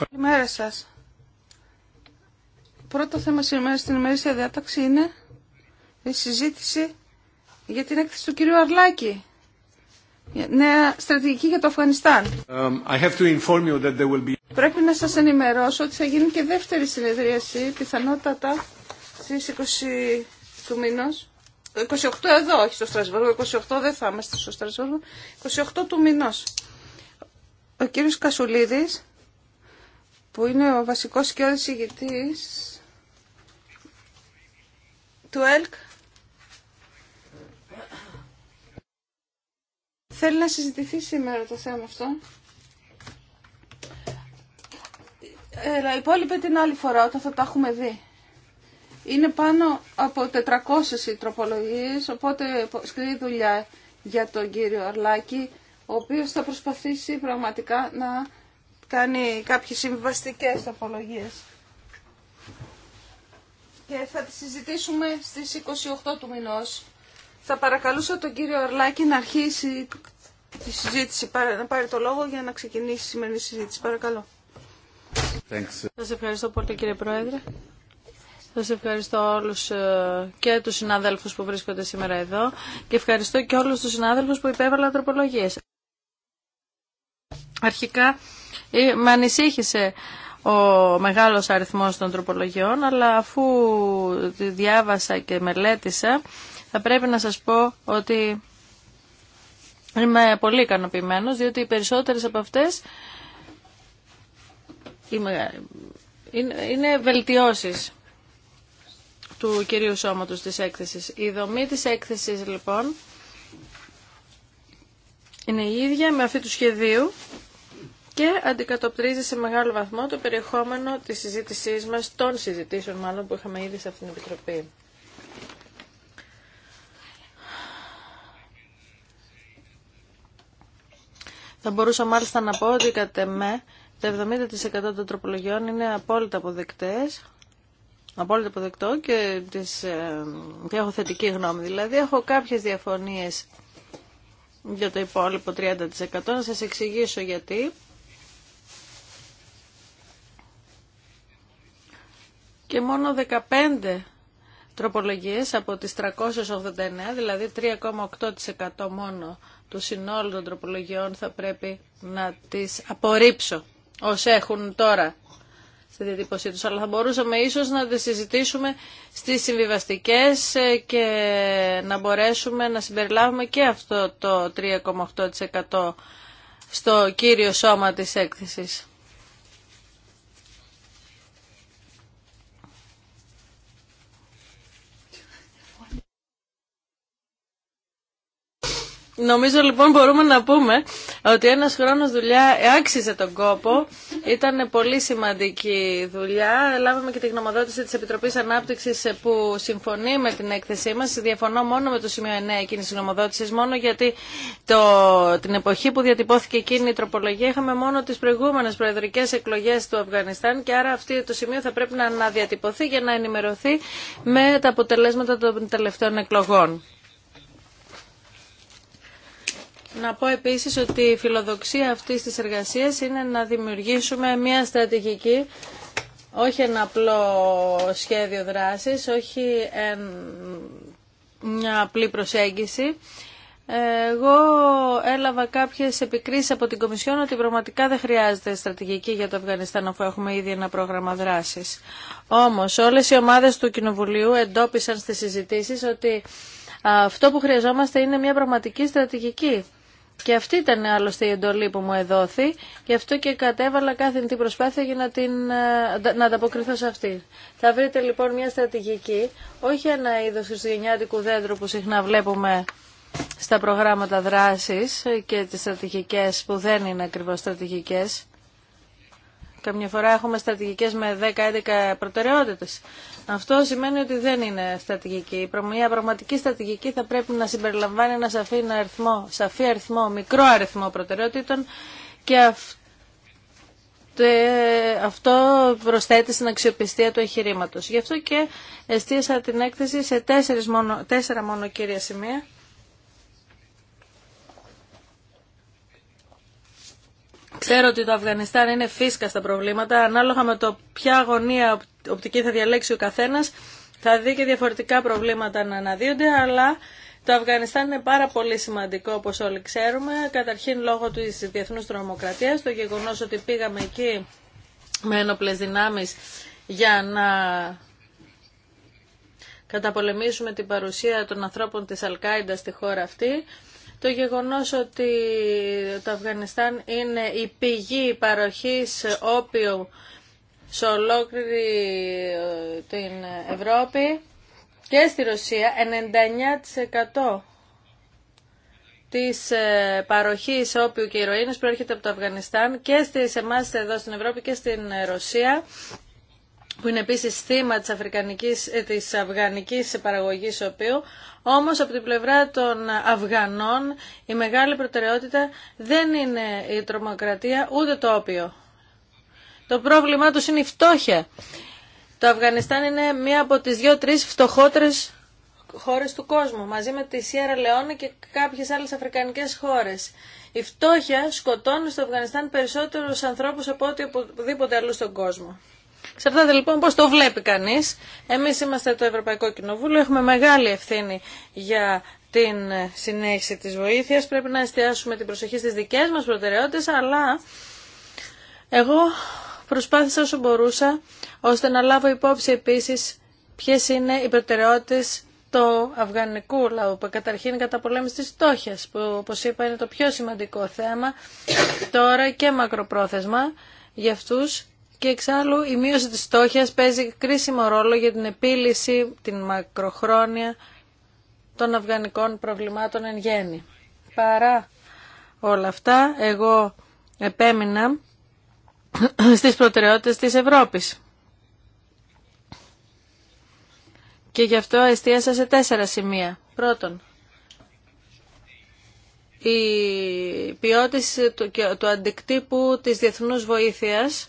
Καλημέρα σα. Πρώτο θέμα σήμερα στην ημερήσια διάταξη είναι η συζήτηση για την έκθεση του κυρίου Αρλάκη. Νέα στρατηγική για το Αφγανιστάν. Um, be... Πρέπει να σας ενημερώσω ότι θα γίνει και δεύτερη συνεδρίαση, πιθανότατα στις 20 του μηνός. 28 εδώ, όχι στο Στρασβούργο. 28 δεν θα είμαστε στο Στρασβούργο. 28 του μηνός. Ο κύριος Κασουλίδης, που είναι ο βασικός και ηγητής του ΕΛΚ, θέλει να συζητηθεί σήμερα το θέμα αυτό. Ε, υπόλοιπε την άλλη φορά όταν θα τα έχουμε δει. Είναι πάνω από 400 οι τροπολογίες, οπότε σκληρή δουλειά για τον κύριο Αρλάκη ο οποίος θα προσπαθήσει πραγματικά να κάνει κάποιες συμβαστικές απολογίες. Και θα τις συζητήσουμε στις 28 του μηνός. Θα παρακαλούσα τον κύριο Αρλάκη να αρχίσει τη συζήτηση, να πάρει το λόγο για να ξεκινήσει η σημερινή συζήτηση. Παρακαλώ. Σα ευχαριστώ πολύ κύριε Πρόεδρε. σα ευχαριστώ όλους ε, και τους συνάδελφους που βρίσκονται σήμερα εδώ και ευχαριστώ και όλους τους συνάδελφους που υπέβαλαν τροπολογίες. Αρχικά ε, με ανησύχησε ο μεγάλος αριθμός των τροπολογιών, αλλά αφού τη διάβασα και μελέτησα, θα πρέπει να σας πω ότι είμαι πολύ ικανοποιημένο, διότι οι περισσότερες από αυτές είναι βελτιώσεις του κυρίου σώματος της έκθεσης. Η δομή της έκθεσης λοιπόν είναι η ίδια με αυτή του σχεδίου και αντικατοπτρίζει σε μεγάλο βαθμό το περιεχόμενο της συζήτησής μας, των συζητήσεων μάλλον που είχαμε ήδη σε αυτήν την Επιτροπή. Θα μπορούσα μάλιστα να πω ότι κατά με το 70% των τροπολογιών είναι απόλυτα αποδεκτές, απόλυτα αποδεκτό και τις, ε, και έχω θετική γνώμη. Δηλαδή έχω κάποιες διαφωνίες για το υπόλοιπο 30%. Να σας εξηγήσω γιατί. και μόνο 15 τροπολογίες από τις 389, δηλαδή 3,8% μόνο του συνόλου των τροπολογιών θα πρέπει να τις απορρίψω ως έχουν τώρα στη διατύπωσή τους. Αλλά θα μπορούσαμε ίσως να τις συζητήσουμε στις συμβιβαστικές ε, και να μπορέσουμε να συμπεριλάβουμε και αυτό το 3,8% στο κύριο σώμα της έκθεσης. Νομίζω λοιπόν μπορούμε να πούμε ότι ένας χρόνος δουλειά άξιζε τον κόπο, ήταν πολύ σημαντική δουλειά. Λάβαμε και τη γνωμοδότηση της Επιτροπής Ανάπτυξης ε, που συμφωνεί με την έκθεσή μας. Διαφωνώ μόνο με το σημείο 9 εκείνης της γνωμοδότησης, μόνο γιατί το, την εποχή που διατυπώθηκε εκείνη η τροπολογία είχαμε μόνο τις προηγούμενες προεδρικές εκλογές του Αφγανιστάν και άρα αυτό το σημείο θα πρέπει να αναδιατυπωθεί για να ενημερωθεί με τα αποτελέσματα των τελευταίων εκλογών. Να πω επίσης ότι η φιλοδοξία αυτής της εργασίας είναι να δημιουργήσουμε μια στρατηγική, όχι ένα απλό σχέδιο δράσης, όχι μια απλή προσέγγιση, εγώ έλαβα κάποιες επικρίσεις από την Κομισιόν ότι πραγματικά δεν χρειάζεται στρατηγική για το Αφγανιστάν αφού έχουμε ήδη ένα πρόγραμμα δράσης. Όμως όλες οι ομάδες του Κοινοβουλίου εντόπισαν στις συζητήσεις ότι αυτό που χρειαζόμαστε είναι μια πραγματική στρατηγική και αυτή ήταν άλλωστε η εντολή που μου εδόθη, γι' αυτό και κατέβαλα κάθε την προσπάθεια για να, την, ε, να ανταποκριθώ σε αυτή. Θα βρείτε λοιπόν μια στρατηγική, όχι ένα είδο χριστουγεννιάτικου δέντρου που συχνά βλέπουμε στα προγράμματα δράσης και τις στρατηγικές που δεν είναι ακριβώ στρατηγικές. Καμιά φορά έχουμε στρατηγικές με 10-11 προτεραιότητες. Αυτό σημαίνει ότι δεν είναι στρατηγική. Η πραγματική στρατηγική θα πρέπει να συμπεριλαμβάνει ένα σαφή αριθμό, σαφή αριθμό, μικρό αριθμό προτεραιότητων και αυτό αυτό προσθέτει στην αξιοπιστία του εγχειρήματο. Γι' αυτό και εστίασα την έκθεση σε τέσσερις μόνο, τέσσερα μόνο κύρια σημεία Ξέρω ότι το Αφγανιστάν είναι φύσκα στα προβλήματα. Ανάλογα με το ποια αγωνία οπτική θα διαλέξει ο καθένας, θα δει και διαφορετικά προβλήματα να αναδύονται, αλλά το Αφγανιστάν είναι πάρα πολύ σημαντικό, όπως όλοι ξέρουμε, καταρχήν λόγω της διεθνούς τρομοκρατία, το γεγονός ότι πήγαμε εκεί με ένοπλε δυνάμει για να καταπολεμήσουμε την παρουσία των ανθρώπων της Αλκάιντα στη χώρα αυτή. Το γεγονός ότι το Αφγανιστάν είναι η πηγή παροχής όπιου σε ολόκληρη ε, την Ευρώπη και στη Ρωσία 99% της ε, παροχής όπιου και ηρωίνης προέρχεται από το Αφγανιστάν και σε εμάς εδώ στην Ευρώπη και στην Ρωσία που είναι επίσης θύμα της, αφρικανικής, ε, της αυγανικής παραγωγής οποίου, όμως από την πλευρά των Αυγανών η μεγάλη προτεραιότητα δεν είναι η τρομοκρατία ούτε το όπιο. Το πρόβλημά τους είναι η φτώχεια. Το Αφγανιστάν είναι μία από τις δύο-τρεις φτωχότερες χώρες του κόσμου, μαζί με τη Σιέρα Λεόνα και κάποιες άλλες αφρικανικές χώρες. Η φτώχεια σκοτώνει στο Αφγανιστάν περισσότερους ανθρώπους από ό,τι οπουδήποτε αλλού στον κόσμο. Εξαρτάται λοιπόν πώς το βλέπει κανείς. Εμείς είμαστε το Ευρωπαϊκό Κοινοβούλιο, έχουμε μεγάλη ευθύνη για την συνέχιση της βοήθειας. Πρέπει να εστιάσουμε την προσοχή στις δικές μας προτεραιότητες, αλλά εγώ προσπάθησα όσο μπορούσα, ώστε να λάβω υπόψη επίσης ποιες είναι οι προτεραιότητες του αφγανικού λαού, που καταρχήν κατά πολέμηση της στόχιας, που όπως είπα είναι το πιο σημαντικό θέμα τώρα και μακροπρόθεσμα για αυτούς και εξάλλου η μείωση της στόχιας παίζει κρίσιμο ρόλο για την επίλυση την μακροχρόνια των αυγανικών προβλημάτων εν γέννη. Παρά όλα αυτά, εγώ επέμεινα στις προτεραιότητες της Ευρώπης. Και γι' αυτό εστίασα σε τέσσερα σημεία. Πρώτον, η ποιότητα του αντικτύπου της διεθνούς βοήθειας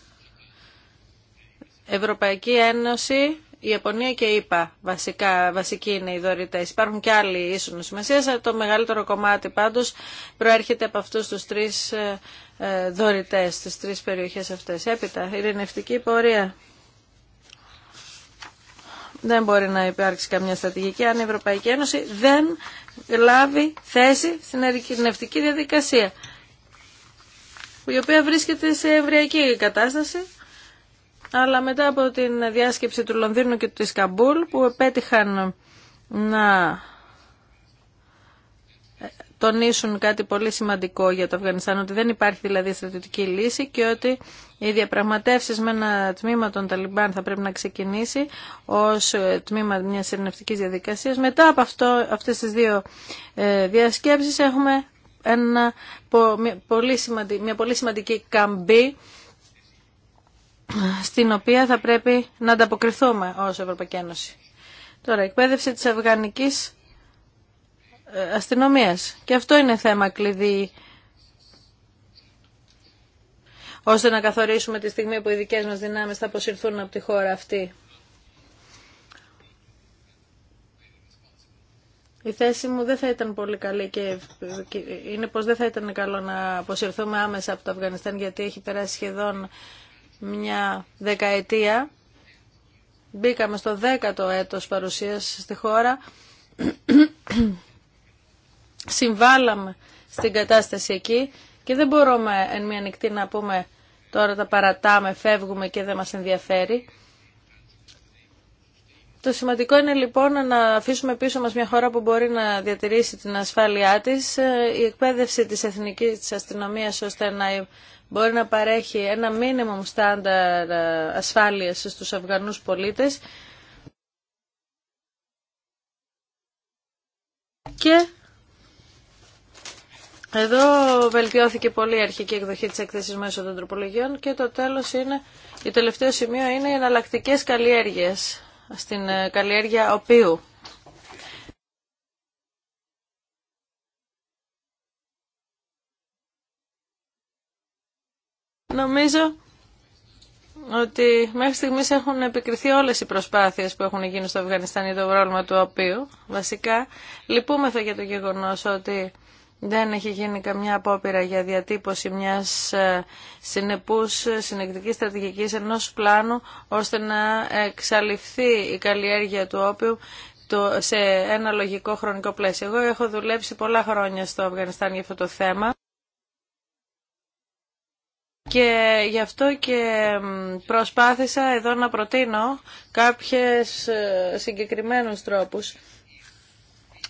Ευρωπαϊκή Ένωση, η Ιαπωνία και η ΕΠΑ βασικά, βασικοί είναι οι δωρητές. Υπάρχουν και άλλοι ίσουν σημασία, αλλά το μεγαλύτερο κομμάτι πάντως προέρχεται από αυτούς τους τρεις ε, ε, δωρητές, τις τρεις περιοχές αυτές. Έπειτα, ειρηνευτική πορεία. Δεν μπορεί να υπάρξει καμιά στρατηγική αν η Ευρωπαϊκή Ένωση δεν λάβει θέση στην ειρηνευτική διαδικασία, η οποία βρίσκεται σε ευριακή κατάσταση αλλά μετά από την διάσκεψη του Λονδίνου και του Καμπούλ που επέτυχαν να τονίσουν κάτι πολύ σημαντικό για το Αφγανιστάν, ότι δεν υπάρχει δηλαδή στρατιωτική λύση και ότι οι διαπραγματεύσει με ένα τμήμα των Ταλιμπάν θα πρέπει να ξεκινήσει ω ε, τμήμα μια ειρηνευτική διαδικασία. Μετά από αυτό, αυτές τις δύο ε, διασκέψεις έχουμε ένα, μια πολύ σημαντική καμπή στην οποία θα πρέπει να ανταποκριθούμε ως Ευρωπαϊκή Ένωση. Τώρα, εκπαίδευση της αυγανικής ε, αστυνομίας. Και αυτό είναι θέμα κλειδί ώστε να καθορίσουμε τη στιγμή που οι δικές μας δυνάμεις θα αποσυρθούν από τη χώρα αυτή. Η θέση μου δεν θα ήταν πολύ καλή και είναι πως δεν θα ήταν καλό να αποσυρθούμε άμεσα από το Αφγανιστάν γιατί έχει περάσει σχεδόν μια δεκαετία μπήκαμε στο δέκατο έτος παρουσίας στη χώρα συμβάλαμε στην κατάσταση εκεί και δεν μπορούμε εν μία νυχτή να πούμε τώρα τα παρατάμε, φεύγουμε και δεν μας ενδιαφέρει. Το σημαντικό είναι λοιπόν να αφήσουμε πίσω μας μια χώρα που μπορεί να διατηρήσει την ασφάλειά της, ε, η εκπαίδευση της εθνικής της αστυνομίας ώστε να μπορεί να παρέχει ένα μίνιμουμ στάνταρ ε, ασφάλειας στους Αφγανούς πολίτες και εδώ βελτιώθηκε πολύ η αρχική εκδοχή της εκθέσης μέσω των τροπολογιών και το τέλος είναι, η τελευταίο σημείο είναι οι εναλλακτικέ καλλιέργειες στην ε, καλλιέργεια οποίου. Νομίζω ότι μέχρι στιγμής έχουν επικριθεί όλες οι προσπάθειες που έχουν γίνει στο Αφγανιστάν για το πρόβλημα του οποίου βασικά λυπούμεθα για το γεγονός ότι δεν έχει γίνει καμιά απόπειρα για διατύπωση μιας ε, συνεπούς ε, συνεκτικής στρατηγικής ενός πλάνου ώστε να εξαλειφθεί η καλλιέργεια του όποιου σε ένα λογικό χρονικό πλαίσιο. Εγώ έχω δουλέψει πολλά χρόνια στο Αφγανιστάν για αυτό το θέμα. Και γι' αυτό και προσπάθησα εδώ να προτείνω κάποιες ε, συγκεκριμένους τρόπους.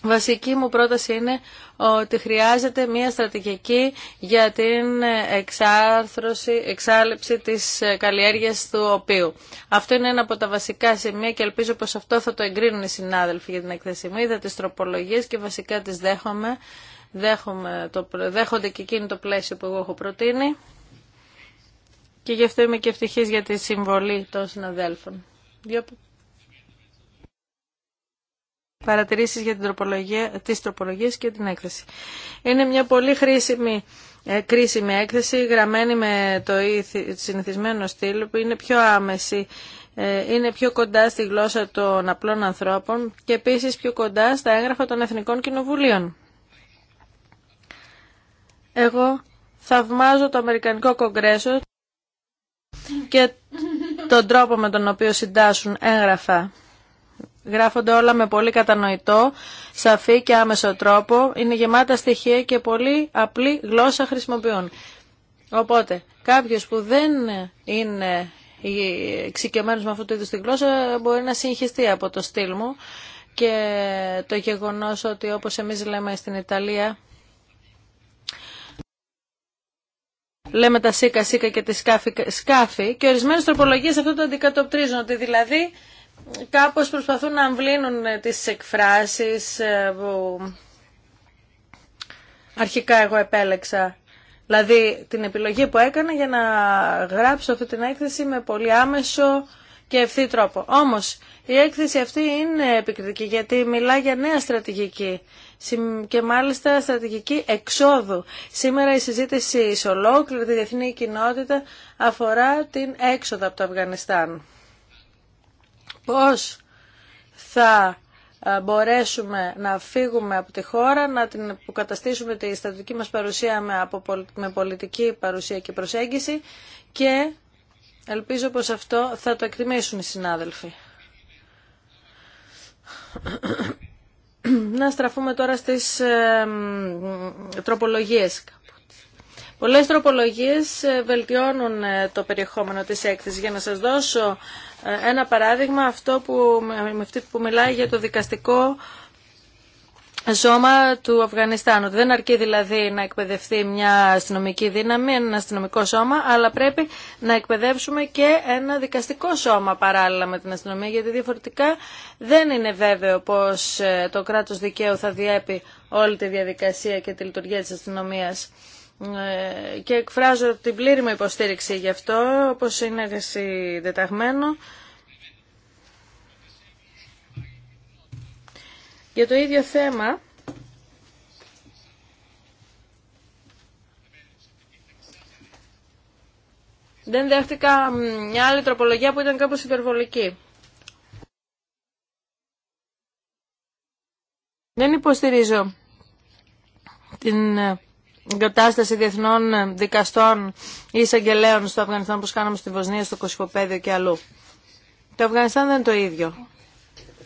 Βασική μου πρόταση είναι ότι χρειάζεται μια στρατηγική για την εξάρθρωση, εξάλληψη της ε, καλλιέργειας του οποίου. Αυτό είναι ένα από τα βασικά σημεία και ελπίζω πως αυτό θα το εγκρίνουν οι συνάδελφοι για την εκθέση μου. Είδα τις τροπολογίες και βασικά τις δέχομαι. δέχομαι το, δέχονται και εκείνο το πλαίσιο που εγώ έχω προτείνει και γι' αυτό είμαι και ευτυχής για τη συμβολή των συναδέλφων. παρατηρήσεις για την τροπολογία, τις τροπολογίες και την έκθεση. Είναι μια πολύ χρήσιμη ε, κρίσιμη έκθεση, γραμμένη με το συνηθισμένο στυλ που είναι πιο άμεση, ε, είναι πιο κοντά στη γλώσσα των απλών ανθρώπων και επίσης πιο κοντά στα έγγραφα των Εθνικών Κοινοβουλίων. Εγώ θαυμάζω το Αμερικανικό Κογκρέσο και τον τρόπο με τον οποίο συντάσσουν έγγραφα. Γράφονται όλα με πολύ κατανοητό, σαφή και άμεσο τρόπο, είναι γεμάτα στοιχεία και πολύ απλή γλώσσα χρησιμοποιούν. Οπότε, κάποιο που δεν είναι εξοικειωμένο με αυτού το είδο τη γλώσσα μπορεί να συγχυστεί από το στυλ μου και το γεγονό ότι όπω εμείς λέμε στην Ιταλία λέμε τα σίκα σίκα και τη σκάφη σκάφη και ορισμένες τροπολογίες αυτό το αντικατοπτρίζουν ότι δηλαδή κάπως προσπαθούν να αμβλύνουν ε, τις εκφράσεις ε, που αρχικά εγώ επέλεξα. Δηλαδή την επιλογή που έκανα για να γράψω αυτή την έκθεση με πολύ άμεσο και ευθύ τρόπο. Όμως η έκθεση αυτή είναι επικριτική γιατί μιλά για νέα στρατηγική και μάλιστα στρατηγική εξόδου. Σήμερα η συζήτηση σε ολόκληρη τη διεθνή κοινότητα αφορά την έξοδο από το Αφγανιστάν. Πώς θα μπορέσουμε να φύγουμε από τη χώρα, να την αποκαταστήσουμε τη στρατηγική μας παρουσία με, με πολιτική παρουσία και προσέγγιση και ελπίζω πως αυτό θα το εκτιμήσουν οι συνάδελφοι. Να στραφούμε τώρα στις ε, τροπολογίες. Πολλές τροπολογίες ε, βελτιώνουν ε, το περιεχόμενο της έκθεσης. Για να σας δώσω ε, ένα παράδειγμα, αυτό που, με που μιλάει για το δικαστικό σώμα του Αφγανιστάνου. Δεν αρκεί δηλαδή να εκπαιδευτεί μια αστυνομική δύναμη, ένα αστυνομικό σώμα, αλλά πρέπει να εκπαιδεύσουμε και ένα δικαστικό σώμα παράλληλα με την αστυνομία, γιατί διαφορετικά δεν είναι βέβαιο πως ε, το κράτος δικαίου θα διέπει όλη τη διαδικασία και τη λειτουργία της αστυνομίας. Ε, και εκφράζω την πλήρη μου υποστήριξη γι' αυτό, όπως είναι συντεταγμένο. Για το ίδιο θέμα, δεν δέχτηκα μια άλλη τροπολογία που ήταν κάπως υπερβολική. Δεν υποστηρίζω την ε, κατάσταση διεθνών ε, δικαστών ή εισαγγελέων στο Αφγανιστάν που κάναμε στη Βοσνία, στο Κωσυφοπέδιο και αλλού. Το Αφγανιστάν δεν είναι το ίδιο.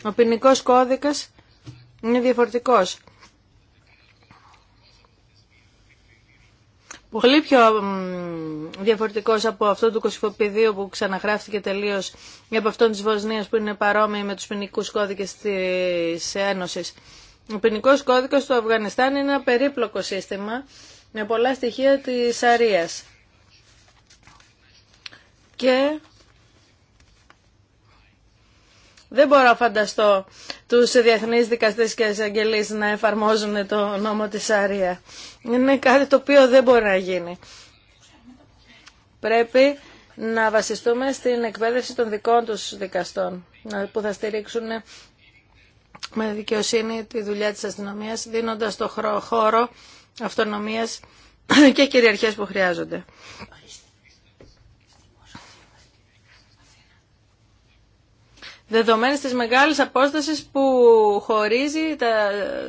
Ο ποινικό κώδικας είναι διαφορετικός. Πολύ πιο διαφορετικός από αυτό του κοσυφοπηδίου που ξαναγράφτηκε τελείως από αυτόν της Βοσνίας που είναι παρόμοιο με τους ποινικού κώδικες της Ένωσης. Ο ποινικό κώδικας του Αφγανιστάν είναι ένα περίπλοκο σύστημα με πολλά στοιχεία της Αρίας. Και δεν μπορώ να φανταστώ τους διεθνείς δικαστές και εισαγγελείς να εφαρμόζουν το νόμο της Σαρία. Είναι κάτι το οποίο δεν μπορεί να γίνει. Πρέπει να βασιστούμε στην εκπαίδευση των δικών τους δικαστών που θα στηρίξουν με δικαιοσύνη τη δουλειά της αστυνομίας δίνοντας το χώρο αυτονομίας και κυριαρχίας που χρειάζονται. δεδομένης της μεγάλης απόστασης που χωρίζει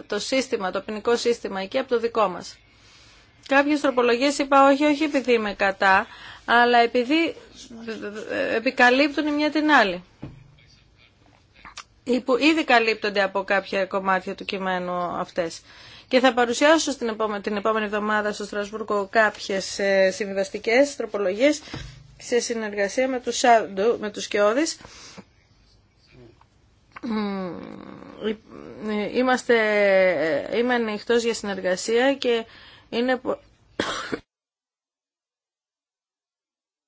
το σύστημα, το ποινικό σύστημα εκεί από το δικό μας. Κάποιες τροπολογίες είπα όχι, όχι επειδή είμαι κατά, αλλά επειδή επικαλύπτουν η μια την άλλη ή που ήδη καλύπτονται από κάποια κομμάτια του κειμένου αυτές. Και θα παρουσιάσω στην επόμενη, την επόμενη εβδομάδα στο Στρασβούργο κάποιες ε, συμβιβαστικές τροπολογίες σε συνεργασία με τους, με τους είμαστε, είμαι ανοιχτό για συνεργασία και είναι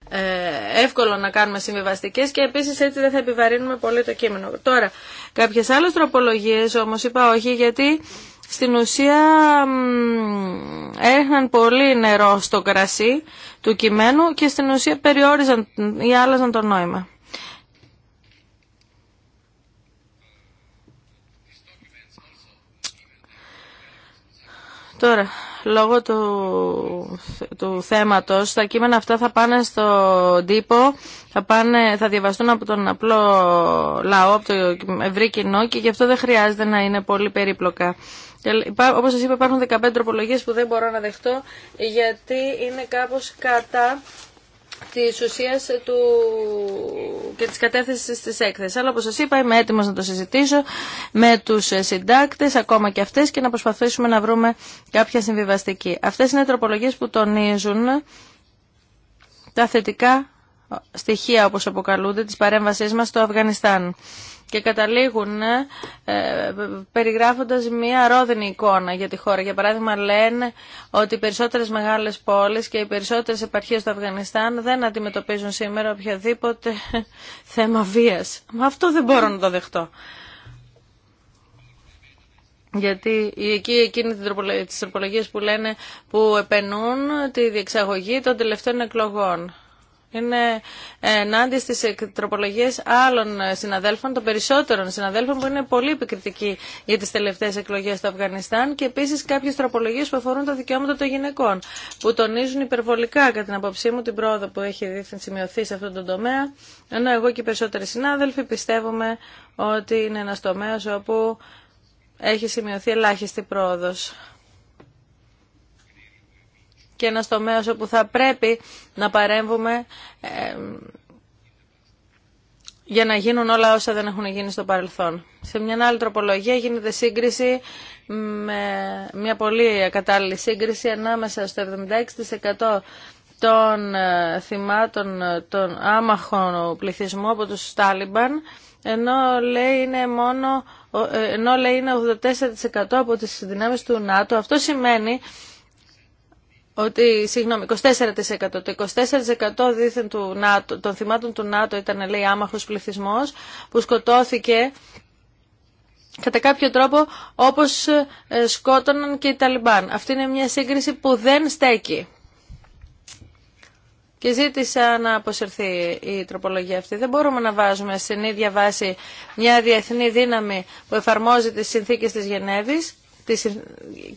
ε, εύκολο να κάνουμε συμβιβαστικέ και επίση έτσι δεν θα επιβαρύνουμε πολύ το κείμενο. Τώρα, κάποιε άλλε τροπολογίε όμω είπα όχι γιατί στην ουσία έριχναν πολύ νερό στο κρασί του κειμένου και στην ουσία περιόριζαν ή άλλαζαν το νόημα. Τώρα, λόγω του, του θέματος, τα κείμενα αυτά θα πάνε στο τύπο, θα, πάνε, θα διαβαστούν από τον απλό λαό, από το ευρύ κοινό και γι' αυτό δεν χρειάζεται να είναι πολύ περίπλοκα. Όπως σας είπα υπάρχουν 15 τροπολογίες που δεν μπορώ να δεχτώ γιατί είναι κάπως κατά τη ουσία του... και τη κατεύθυνση τη έκθεση. Αλλά όπω σα είπα, είμαι έτοιμο να το συζητήσω με του συντάκτε, ακόμα και αυτέ, και να προσπαθήσουμε να βρούμε κάποια συμβιβαστική. Αυτέ είναι οι τροπολογίε που τονίζουν τα θετικά στοιχεία, όπως αποκαλούνται, τη παρέμβασή μας στο Αφγανιστάν και καταλήγουν ε, ε περιγράφοντας μια ρόδινη εικόνα για τη χώρα. Για παράδειγμα λένε ότι οι περισσότερες μεγάλες πόλεις και οι περισσότερες επαρχίες του Αφγανιστάν δεν αντιμετωπίζουν σήμερα οποιαδήποτε θέμα βίας. Μα αυτό δεν μπορώ να το δεχτώ. Γιατί εκεί εκείνη τις τροπολογίες που λένε που επενούν τη διεξαγωγή των τελευταίων εκλογών. Είναι ε, ενάντια στις τροπολογίες άλλων ε, συναδέλφων, των περισσότερων συναδέλφων που είναι πολύ επικριτικοί για τις τελευταίες εκλογές στο Αφγανιστάν και επίσης κάποιες τροπολογίες που αφορούν τα δικαιώματα των γυναικών που τονίζουν υπερβολικά κατά την απόψή μου την πρόοδο που έχει δίθεν σημειωθεί σε αυτόν τον τομέα ενώ εγώ και οι περισσότεροι συνάδελφοι πιστεύουμε ότι είναι ένας τομέας όπου έχει σημειωθεί ελάχιστη πρόοδος και ένας τομέας όπου θα πρέπει να παρέμβουμε ε, για να γίνουν όλα όσα δεν έχουν γίνει στο παρελθόν. Σε μια άλλη τροπολογία γίνεται σύγκριση, με μια πολύ κατάλληλη σύγκριση ανάμεσα στο 76% των ε, θυμάτων ε, των άμαχων πληθυσμού από τους Τάλιμπαν, ενώ λέει είναι μόνο ενώ λέει είναι 84% από τις δυνάμεις του ΝΑΤΟ. Αυτό σημαίνει ότι, συγγνώμη, 24%. Το 24% δίθεν του ΝΑΤΟ, των θυμάτων του ΝΑΤΟ ήταν, λέει, άμαχος πληθυσμός που σκοτώθηκε κατά κάποιο τρόπο όπως ε, σκότωναν και οι Ταλιμπάν. Αυτή είναι μια σύγκριση που δεν στέκει. Και ζήτησα να αποσυρθεί η τροπολογία αυτή. Δεν μπορούμε να βάζουμε στην ίδια βάση μια διεθνή δύναμη που εφαρμόζει τις συνθήκες της Γενέβης τις,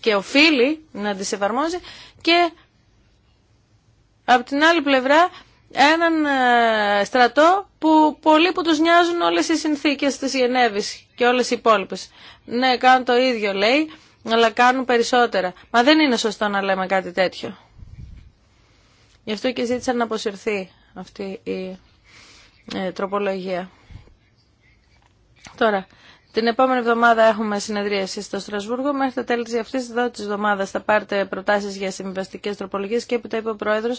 και οφείλει να τις εφαρμόζει και από την άλλη πλευρά έναν ε, στρατό που πολλοί που τους νοιάζουν όλες οι συνθήκες της Γενέβης και όλες οι υπόλοιπες. Ναι, κάνουν το ίδιο λέει, αλλά κάνουν περισσότερα. Μα δεν είναι σωστό να λέμε κάτι τέτοιο. Γι' αυτό και ζήτησαν να αποσυρθεί αυτή η ε, τροπολογία. Τώρα, την επόμενη εβδομάδα έχουμε συνεδρίαση στο Στρασβούργο. Μέχρι τα τέλη αυτή εδώ τη εβδομάδα θα πάρετε προτάσει για συμβιβαστικέ τροπολογίε και έπειτα είπε ο Πρόεδρο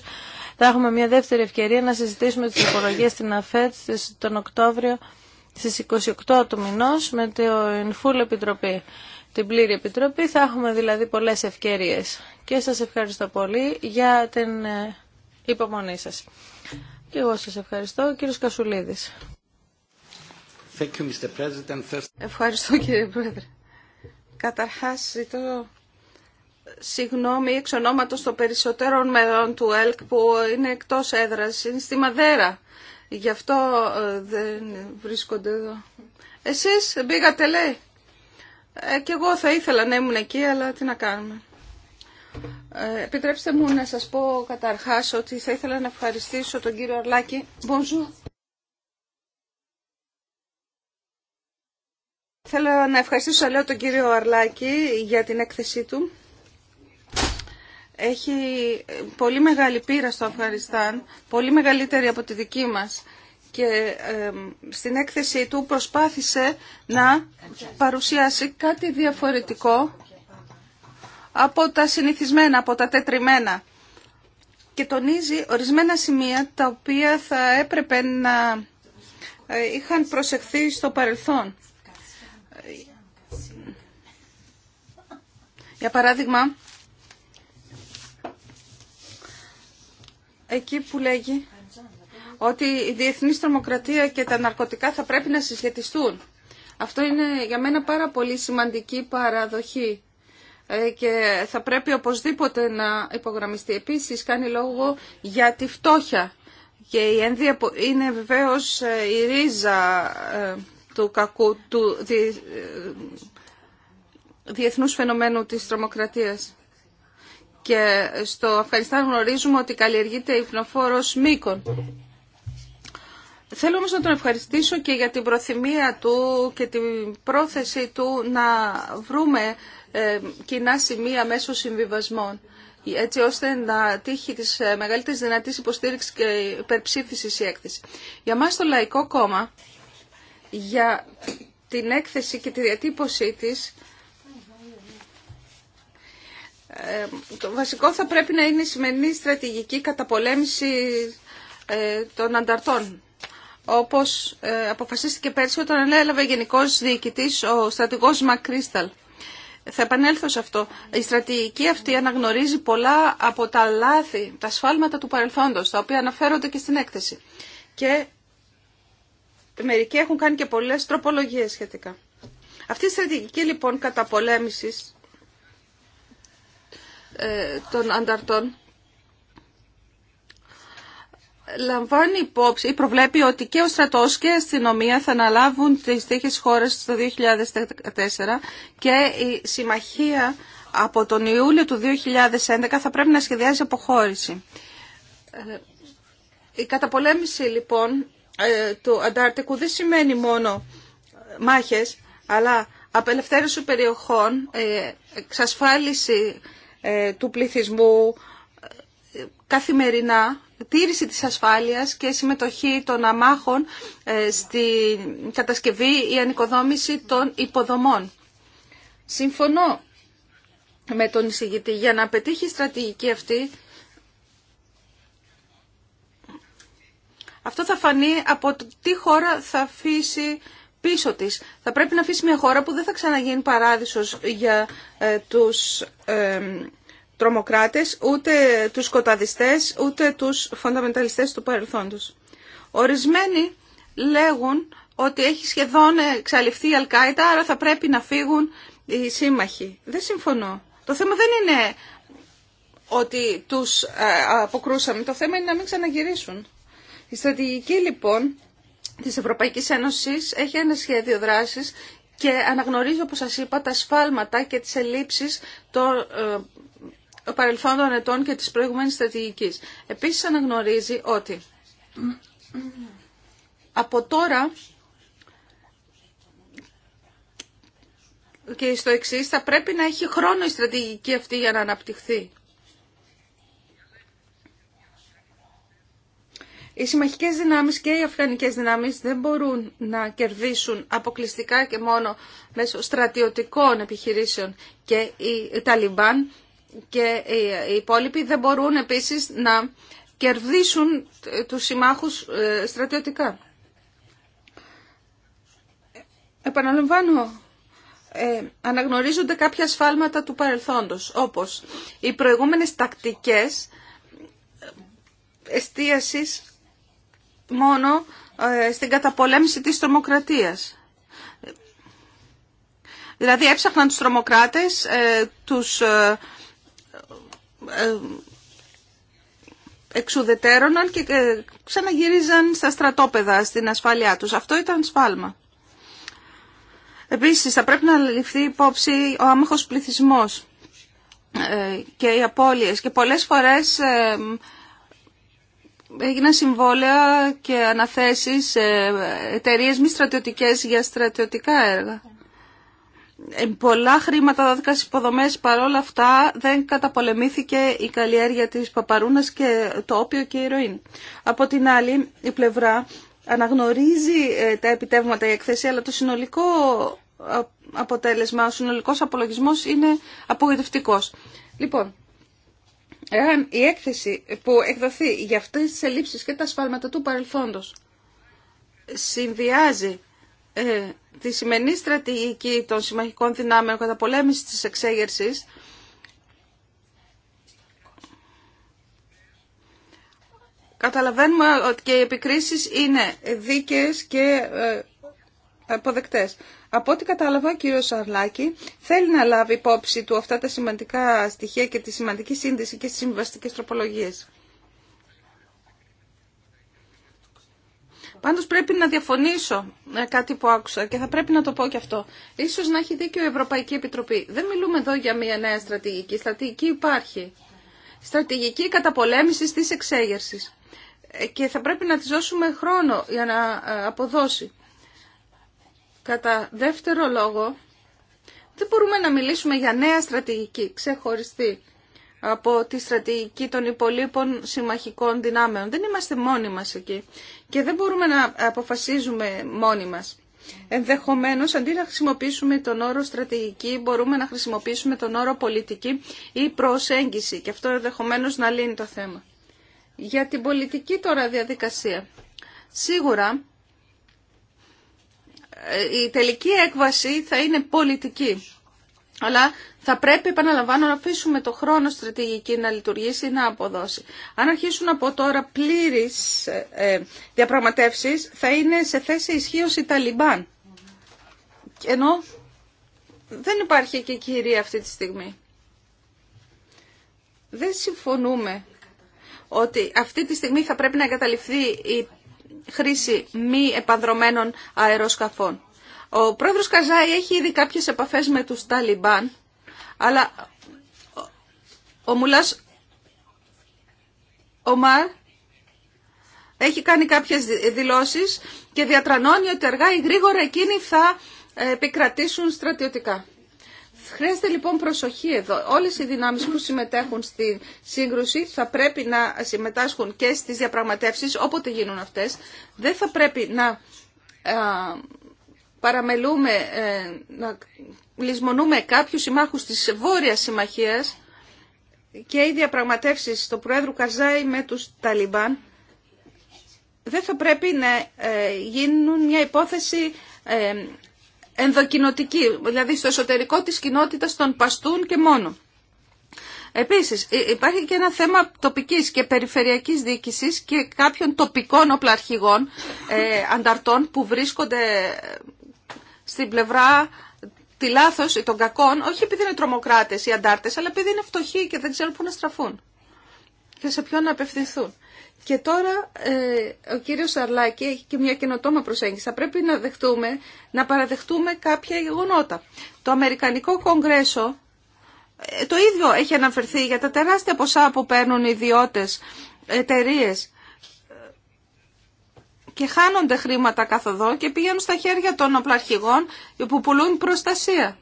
θα έχουμε μια δεύτερη ευκαιρία να συζητήσουμε τι τροπολογίε στην ΑΦΕΤ τον Οκτώβριο στι 28 του μηνό με την Full Επιτροπή. Την πλήρη επιτροπή θα έχουμε δηλαδή πολλές ευκαιρίες και σας ευχαριστώ πολύ για την ε, υπομονή σας. Και εγώ σας ευχαριστώ, κύριος Κασουλίδης. Ευχαριστώ κύριε Πρόεδρε. Καταρχάς ζητώ συγγνώμη εξ ονόματος των περισσότερων μερών του ΕΛΚ που είναι εκτός έδρας, είναι στη Μαδέρα. Γι' αυτό ε, δεν βρίσκονται εδώ. Εσείς μπήκατε λέει. Ε, Κι εγώ θα ήθελα να ήμουν εκεί, αλλά τι να κάνουμε. Ε, επιτρέψτε μου να σας πω καταρχάς ότι θα ήθελα να ευχαριστήσω τον κύριο Αρλάκη. Bonjour. Θέλω να ευχαριστήσω, λέω, τον κύριο Αρλάκη για την έκθεσή του. Έχει πολύ μεγάλη πείρα στο Αφγανιστάν, πολύ μεγαλύτερη από τη δική μας και στην έκθεσή του προσπάθησε να παρουσιάσει κάτι διαφορετικό από τα συνηθισμένα, από τα τετριμένα και τονίζει ορισμένα σημεία τα οποία θα έπρεπε να ε, είχαν προσεχθεί στο παρελθόν. Για παράδειγμα, εκεί που λέγει ότι η διεθνής τρομοκρατία και τα ναρκωτικά θα πρέπει να συσχετιστούν. Αυτό είναι για μένα πάρα πολύ σημαντική παραδοχή ε, και θα πρέπει οπωσδήποτε να υπογραμμιστεί. Επίσης κάνει λόγο για τη φτώχεια και η ένδυα είναι βεβαίως ε, η ρίζα ε, του κακού, του διεθνούς φαινομένου της τρομοκρατίας. Και στο Αφγανιστάν γνωρίζουμε ότι καλλιεργείται υπνοφόρος μήκων. Θέλω όμως να τον ευχαριστήσω και για την προθυμία του και την πρόθεση του να βρούμε ε, κοινά σημεία μέσω συμβιβασμών έτσι ώστε να τύχει της ε, μεγαλύτερης δυνατής υποστήριξης και υπερψήφισης η έκθεση. Για μας το Λαϊκό Κόμμα, για την έκθεση και τη διατύπωσή της, ε, το βασικό θα πρέπει να είναι η σημερινή στρατηγική καταπολέμηση ε, των ανταρτών. Όπως ε, αποφασίστηκε πέρσι όταν ανέλαβε γενικός διοικητής ο στρατηγός Μακρίσταλ. Θα επανέλθω σε αυτό. Η στρατηγική αυτή αναγνωρίζει πολλά από τα λάθη, τα σφάλματα του παρελθόντος, τα οποία αναφέρονται και στην έκθεση. Και μερικοί έχουν κάνει και πολλές τροπολογίες σχετικά. Αυτή η στρατηγική λοιπόν καταπολέμησης ε, των ανταρτών λαμβάνει υπόψη ή προβλέπει ότι και ο στρατός και η αστυνομία θα αναλάβουν τις τύχες χώρες το 2014 και η συμμαχία από τον Ιούλιο του 2011 θα πρέπει να σχεδιάζει αποχώρηση. Ε, η καταπολέμηση λοιπόν ε, του Αντάρτικου δεν σημαίνει μόνο μάχες, αλλά απελευθέρωση περιοχών, εξασφάλιση ε, του πληθυσμού ε, καθημερινά, τήρηση της ασφάλειας και συμμετοχή των αμάχων ε, στη κατασκευή ή ανοικοδόμηση των υποδομών. Συμφωνώ με τον εισηγητή. Για να πετύχει η στρατηγική αυτή, αυτό θα φανεί από τι χώρα θα αφήσει πίσω της. Θα πρέπει να αφήσει μια χώρα που δεν θα ξαναγίνει παράδεισος για ε, τους ε, τρομοκράτες, ούτε τους σκοταδιστές, ούτε τους φονταμενταλιστές του παρελθόντος. Ορισμένοι λέγουν ότι έχει σχεδόν εξαλειφθεί η Αλκάιτα, άρα θα πρέπει να φύγουν οι σύμμαχοι. Δεν συμφωνώ. Το θέμα δεν είναι ότι τους ε, αποκρούσαμε. Το θέμα είναι να μην ξαναγυρίσουν. Η στρατηγική λοιπόν της Ευρωπαϊκής Ένωσης έχει ένα σχέδιο δράσης και αναγνωρίζει, όπως σας είπα, τα σφάλματα και τις ελλείψεις των ε, παρελθόντων ετών και της προηγουμένης στρατηγικής. Επίσης αναγνωρίζει ότι από τώρα και στο εξή θα πρέπει να έχει χρόνο η στρατηγική αυτή για να αναπτυχθεί. Οι συμμαχικέ δυνάμεις και οι αφγανικέ δυνάμει δεν μπορούν να κερδίσουν αποκλειστικά και μόνο μέσω στρατιωτικών επιχειρήσεων και οι Ταλιμπάν και οι υπόλοιποι δεν μπορούν επίσης να κερδίσουν του συμμάχους ε, στρατιωτικά. Επαναλαμβάνω, ε, αναγνωρίζονται κάποια σφάλματα του παρελθόντος, όπως οι προηγούμενες τακτικές εστίασης μόνο ε, στην καταπολέμηση της τρομοκρατίας. Δηλαδή έψαχναν τους τρομοκράτες, ε, τους ε, εξουδετέρωναν και ξαναγυρίζαν στα στρατόπεδα στην ασφάλειά τους. Αυτό ήταν σφάλμα. Επίσης θα πρέπει να ληφθεί υπόψη ο άμαχος πληθυσμός και οι απώλειες και πολλές φορές έγιναν συμβόλαια και αναθέσεις εταιρείες μη στρατιωτικές για στρατιωτικά έργα. Ε, πολλά χρήματα δόθηκαν στις υποδομές, παρόλα αυτά δεν καταπολεμήθηκε η καλλιέργεια της παπαρούνας και το όπιο και η ηρωίνη. Από την άλλη, η πλευρά αναγνωρίζει ε, τα επιτεύγματα η εκθέση, αλλά το συνολικό αποτέλεσμα, ο συνολικός απολογισμός είναι απογοητευτικός. Λοιπόν, εάν η έκθεση που εκδοθεί για αυτές τις ελλείψεις και τα σφάλματα του παρελθόντος συνδυάζει ε, τη σημερινή στρατηγική των συμμαχικών δυνάμεων κατά πολέμηση της εξέγερσης Καταλαβαίνουμε ότι και οι επικρίσεις είναι δίκαιες και ε, αποδεκτές. Από ό,τι κατάλαβα, ο κύριος Σαρλάκη θέλει να λάβει υπόψη του αυτά τα σημαντικά στοιχεία και τη σημαντική σύνδεση και τις συμβαστικές τροπολογίες. Πάντως πρέπει να διαφωνήσω κάτι που άκουσα και θα πρέπει να το πω και αυτό. Ίσως να έχει δίκιο η Ευρωπαϊκή Επιτροπή. Δεν μιλούμε εδώ για μια νέα στρατηγική. Στρατηγική υπάρχει. Στρατηγική καταπολέμησης της εξέγερσης. Ε, και θα πρέπει να τη δώσουμε χρόνο για να ε, αποδώσει. Κατά δεύτερο λόγο, δεν μπορούμε να μιλήσουμε για νέα στρατηγική ξεχωριστή από τη στρατηγική των υπολείπων συμμαχικών δυνάμεων. Δεν είμαστε μόνοι μας εκεί και δεν μπορούμε να αποφασίζουμε μόνοι μας. Ενδεχομένως, αντί να χρησιμοποιήσουμε τον όρο στρατηγική, μπορούμε να χρησιμοποιήσουμε τον όρο πολιτική ή προσέγγιση και αυτό ενδεχομένως να λύνει το θέμα. Για την πολιτική τώρα διαδικασία. Σίγουρα η τελική έκβαση θα είναι πολιτική. Αλλά θα πρέπει, επαναλαμβάνω, να αφήσουμε το χρόνο στρατηγική να λειτουργήσει ή να αποδώσει. Αν αρχίσουν από τώρα πλήρης ε, ε, διαπραγματεύσεις, θα είναι σε θέση ισχύω η Ταλιμπάν. Ενώ δεν υπάρχει και κυρία αυτή τη στιγμή. Δεν συμφωνούμε ότι αυτή τη στιγμή θα πρέπει να αποδωσει αν αρχισουν απο τωρα πληρης διαπραγματευσεις θα ειναι σε θεση ισχυωση τα ταλιμπαν ενω δεν υπαρχει και κυρια αυτη τη στιγμη δεν συμφωνουμε οτι αυτη τη στιγμη θα πρεπει να εγκαταλειφθει η χρήση μη επανδρομένων αεροσκαφών. Ο πρόεδρος Καζάη έχει ήδη κάποιες επαφές με τους Ταλιμπάν, αλλά ο Μουλάς Ομάρ έχει κάνει κάποιες δηλώσεις και διατρανώνει ότι αργά ή γρήγορα εκείνοι θα ε, επικρατήσουν στρατιωτικά. Χρειάζεται λοιπόν προσοχή εδώ. Όλες οι δυνάμεις που συμμετέχουν στη σύγκρουση θα πρέπει να συμμετάσχουν και στις διαπραγματεύσεις, όποτε γίνουν αυτές. Δεν θα πρέπει να ε, παραμελούμε, ε, να λησμονούμε κάποιους συμμάχου της Βόρειας Συμμαχία και οι διαπραγματεύσεις του Πρόεδρου Καζάη με του Ταλιμπάν δεν θα πρέπει να ε, γίνουν μια υπόθεση ενδοκοινοτική, δηλαδή στο εσωτερικό της κοινότητας των Παστούν και μόνο. Επίσης υπάρχει και ένα θέμα τοπικής και περιφερειακής διοίκησης και κάποιων τοπικών οπλαρχηγών ε, ανταρτών που βρίσκονται ε, στην πλευρά τη λάθος ή των κακών, όχι επειδή είναι τρομοκράτες ή αντάρτες, αλλά επειδή είναι φτωχοί και δεν ξέρουν πού να στραφούν και σε ποιον να απευθυνθούν. Και τώρα ε, ο κύριος Σαρλάκη έχει και μια καινοτόμα προσέγγιση. Θα πρέπει να, δεχτούμε, να παραδεχτούμε κάποια γεγονότα. Το Αμερικανικό Κογκρέσο ε, το ίδιο έχει αναφερθεί για τα τεράστια ποσά που παίρνουν οι ιδιώτες εταιρείε. Και χάνονται χρήματα καθοδό και πηγαίνουν στα χέρια των οπλαρχηγών που πουλούν προστασία.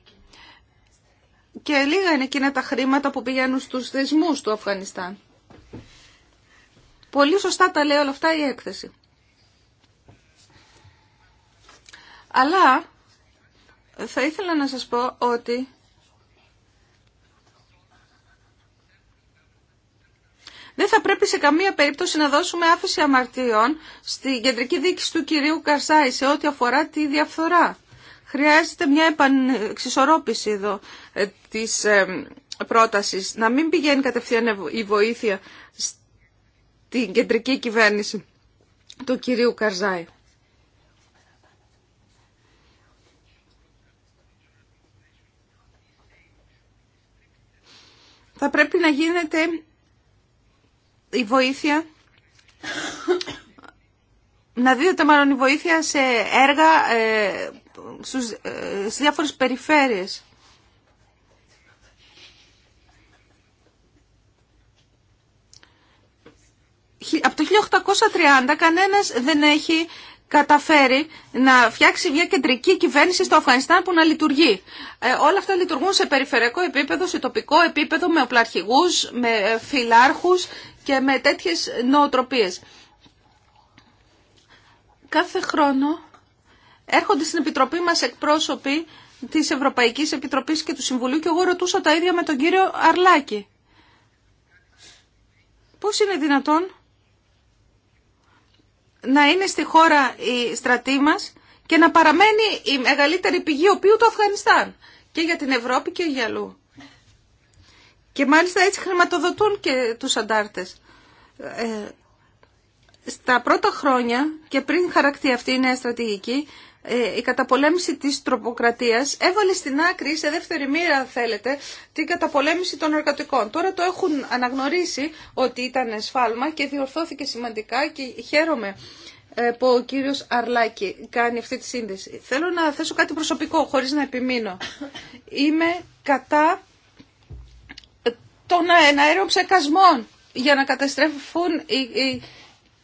Και λίγα είναι εκείνα τα χρήματα που πηγαίνουν στους θεσμούς του Αφγανιστάν. Πολύ σωστά τα λέει όλα αυτά η έκθεση. Αλλά θα ήθελα να σας πω ότι δεν θα πρέπει σε καμία περίπτωση να δώσουμε άφηση αμαρτίων στην κεντρική δίκηση του κυρίου Καρσάη σε ό,τι αφορά τη διαφθορά. Χρειάζεται μια επανεξισορρόπηση εδώ ε, της ε, πρότασης, να μην πηγαίνει κατευθείαν η βοήθεια την κεντρική κυβέρνηση του κυρίου Καρζάη. Θα πρέπει να γίνεται η βοήθεια, να δίδεται μάλλον η βοήθεια σε έργα ε, στους, ε, στις διάφορες περιφέρειες. από το 1830 κανένας δεν έχει καταφέρει να φτιάξει μια κεντρική κυβέρνηση στο Αφγανιστάν που να λειτουργεί. Ε, όλα αυτά λειτουργούν σε περιφερειακό επίπεδο, σε τοπικό επίπεδο, με οπλαρχηγούς, με φιλάρχους και με τέτοιες νοοτροπίες. Κάθε χρόνο έρχονται στην Επιτροπή μας εκπρόσωποι της Ευρωπαϊκής Επιτροπής και του Συμβουλίου και εγώ ρωτούσα τα ίδια με τον κύριο Αρλάκη. Πώς είναι δυνατόν να είναι στη χώρα η στρατή μας και να παραμένει η μεγαλύτερη πηγή οποίου το Αφγανιστάν και για την Ευρώπη και για αλλού. Και μάλιστα έτσι χρηματοδοτούν και τους αντάρτες. Ε, στα πρώτα χρόνια και πριν χαρακτεί αυτή η νέα στρατηγική ε, η καταπολέμηση της τροποκρατίας έβαλε στην άκρη, σε δεύτερη μοίρα θέλετε, την καταπολέμηση των εργατικών. Τώρα το έχουν αναγνωρίσει ότι ήταν σφάλμα και διορθώθηκε σημαντικά και χαίρομαι ε, που ο κύριος Αρλάκη κάνει αυτή τη σύνδεση. Θέλω να θέσω κάτι προσωπικό, χωρίς να επιμείνω. Είμαι κατά των αέριων ψεκασμών για να καταστρέφουν οι,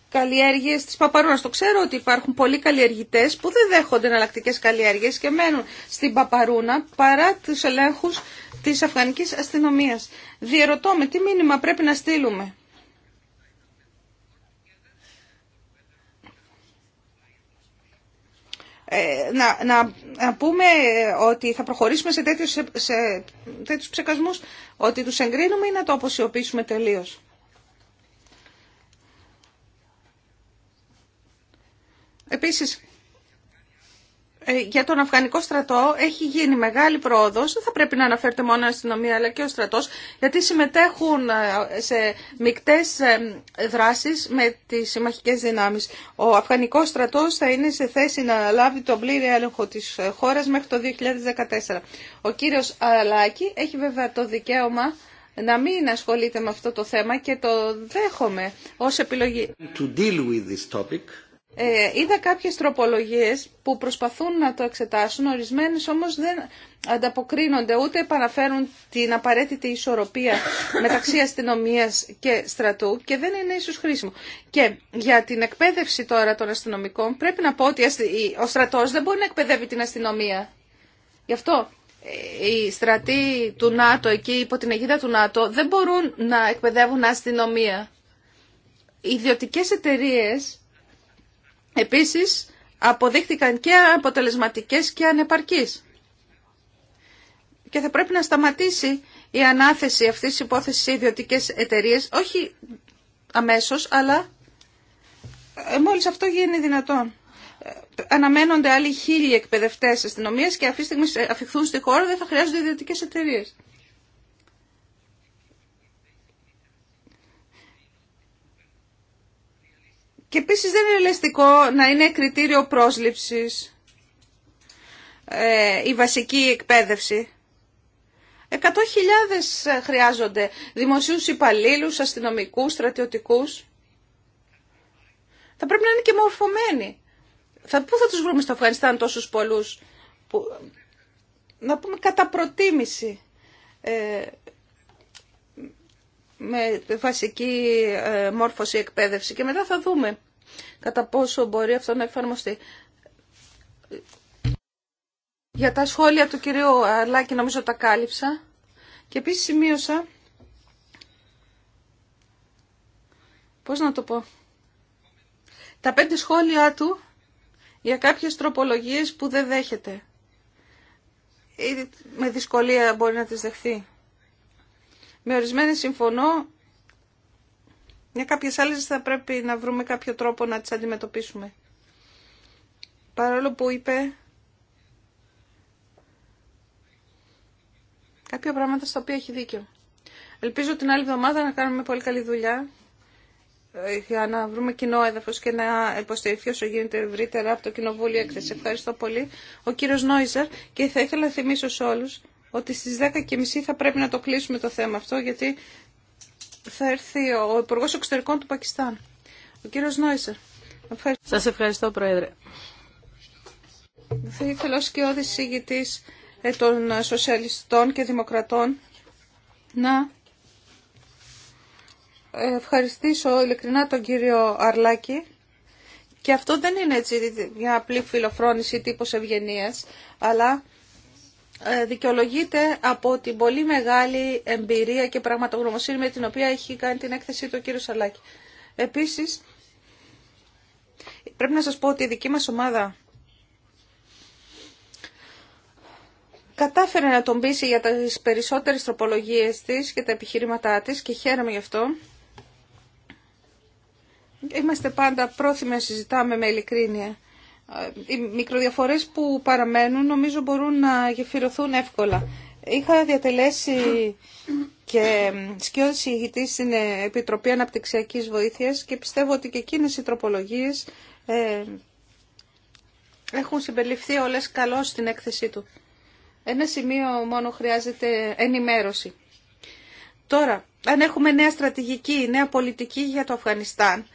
καλλιέργειες της παπαρούνας. Το ξέρω ότι υπάρχουν πολλοί καλλιεργητές που δεν δέχονται εναλλακτικέ καλλιέργειες και μένουν στην παπαρούνα παρά τους ελέγχους της αφγανικής αστυνομίας. Διερωτώ με τι μήνυμα πρέπει να στείλουμε. Ε, να, να, πούμε ε, ότι θα προχωρήσουμε σε τέτοιους, σε, τέτοιους ψεκασμούς, ότι τους εγκρίνουμε ή να το αποσιωπήσουμε τελείως. Επίσης, ε, για τον Αφγανικό στρατό έχει γίνει μεγάλη πρόοδος, Δεν θα πρέπει να αναφέρεται μόνο η αστυνομία αλλά και ο στρατός, γιατί συμμετέχουν ε, σε μικτές ε, δράσεις με τις συμμαχικέ δυνάμεις. Ο Αφγανικός στρατός θα είναι σε θέση να λάβει τον πλήρη έλεγχο της χώρας μέχρι το 2014. Ο κύριος Αλάκη έχει βέβαια το δικαίωμα να μην ασχολείται με αυτό το θέμα και το δέχομαι ως επιλογή. Ε, είδα κάποιες τροπολογίες που προσπαθούν να το εξετάσουν, ορισμένες όμως δεν ανταποκρίνονται ούτε επαναφέρουν την απαραίτητη ισορροπία μεταξύ αστυνομία και στρατού και δεν είναι ίσως χρήσιμο. Και για την εκπαίδευση τώρα των αστυνομικών πρέπει να πω ότι ο στρατός δεν μπορεί να εκπαιδεύει την αστυνομία. Γι' αυτό ε, οι στρατοί του ΝΑΤΟ εκεί υπό την αιγίδα του ΝΑΤΟ δεν μπορούν να εκπαιδεύουν αστυνομία. Οι ιδιωτικές επίσης αποδείχθηκαν και αποτελεσματικές και ανεπαρκείς. Και θα πρέπει να σταματήσει η ανάθεση αυτής της υπόθεσης σε ιδιωτικές εταιρείες, όχι αμέσως, αλλά ε, μόλις αυτό γίνει δυνατόν. Ε, αναμένονται άλλοι χίλιοι εκπαιδευτέ αστυνομίας και αυτή τη στιγμή αφηχθούν στη χώρα δεν θα χρειάζονται ιδιωτικές εταιρείε. Και επίσης δεν είναι ελαστικό να είναι κριτήριο πρόσληψης ε, η βασική εκπαίδευση. Εκατό χιλιάδες χρειάζονται δημοσίους υπαλλήλους, αστυνομικούς, στρατιωτικούς. Θα πρέπει να είναι και μορφωμένοι. Θα, πού θα τους βρούμε στο Αφγανιστάν τόσους πολλούς. Που, να πούμε κατά προτίμηση. Ε, με βασική ε, μόρφωση εκπαίδευση και μετά θα δούμε κατά πόσο μπορεί αυτό να εφαρμοστεί. Για τα σχόλια του κυρίου Αλάκη νομίζω τα κάλυψα και επίσης σημείωσα πώς να το πω τα πέντε σχόλια του για κάποιες τροπολογίες που δεν δέχεται ή με δυσκολία μπορεί να τις δεχθεί. Με ορισμένε συμφωνώ, για κάποιες άλλες θα πρέπει να βρούμε κάποιο τρόπο να τις αντιμετωπίσουμε. Παρόλο που είπε κάποια πράγματα στα οποία έχει δίκιο. Ελπίζω την άλλη εβδομάδα να κάνουμε πολύ καλή δουλειά ε, για να βρούμε κοινό έδαφο και να υποστηριχθεί όσο γίνεται ευρύτερα από το Κοινοβούλιο Έκθεση. Ευχαριστώ πολύ. Ο κύριο Νόιζερ και θα ήθελα να θυμίσω σε όλου ότι στις 10.30 θα πρέπει να το κλείσουμε το θέμα αυτό γιατί θα έρθει ο Υπουργός Εξωτερικών του Πακιστάν. Ο κύριος Νόησερ. Ευχαριστώ. Σας ευχαριστώ Πρόεδρε. Θα ήθελα ως και ηγητής ε, των σοσιαλιστών και δημοκρατών να ευχαριστήσω ειλικρινά τον κύριο Αρλάκη και αυτό δεν είναι έτσι μια απλή φιλοφρόνηση τύπος ευγενία, αλλά ε, δικαιολογείται από την πολύ μεγάλη εμπειρία και πραγματογνωμοσύνη με την οποία έχει κάνει την έκθεση του κύριο Σαλάκη. Επίσης, πρέπει να σας πω ότι η δική μας ομάδα κατάφερε να τον πείσει για τις περισσότερες τροπολογίες της και τα επιχειρήματά της και χαίρομαι γι' αυτό. Είμαστε πάντα πρόθυμοι να συζητάμε με ειλικρίνεια ε, οι μικροδιαφορές που παραμένουν νομίζω μπορούν να γεφυρωθούν εύκολα. Είχα διατελέσει και σκιώδης ηγητή στην ε, Επιτροπή Αναπτυξιακής Βοήθειας και πιστεύω ότι και εκείνες οι τροπολογίες ε, έχουν συμπεριληφθεί όλες καλώς στην έκθεσή του. Ένα σημείο μόνο χρειάζεται ενημέρωση. Τώρα, αν έχουμε νέα στρατηγική, νέα πολιτική για το Αφγανιστάν,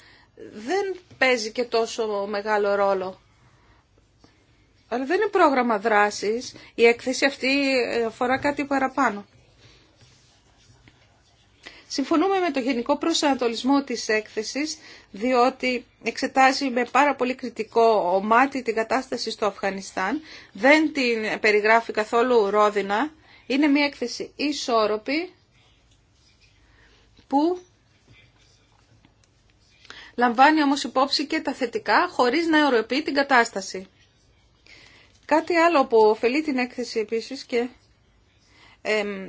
δεν παίζει και τόσο μεγάλο ρόλο αλλά δεν είναι πρόγραμμα δράσης. Η έκθεση αυτή ε, αφορά κάτι παραπάνω. Συμφωνούμε με το γενικό προσανατολισμό της έκθεσης, διότι εξετάζει με πάρα πολύ κριτικό μάτι την κατάσταση στο Αφγανιστάν. Δεν την περιγράφει καθόλου ρόδινα. Είναι μια έκθεση ισόρροπη που λαμβάνει όμως υπόψη και τα θετικά, χωρίς να ευρωποιεί την κατάσταση. Κάτι άλλο που ωφελεί την έκθεση επίσης και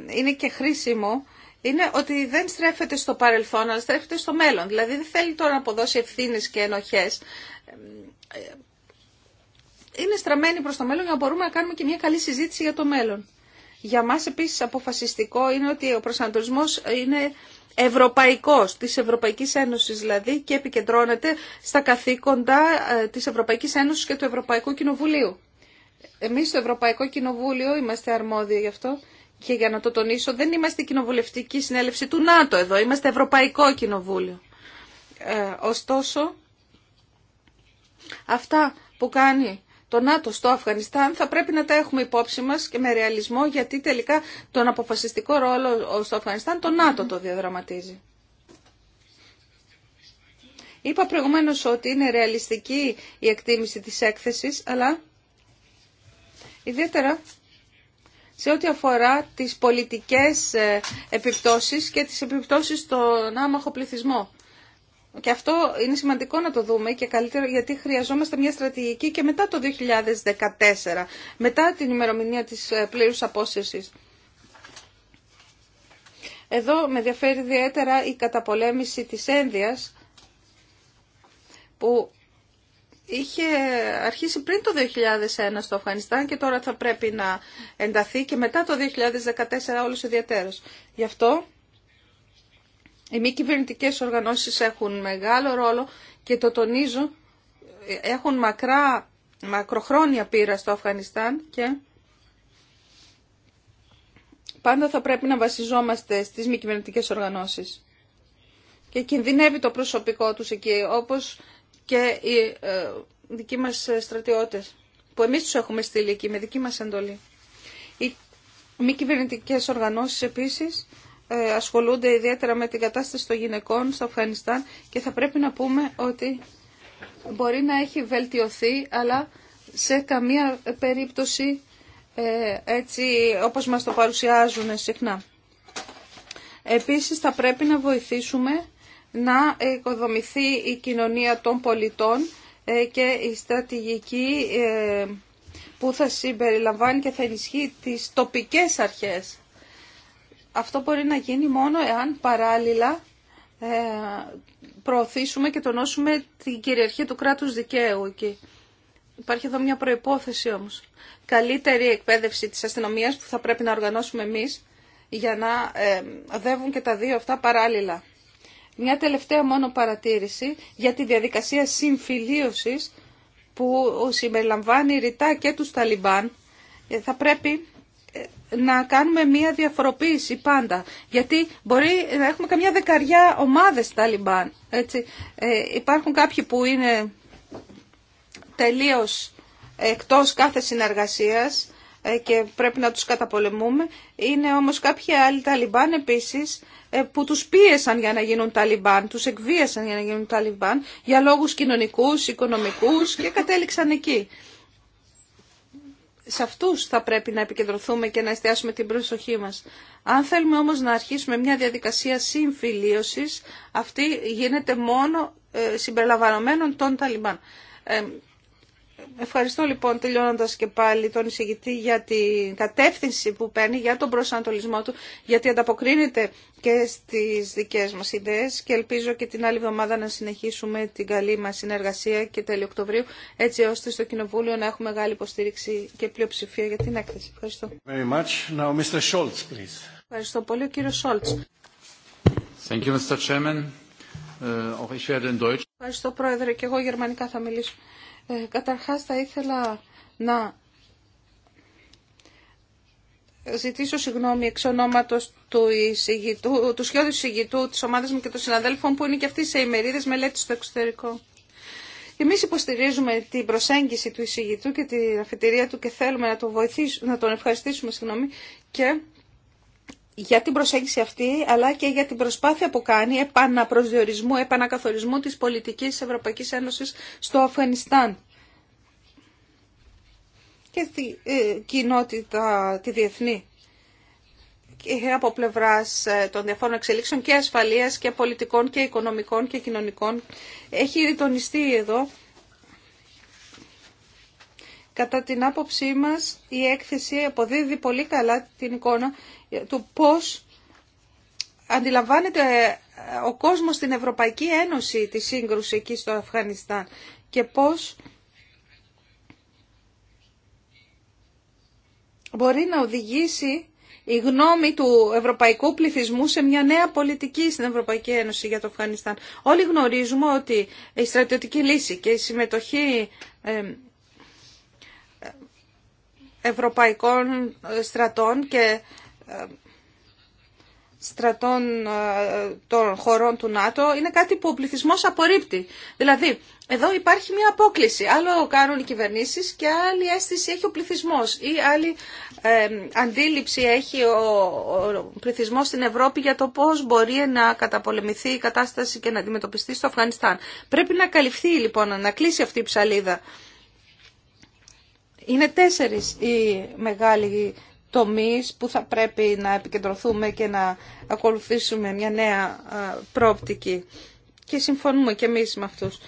είναι και χρήσιμο είναι ότι δεν στρέφεται στο παρελθόν, αλλά στρέφεται στο μέλλον. Δηλαδή δεν θέλει τώρα να αποδώσει ευθύνε και ενοχέ. Είναι στραμμένη προ το μέλλον για να μπορούμε να κάνουμε και μια καλή συζήτηση για το μέλλον. Για μα επίση αποφασιστικό είναι ότι ο προσανατολισμό είναι ευρωπαϊκό, τη Ευρωπαϊκή Ένωση δηλαδή, και επικεντρώνεται στα καθήκοντα ε, τη Ευρωπαϊκή Ένωση και του Ευρωπαϊκού Κοινοβουλίου. Εμείς στο Ευρωπαϊκό Κοινοβούλιο είμαστε αρμόδιοι γι' αυτό και για να το τονίσω δεν είμαστε η κοινοβουλευτική συνέλευση του ΝΑΤΟ εδώ, είμαστε Ευρωπαϊκό Κοινοβούλιο. Ε, ωστόσο, αυτά που κάνει το ΝΑΤΟ στο Αφγανιστάν θα πρέπει να τα έχουμε υπόψη μας και με ρεαλισμό γιατί τελικά τον αποφασιστικό ρόλο στο Αφγανιστάν το ΝΑΤΟ το διαδραματίζει. Είπα προηγουμένως ότι είναι ρεαλιστική η εκτίμηση της έκθεσης, αλλά Ιδιαίτερα σε ό,τι αφορά τις πολιτικές ε, επιπτώσεις και τις επιπτώσεις στον άμαχο πληθυσμό. Και αυτό είναι σημαντικό να το δούμε και καλύτερο γιατί χρειαζόμαστε μια στρατηγική και μετά το 2014, μετά την ημερομηνία της ε, πλήρους απόσυρσης. Εδώ με ενδιαφέρει ιδιαίτερα η καταπολέμηση της ένδειας που είχε αρχίσει πριν το 2001 στο Αφγανιστάν και τώρα θα πρέπει να ενταθεί και μετά το 2014 όλος ιδιαίτερος. Γι' αυτό οι μη κυβερνητικέ οργανώσεις έχουν μεγάλο ρόλο και το τονίζω, έχουν μακρά, μακροχρόνια πείρα στο Αφγανιστάν και πάντα θα πρέπει να βασιζόμαστε στις μη κυβερνητικέ οργανώσεις. Και κινδυνεύει το προσωπικό τους εκεί, όπως και οι ε, δικοί μας στρατιώτες που εμείς τους έχουμε στείλει εκεί με δική μας εντολή. Οι μη κυβερνητικέ οργανώσεις επίσης ε, ασχολούνται ιδιαίτερα με την κατάσταση των γυναικών στο Αφγανιστάν και θα πρέπει να πούμε ότι μπορεί να έχει βελτιωθεί αλλά σε καμία περίπτωση ε, έτσι όπως μας το παρουσιάζουν συχνά. Επίσης θα πρέπει να βοηθήσουμε να οικοδομηθεί η κοινωνία των πολιτών ε, και η στρατηγική ε, που θα συμπεριλαμβάνει και θα ενισχύει τις τοπικές αρχές. Αυτό μπορεί να γίνει μόνο εάν παράλληλα ε, προωθήσουμε και τονώσουμε την κυριαρχία του κράτους δικαίου εκεί. Υπάρχει εδώ μια προϋπόθεση όμως. Καλύτερη εκπαίδευση της αστυνομίας που θα πρέπει να οργανώσουμε εμείς για να δεύουν και τα δύο αυτά παράλληλα. Μια τελευταία μόνο παρατήρηση για τη διαδικασία συμφιλίωσης που συμπεριλαμβάνει ρητά και τους Ταλιμπάν. Ε, θα πρέπει ε, να κάνουμε μία διαφοροποίηση πάντα. Γιατί μπορεί να έχουμε καμιά δεκαριά ομάδες Ταλιμπάν. Έτσι. Ε, υπάρχουν κάποιοι που είναι τελείως εκτός κάθε συνεργασίας ε, και πρέπει να τους καταπολεμούμε. Είναι όμως κάποιοι άλλοι Ταλιμπάν επίσης ε, που τους πίεσαν για να γίνουν Ταλιμπάν, τους εκβίασαν για να γίνουν Ταλιμπάν για λόγους κοινωνικούς, οικονομικούς και κατέληξαν εκεί. Σε αυτούς θα πρέπει να επικεντρωθούμε και να εστιάσουμε την προσοχή μας. Αν θέλουμε όμως να αρχίσουμε μια διαδικασία συμφιλίωσης, αυτή γίνεται μόνο ε, συμπεριλαμβανομένων των Ταλιμπάν. Ευχαριστώ λοιπόν τελειώνοντα και πάλι τον εισηγητή για την κατεύθυνση που παίρνει, για τον προσανατολισμό του, γιατί ανταποκρίνεται και στι δικέ μα ιδέε, και ελπίζω και την άλλη εβδομάδα να συνεχίσουμε την καλή μα συνεργασία και τέλειο Οκτωβρίου, έτσι ώστε στο Κοινοβούλιο να έχουμε μεγάλη υποστήριξη και πλειοψηφία για την έκθεση. Ευχαριστώ. Ευχαριστώ πολύ, κύριο Σόλτ. Äh, Ευχαριστώ, Πρόεδρε, και εγώ γερμανικά θα μιλήσω. Ε, καταρχάς θα ήθελα να ζητήσω συγγνώμη εξ ονόματος του, εισηγητού, του σιώδη εισηγητού της ομάδας μου και των συναδέλφων που είναι και αυτοί σε ημερίδες μελέτη στο εξωτερικό. Εμείς υποστηρίζουμε την προσέγγιση του εισηγητού και την αφετηρία του και θέλουμε να τον, βοηθήσουμε, να τον ευχαριστήσουμε συγγνώμη, και για την προσέγγιση αυτή, αλλά και για την προσπάθεια που κάνει επαναπροσδιορισμού, επανακαθορισμού της πολιτικής Ευρωπαϊκής Ένωσης στο Αφγανιστάν και τη ε, κοινότητα τη διεθνή από πλευράς ε, των διαφόρων εξελίξεων και ασφαλείας και πολιτικών και οικονομικών και κοινωνικών. Έχει τονιστεί εδώ. Κατά την άποψή μας η έκθεση αποδίδει πολύ καλά την εικόνα του πώς αντιλαμβάνεται ε, ο κόσμος στην Ευρωπαϊκή Ένωση τη σύγκρουση εκεί στο Αφγανιστάν και πώς μπορεί να οδηγήσει η γνώμη του ευρωπαϊκού πληθυσμού σε μια νέα πολιτική στην Ευρωπαϊκή Ένωση για το Αφγανιστάν. Όλοι γνωρίζουμε ότι η στρατιωτική λύση και η συμμετοχή ε, ευρωπαϊκών ε, στρατών και στρατών ε, των χωρών του ΝΑΤΟ είναι κάτι που ο πληθυσμός απορρίπτει. Δηλαδή, εδώ υπάρχει μια απόκληση. Άλλο κάνουν οι κυβερνήσεις και άλλη αίσθηση έχει ο πληθυσμός ή άλλη ε, αντίληψη έχει ο, ο πληθυσμός στην Ευρώπη για το πώς μπορεί να καταπολεμηθεί η κατάσταση και να αντιμετωπιστεί στο Αφγανιστάν. Πρέπει να καλυφθεί λοιπόν, να κλείσει αυτή η ψαλίδα. Είναι τέσσερις οι μεγάλοι τομείς που θα πρέπει να επικεντρωθούμε και να ακολουθήσουμε μια νέα πρόπτικη. Και συμφωνούμε και εμείς με αυτούς.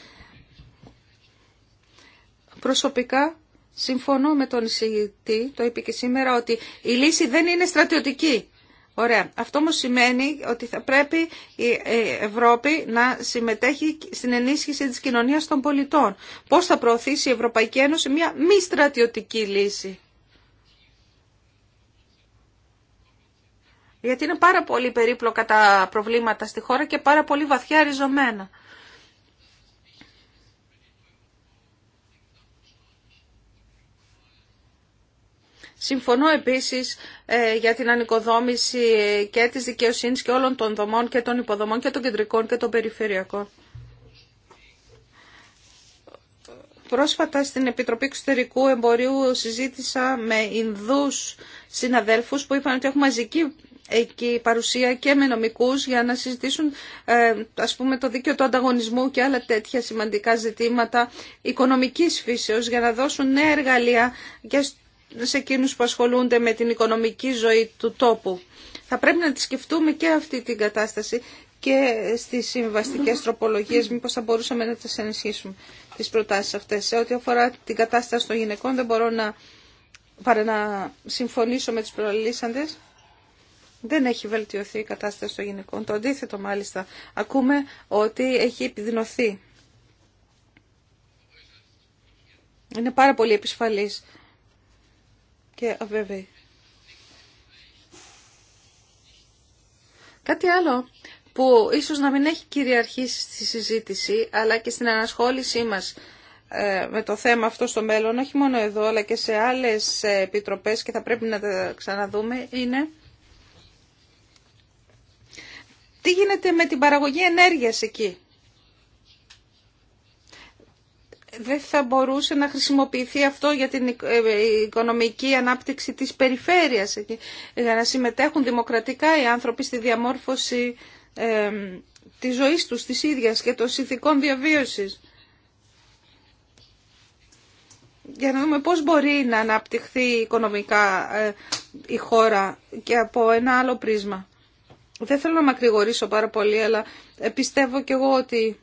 Προσωπικά συμφωνώ με τον εισηγητή, το είπε και σήμερα, ότι η λύση δεν είναι στρατιωτική. Ωραία. Αυτό όμως σημαίνει ότι θα πρέπει η Ευρώπη να συμμετέχει στην ενίσχυση της κοινωνίας των πολιτών. Πώς θα προωθήσει η Ευρωπαϊκή Ένωση μια μη στρατιωτική λύση. γιατί είναι πάρα πολύ περίπλοκα τα προβλήματα στη χώρα και πάρα πολύ βαθιά ριζωμένα. Συμφωνώ επίσης ε, για την ανοικοδόμηση και της δικαιοσύνης και όλων των δομών και των υποδομών και των κεντρικών και των περιφερειακών. Πρόσφατα στην Επιτροπή Εξωτερικού Εμπορίου συζήτησα με Ινδούς συναδέλφους που είπαν ότι έχουν μαζική εκεί παρουσία και με νομικούς για να συζητήσουν ε, ας πούμε το δίκαιο του ανταγωνισμού και άλλα τέτοια σημαντικά ζητήματα οικονομικής φύσεως για να δώσουν νέα εργαλεία και σε εκείνους που ασχολούνται με την οικονομική ζωή του τόπου. Θα πρέπει να τη σκεφτούμε και αυτή την κατάσταση και στις συμβαστικές τροπολογίες μήπως θα μπορούσαμε να τις ενισχύσουμε τις προτάσεις αυτές. Σε ό,τι αφορά την κατάσταση των γυναικών δεν μπορώ να, παρά να συμφωνήσω με τις προαλήσαντες δεν έχει βελτιωθεί η κατάσταση των γυναικών. Το αντίθετο μάλιστα. Ακούμε ότι έχει επιδεινωθεί. Είναι πάρα πολύ επισφαλής και αβέβαιη. Κάτι άλλο που ίσως να μην έχει κυριαρχήσει στη συζήτηση αλλά και στην ανασχόλησή μας ε, με το θέμα αυτό στο μέλλον, όχι μόνο εδώ αλλά και σε άλλες ε, επιτροπές και θα πρέπει να τα ξαναδούμε, είναι τι γίνεται με την παραγωγή ενέργειας εκεί. Δεν θα μπορούσε να χρησιμοποιηθεί αυτό για την ε, ε, οικονομική ανάπτυξη της περιφέρειας, για να συμμετέχουν δημοκρατικά οι άνθρωποι στη διαμόρφωση ε, της ζωής τους, της ίδιας και των συνθηκών διαβίωσης. Για να δούμε πώς μπορεί να αναπτυχθεί οικονομικά ε, η χώρα και από ένα άλλο πρίσμα. Δεν θέλω να μακρηγορήσω πάρα πολύ, αλλά ε, πιστεύω κι εγώ ότι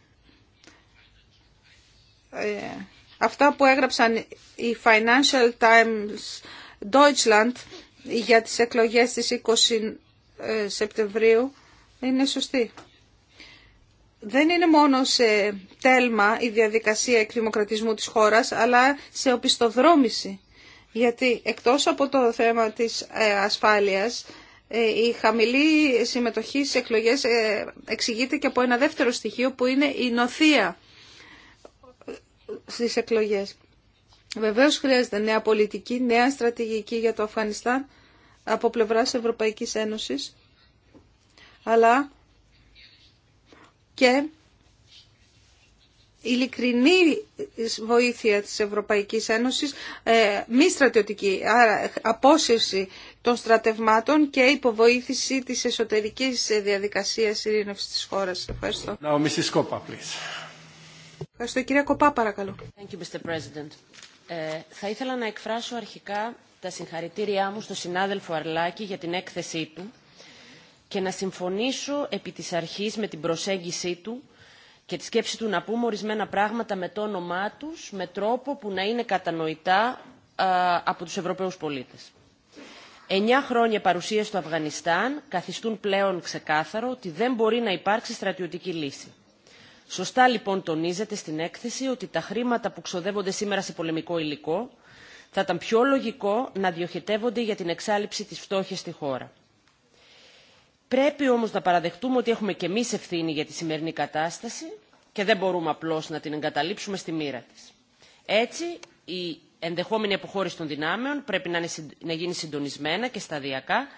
ε, αυτά που έγραψαν οι Financial Times Deutschland για τις εκλογές της 20 ε, Σεπτεμβρίου είναι σωστή. Δεν είναι μόνο σε τέλμα η διαδικασία εκδημοκρατισμού της χώρας, αλλά σε οπισθοδρόμηση. Γιατί εκτός από το θέμα της ασφάλειας, ε, η χαμηλή συμμετοχή σε εκλογές ε, εξηγείται και από ένα δεύτερο στοιχείο που είναι η νοθεία στις εκλογές. Βεβαίως χρειάζεται νέα πολιτική, νέα στρατηγική για το Αφγανιστάν από πλευράς Ευρωπαϊκής Ένωσης, αλλά και ειλικρινή βοήθεια της Ευρωπαϊκής Ένωσης, ε, μη στρατιωτική, άρα απόσυρση των στρατευμάτων και υποβοήθηση της εσωτερικής διαδικασίας ειρήνευσης της χώρας. Ευχαριστώ. Now, Mrs. please. Ευχαριστώ. Κυρία Κοπά, παρακαλώ. Thank you, Mr. Ε, θα ήθελα να εκφράσω αρχικά τα συγχαρητήριά μου στον συνάδελφο Αρλάκη για την έκθεσή του και να συμφωνήσω επί της αρχής με την προσέγγιση του και τη σκέψη του να πούμε ορισμένα πράγματα με το όνομά τους, με τρόπο που να είναι κατανοητά ε, από τους Ευρωπαίους πολίτες. Εννιά χρόνια παρουσία στο Αφγανιστάν καθιστούν πλέον ξεκάθαρο ότι δεν μπορεί να υπάρξει στρατιωτική λύση. Σωστά λοιπόν τονίζεται στην έκθεση ότι τα χρήματα που ξοδεύονται σήμερα σε πολεμικό υλικό θα ήταν πιο λογικό να διοχετεύονται για την εξάλληψη της φτώχειας στη χώρα. Πρέπει όμως να παραδεχτούμε ότι έχουμε και εμείς ευθύνη για τη σημερινή κατάσταση και δεν μπορούμε απλώς να την εγκαταλείψουμε στη μοίρα της. Έτσι, η ενδεχόμενη αποχώρηση των δυνάμεων πρέπει να, να γίνει συντονισμένα και σταδιακά,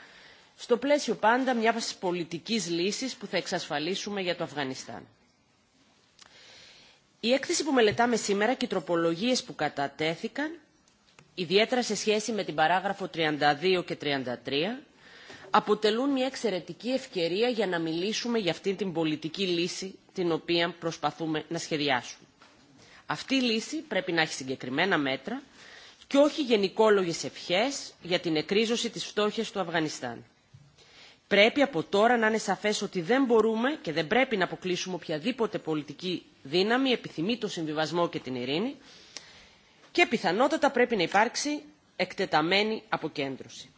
στο πλαίσιο πάντα μια πολιτική λύση που θα εξασφαλίσουμε για το Αφγανιστάν. Η έκθεση που μελετάμε σήμερα και οι τροπολογίες που κατατέθηκαν, ιδιαίτερα σε σχέση με την παράγραφο 32 και 33, αποτελούν μια εξαιρετική ευκαιρία για να μιλήσουμε για αυτή την πολιτική λύση την οποία προσπαθούμε να σχεδιάσουμε. Αυτή η λύση πρέπει να έχει συγκεκριμένα μέτρα και όχι γενικόλογες ευχές για την εκρίζωση της φτώχειας του Αφγανιστάν. Πρέπει από τώρα να είναι σαφές ότι δεν μπορούμε και δεν πρέπει να αποκλείσουμε οποιαδήποτε πολιτική δύναμη επιθυμεί το συμβιβασμό και την ειρήνη και πιθανότατα πρέπει να υπάρξει εκτεταμένη αποκέντρωση.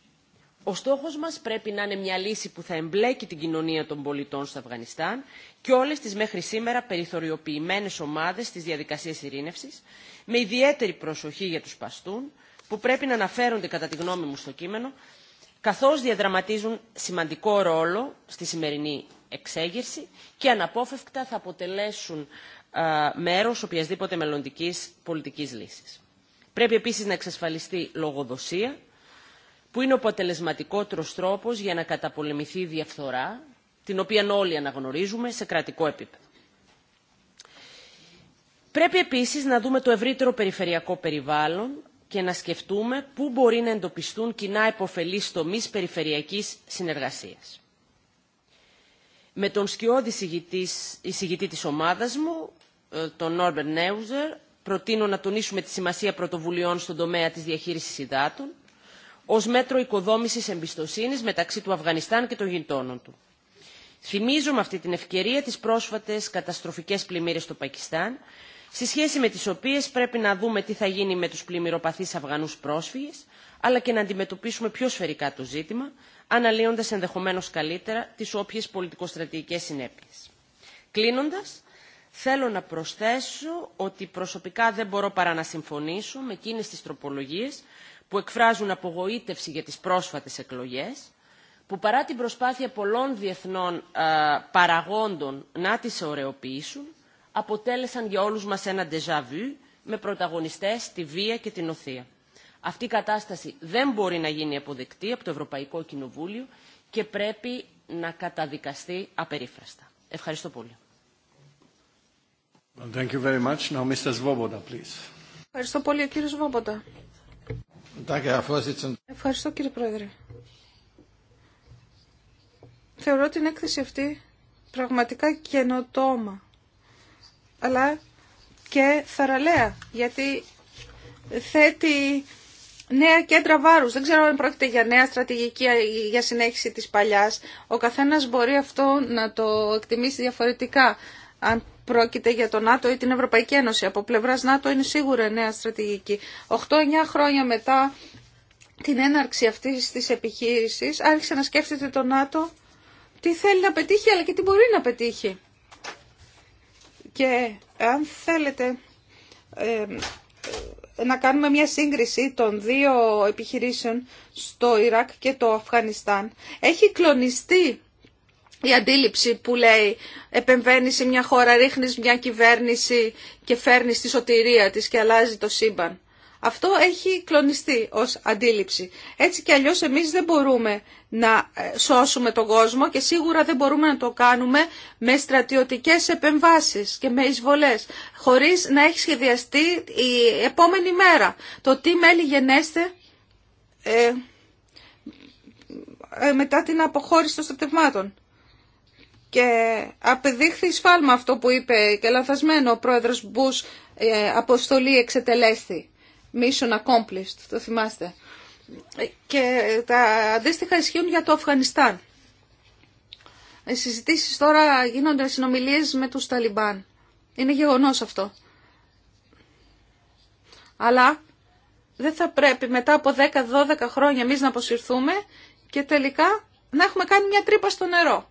Ο στόχος μας πρέπει να είναι μια λύση που θα εμπλέκει την κοινωνία των πολιτών στο Αφγανιστάν και όλες τις μέχρι σήμερα περιθωριοποιημένες ομάδες στις διαδικασίες ειρήνευσης, με ιδιαίτερη προσοχή για τους Παστούν, που πρέπει να αναφέρονται κατά τη γνώμη μου στο κείμενο, καθώς διαδραματίζουν σημαντικό ρόλο στη σημερινή εξέγερση και αναπόφευκτα θα αποτελέσουν α, μέρος οποιασδήποτε μελλοντικής πολιτικής λύσης. Πρέπει επίσης να εξασφαλιστεί λογοδοσία που είναι ο αποτελεσματικότερος τρόπος για να καταπολεμηθεί η διαφθορά, την οποία όλοι αναγνωρίζουμε σε κρατικό επίπεδο. Πρέπει επίσης να δούμε το ευρύτερο περιφερειακό περιβάλλον και να σκεφτούμε πού μπορεί να εντοπιστούν κοινά υποφελείς τομεί περιφερειακής συνεργασίας. Με τον σκιώδη εισηγητή της ομάδας μου, ε, τον Νόρμπερ Νέουζερ, προτείνω να τονίσουμε τη σημασία πρωτοβουλειών στον τομέα της διαχείρισης υδάτων, ως μέτρο οικοδόμησης εμπιστοσύνης μεταξύ του Αφγανιστάν και των γειτόνων του. Θυμίζω με αυτή την ευκαιρία τις πρόσφατες καταστροφικές πλημμύρες στο Πακιστάν, στη σχέση με τις οποίες πρέπει να δούμε τι θα γίνει με τους πλημμυροπαθείς Αφγανούς πρόσφυγες, αλλά και να αντιμετωπίσουμε πιο σφαιρικά το ζήτημα, αναλύοντας ενδεχομένως καλύτερα τις όποιες πολιτικοστρατηγικές συνέπειες. Κλείνοντας, θέλω να προσθέσω ότι προσωπικά δεν μπορώ παρά να συμφωνήσω με εκείνες τις τροπολογίες που εκφράζουν απογοήτευση για τις πρόσφατες εκλογές, που παρά την προσπάθεια πολλών διεθνών ε, παραγόντων να τις ωρεοποιήσουν, αποτέλεσαν για όλους μας ένα déjà με πρωταγωνιστές τη βία και την οθεία. Αυτή η κατάσταση δεν μπορεί να γίνει αποδεκτή από το Ευρωπαϊκό Κοινοβούλιο και πρέπει να καταδικαστεί απερίφραστα. Ευχαριστώ πολύ. Ευχαριστώ πολύ, κύριε Σβόμποτα. Ευχαριστώ κύριε Πρόεδρε. Θεωρώ την έκθεση αυτή πραγματικά καινοτόμα, αλλά και θαραλέα, γιατί θέτει νέα κέντρα βάρους. Δεν ξέρω αν πρόκειται για νέα στρατηγική για συνέχιση της παλιάς. Ο καθένας μπορεί αυτό να το εκτιμήσει διαφορετικά αν πρόκειται για το ΝΑΤΟ ή την Ευρωπαϊκή Ένωση. Από πλευράς ΝΑΤΟ είναι σίγουρα νέα στρατηγική. 8-9 χρόνια μετά την έναρξη αυτής της επιχείρησης άρχισε να σκέφτεται το ΝΑΤΟ τι θέλει να πετύχει αλλά και τι μπορεί να πετύχει. Και αν θέλετε ε, να κάνουμε μια σύγκριση των δύο επιχειρήσεων στο Ιράκ και το Αφγανιστάν, έχει κλονιστεί η αντίληψη που λέει επεμβαίνει σε μια χώρα, ρίχνεις μια κυβέρνηση και φέρνεις τη σωτηρία της και αλλάζει το σύμπαν. Αυτό έχει κλονιστεί ως αντίληψη. Έτσι κι αλλιώς εμείς δεν μπορούμε να ε, σώσουμε τον κόσμο και σίγουρα δεν μπορούμε να το κάνουμε με στρατιωτικές επεμβάσεις και με εισβολές, χωρίς να έχει σχεδιαστεί η επόμενη μέρα. Το τι μέλη γενέστε ε, ε, μετά την αποχώρηση των στρατευμάτων και απεδείχθη σφάλμα αυτό που είπε και λαθασμένο ο πρόεδρος Μπούς ε, αποστολή εξετελέστη. Mission accomplished, το θυμάστε. Και τα αντίστοιχα ισχύουν για το Αφγανιστάν. Οι συζητήσεις τώρα γίνονται συνομιλίες με τους Ταλιμπάν. Είναι γεγονός αυτό. Αλλά δεν θα πρέπει μετά από 10-12 χρόνια εμείς να αποσυρθούμε και τελικά να έχουμε κάνει μια τρύπα στο νερό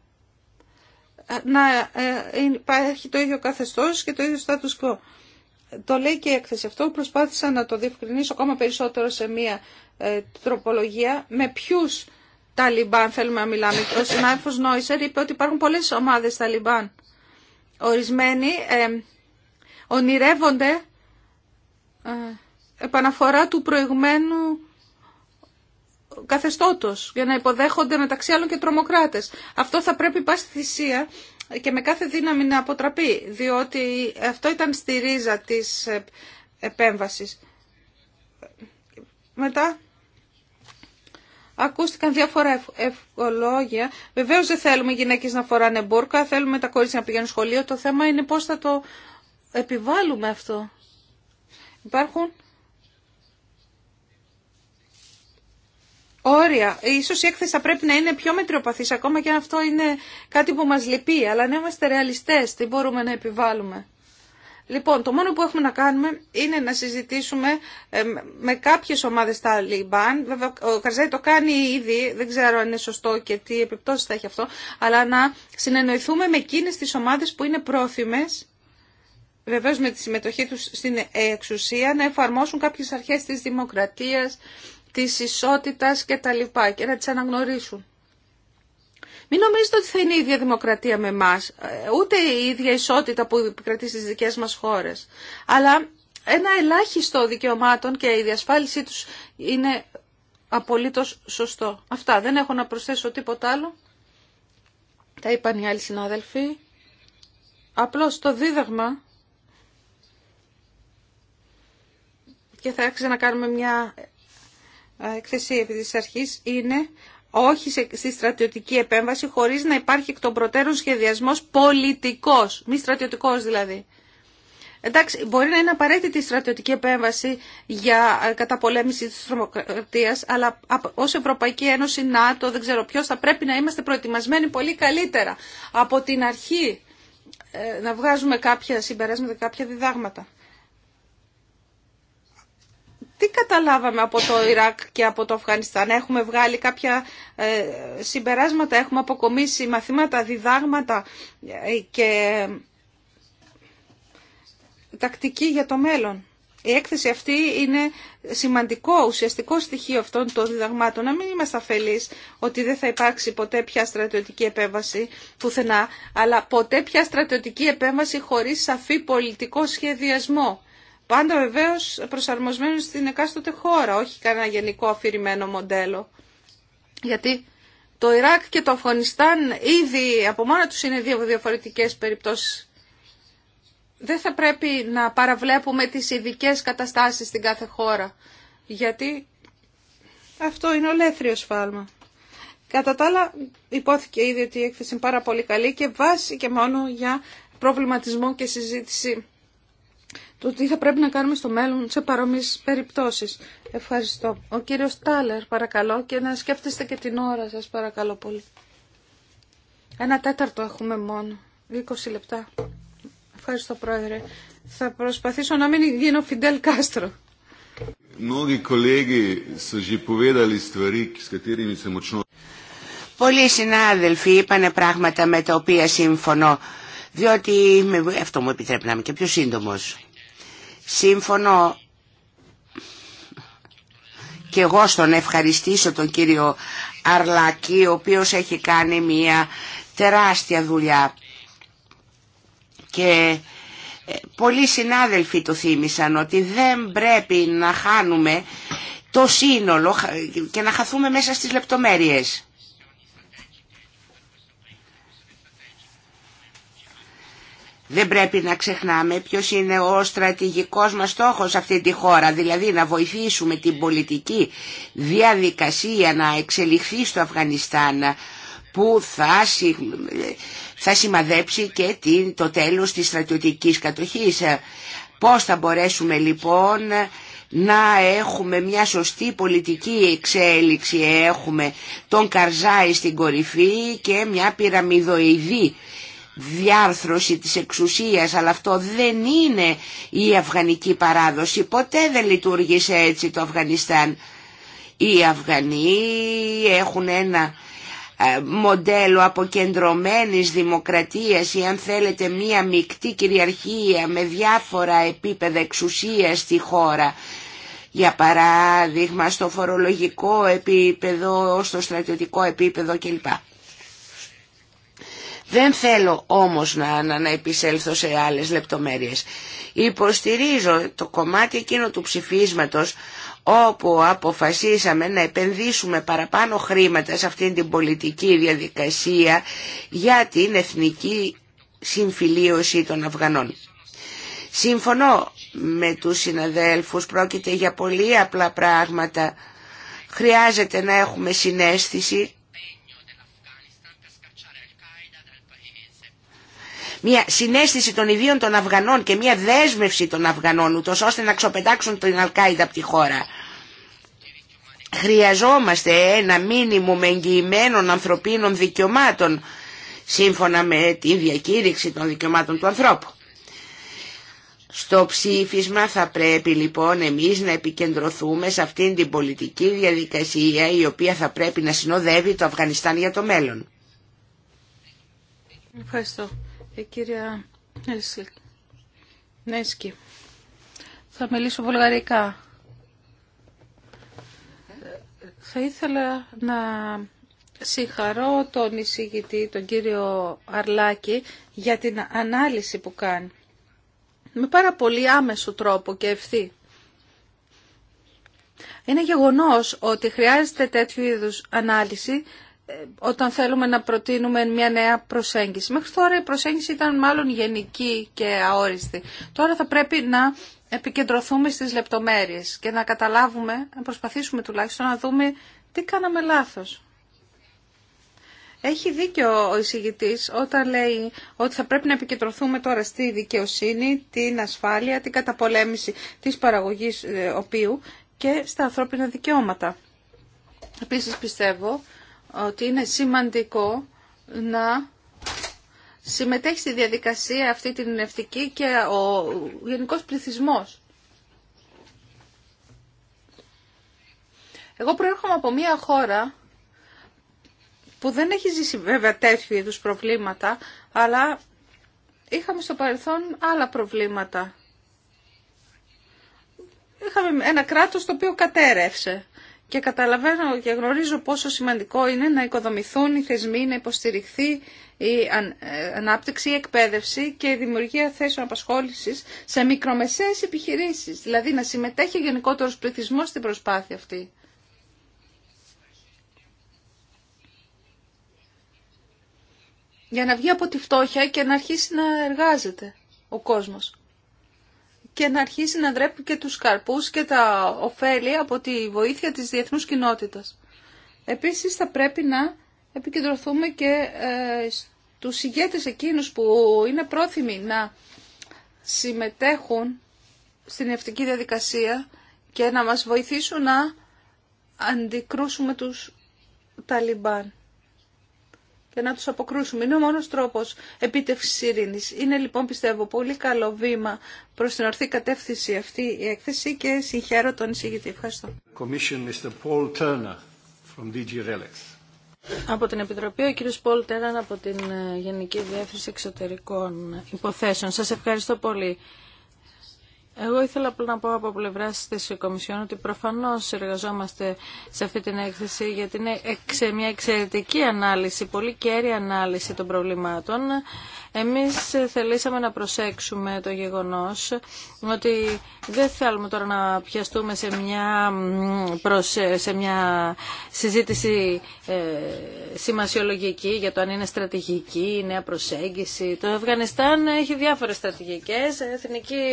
να ε, ε, υπάρχει το ίδιο καθεστώς και το ίδιο status quo. Το λέει και η έκθεση αυτό, προσπάθησα να το διευκρινίσω ακόμα περισσότερο σε μία ε, τροπολογία, με ποιους Ταλιμπάν θέλουμε να μιλάμε. Ο συνάδελφος Νόισερ είπε ότι υπάρχουν πολλές ομάδες Ταλιμπάν. Ορισμένοι ε, ονειρεύονται επαναφορά του προηγμένου καθεστώτος για να υποδέχονται μεταξύ άλλων και τρομοκράτες. Αυτό θα πρέπει στη θυσία και με κάθε δύναμη να αποτραπεί, διότι αυτό ήταν στη ρίζα της επέμβασης. Μετά ακούστηκαν διάφορα ευκολόγια. Βεβαίω δεν θέλουμε οι γυναίκε να φοράνε μπουρκα, θέλουμε τα κορίτσια να πηγαίνουν σχολείο. Το θέμα είναι πώ θα το επιβάλλουμε αυτό. Υπάρχουν όρια. Ίσως η έκθεση θα πρέπει να είναι πιο μετριοπαθή ακόμα και αν αυτό είναι κάτι που μα λυπεί. Αλλά να είμαστε ρεαλιστέ, τι μπορούμε να επιβάλλουμε. Λοιπόν, το μόνο που έχουμε να κάνουμε είναι να συζητήσουμε ε, με κάποιε ομάδε τα Λιμπάν. Βέβαια, ο Καρζάη το κάνει ήδη, δεν ξέρω αν είναι σωστό και τι επιπτώσει θα έχει αυτό, αλλά να συνεννοηθούμε με εκείνε τι ομάδε που είναι πρόθυμε, βεβαίω με τη συμμετοχή του στην εξουσία, να εφαρμόσουν κάποιε αρχέ τη δημοκρατία της ισότητας και τα λοιπά και να τις αναγνωρίσουν. Μην νομίζετε ότι θα είναι η ίδια δημοκρατία με εμά, ε, ούτε η ίδια ισότητα που επικρατεί στις δικές μας χώρες. Αλλά ένα ελάχιστο δικαιωμάτων και η διασφάλισή τους είναι απολύτως σωστό. Αυτά. Δεν έχω να προσθέσω τίποτα άλλο. Τα είπαν οι άλλοι συνάδελφοι. Απλώς το δίδαγμα και θα άρχισε να κάνουμε μια Εκθεσία επί της αρχής είναι όχι στη στρατιωτική επέμβαση χωρίς να υπάρχει εκ των προτέρων σχεδιασμός πολιτικός, μη στρατιωτικός δηλαδή. Εντάξει, μπορεί να είναι απαραίτητη η στρατιωτική επέμβαση για ε, καταπολέμηση της τρομοκρατίας, αλλά ως Ευρωπαϊκή Ένωση, ΝΑΤΟ, δεν ξέρω ποιος, θα πρέπει να είμαστε προετοιμασμένοι πολύ καλύτερα από την αρχή ε, να βγάζουμε κάποια συμπεράσματα, κάποια διδάγματα. Τι καταλάβαμε από το Ιράκ και από το Αφγανιστάν. Έχουμε βγάλει κάποια ε, συμπεράσματα, έχουμε αποκομίσει μαθήματα, διδάγματα ε, και ε, τακτική για το μέλλον. Η έκθεση αυτή είναι σημαντικό, ουσιαστικό στοιχείο αυτών των διδαγμάτων. Να μην είμαστε αφελείς ότι δεν θα υπάρξει ποτέ πια στρατιωτική επέμβαση πουθενά, αλλά ποτέ πια στρατιωτική επέμβαση χωρίς σαφή πολιτικό σχεδιασμό. Πάντα βεβαίω προσαρμοσμένο στην εκάστοτε χώρα, όχι κανένα γενικό αφηρημένο μοντέλο. Γιατί το Ιράκ και το Αφγανιστάν ήδη από μόνα τους είναι δύο διαφορετικές περιπτώσεις. Δεν θα πρέπει να παραβλέπουμε τις ειδικέ καταστάσεις στην κάθε χώρα, γιατί αυτό είναι ολέθριο σφάλμα. Κατά τα άλλα, υπόθηκε ήδη ότι η έκθεση είναι πάρα πολύ καλή και βάση και μόνο για προβληματισμό και συζήτηση το τι θα πρέπει να κάνουμε στο μέλλον σε παρόμοιες περιπτώσεις. Ευχαριστώ. Ο κύριος Τάλερ παρακαλώ και να σκέφτεστε και την ώρα σας παρακαλώ πολύ. Ένα τέταρτο έχουμε μόνο. 20 λεπτά. Ευχαριστώ πρόεδρε. Θα προσπαθήσω να μην γίνω Φιντέλ Κάστρο. Πολλοί συνάδελφοι είπαν πράγματα με τα οποία σύμφωνο, διότι αυτό μου επιτρέπει να είμαι και πιο σύντομος. Σύμφωνο και εγώ στον ευχαριστήσω τον κύριο Αρλακή, ο οποίος έχει κάνει μια τεράστια δουλειά. Και ε, πολλοί συνάδελφοι το θύμισαν ότι δεν πρέπει να χάνουμε το σύνολο και να χαθούμε μέσα στις λεπτομέρειες. Δεν πρέπει να ξεχνάμε ποιος είναι ο στρατηγικός μας στόχος αυτή τη χώρα, δηλαδή να βοηθήσουμε την πολιτική διαδικασία να εξελιχθεί στο Αφγανιστάν που θα, θα σημαδέψει και το τέλος της στρατιωτικής κατοχής. Πώς θα μπορέσουμε λοιπόν να έχουμε μια σωστή πολιτική εξέλιξη. Έχουμε τον Καρζάη στην κορυφή και μια πυραμιδοειδή διάρθρωση της εξουσίας αλλά αυτό δεν είναι η αφγανική παράδοση ποτέ δεν λειτουργήσε έτσι το Αφγανιστάν οι Αφγανοί έχουν ένα ε, μοντέλο αποκεντρωμένης δημοκρατίας ή αν θέλετε μία μεικτή κυριαρχία με διάφορα επίπεδα εξουσίας στη χώρα για παράδειγμα στο φορολογικό επίπεδο, στο στρατιωτικό επίπεδο κλπ. Δεν θέλω όμως να, να, να επισέλθω σε άλλες λεπτομέρειες. Υποστηρίζω το κομμάτι εκείνο του ψηφίσματος όπου αποφασίσαμε να επενδύσουμε παραπάνω χρήματα σε αυτήν την πολιτική διαδικασία για την εθνική συμφιλίωση των Αφγανών. Σύμφωνο με τους συναδέλφους, πρόκειται για πολύ απλά πράγματα. Χρειάζεται να έχουμε συνέστηση μια συνέστηση των ιδίων των Αφγανών και μια δέσμευση των Αφγανών ούτως ώστε να ξοπετάξουν την Αλκάιδα από τη χώρα. Χρειαζόμαστε ένα μήνυμο εγγυημένων ανθρωπίνων δικαιωμάτων σύμφωνα με τη διακήρυξη των δικαιωμάτων του ανθρώπου. Στο ψήφισμα θα πρέπει λοιπόν εμείς να επικεντρωθούμε σε αυτήν την πολιτική διαδικασία η οποία θα πρέπει να συνοδεύει το Αφγανιστάν για το μέλλον. Ευχαριστώ. Η κυρία Νέσκι. Θα μιλήσω βουλγαρικά. Θα ήθελα να συγχαρώ τον εισηγητή, τον κύριο Αρλάκη, για την ανάλυση που κάνει. Με πάρα πολύ άμεσο τρόπο και ευθύ. Είναι γεγονός ότι χρειάζεται τέτοιου είδους ανάλυση ε, όταν θέλουμε να προτείνουμε μια νέα προσέγγιση. Μέχρι τώρα η προσέγγιση ήταν μάλλον γενική και αόριστη. Τώρα θα πρέπει να επικεντρωθούμε στις λεπτομέρειες και να καταλάβουμε, να προσπαθήσουμε τουλάχιστον να δούμε τι κάναμε λάθος. Έχει δίκιο ο εισηγητής όταν λέει ότι θα πρέπει να επικεντρωθούμε τώρα στη δικαιοσύνη, την ασφάλεια, την καταπολέμηση της παραγωγής ε, οποίου και στα ανθρώπινα δικαιώματα. Επίσης πιστεύω ότι είναι σημαντικό να συμμετέχει στη διαδικασία αυτή την νευτική και ο γενικός πληθυσμός. Εγώ προέρχομαι από μια χώρα που δεν έχει ζήσει βέβαια τέτοιου είδους προβλήματα, αλλά είχαμε στο παρελθόν άλλα προβλήματα. Είχαμε ένα κράτος το οποίο κατέρευσε και καταλαβαίνω και γνωρίζω πόσο σημαντικό είναι να οικοδομηθούν οι θεσμοί, να υποστηριχθεί η ε, ανάπτυξη, η εκπαίδευση και η δημιουργία θέσεων απασχόλησης σε μικρομεσαίες επιχειρήσεις. Δηλαδή να συμμετέχει ο γενικότερος πληθυσμό στην προσπάθεια αυτή. Για να βγει από τη φτώχεια και να αρχίσει να εργάζεται ο κόσμος και να αρχίσει να δρέπει και τους καρπούς και τα ωφέλη από τη βοήθεια της διεθνούς κοινότητας. Επίσης θα πρέπει να επικεντρωθούμε και ε, στους ηγέτες εκείνους που είναι πρόθυμοι να συμμετέχουν στην ευτική διαδικασία και να μας βοηθήσουν να αντικρούσουμε τους Ταλιμπάν και να τους αποκρούσουμε. Είναι ο μόνος τρόπος επίτευξης ειρήνης. Είναι λοιπόν πιστεύω πολύ καλό βήμα προς την ορθή κατεύθυνση αυτή η έκθεση και συγχαίρω τον εισηγητή. Ευχαριστώ. Από την Επιτροπή, ο κύριος Πολ Τέραν από την ε, Γενική Διεύθυνση Εξωτερικών Υποθέσεων. Σας ευχαριστώ πολύ. Εγώ ήθελα απλά να πω από πλευρά τη Κομισιόν ότι προφανώ εργαζόμαστε σε αυτή την έκθεση γιατί είναι μια εξαιρετική ανάλυση, πολύ κέρια ανάλυση των προβλημάτων. Εμείς θελήσαμε να προσέξουμε το γεγονός ότι δεν θέλουμε τώρα να πιαστούμε σε μια, σε μια συζήτηση ε, σημασιολογική για το αν είναι στρατηγική, η νέα προσέγγιση. Το Αφγανιστάν έχει διάφορε στρατηγικέ, εθνική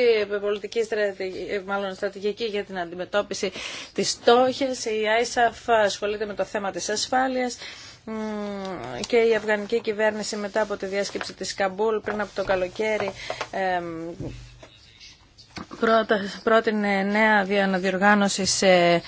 πολιτική στρατηγική, ε, μάλλον στρατηγική για την αντιμετώπιση της στόχης. Η ISAF ασχολείται με το θέμα της ασφάλειας και η αφγανική κυβέρνηση μετά από τη διάσκεψη της Καμπούλ πριν από το καλοκαίρι πρότεινε νέα διοργάνωση σε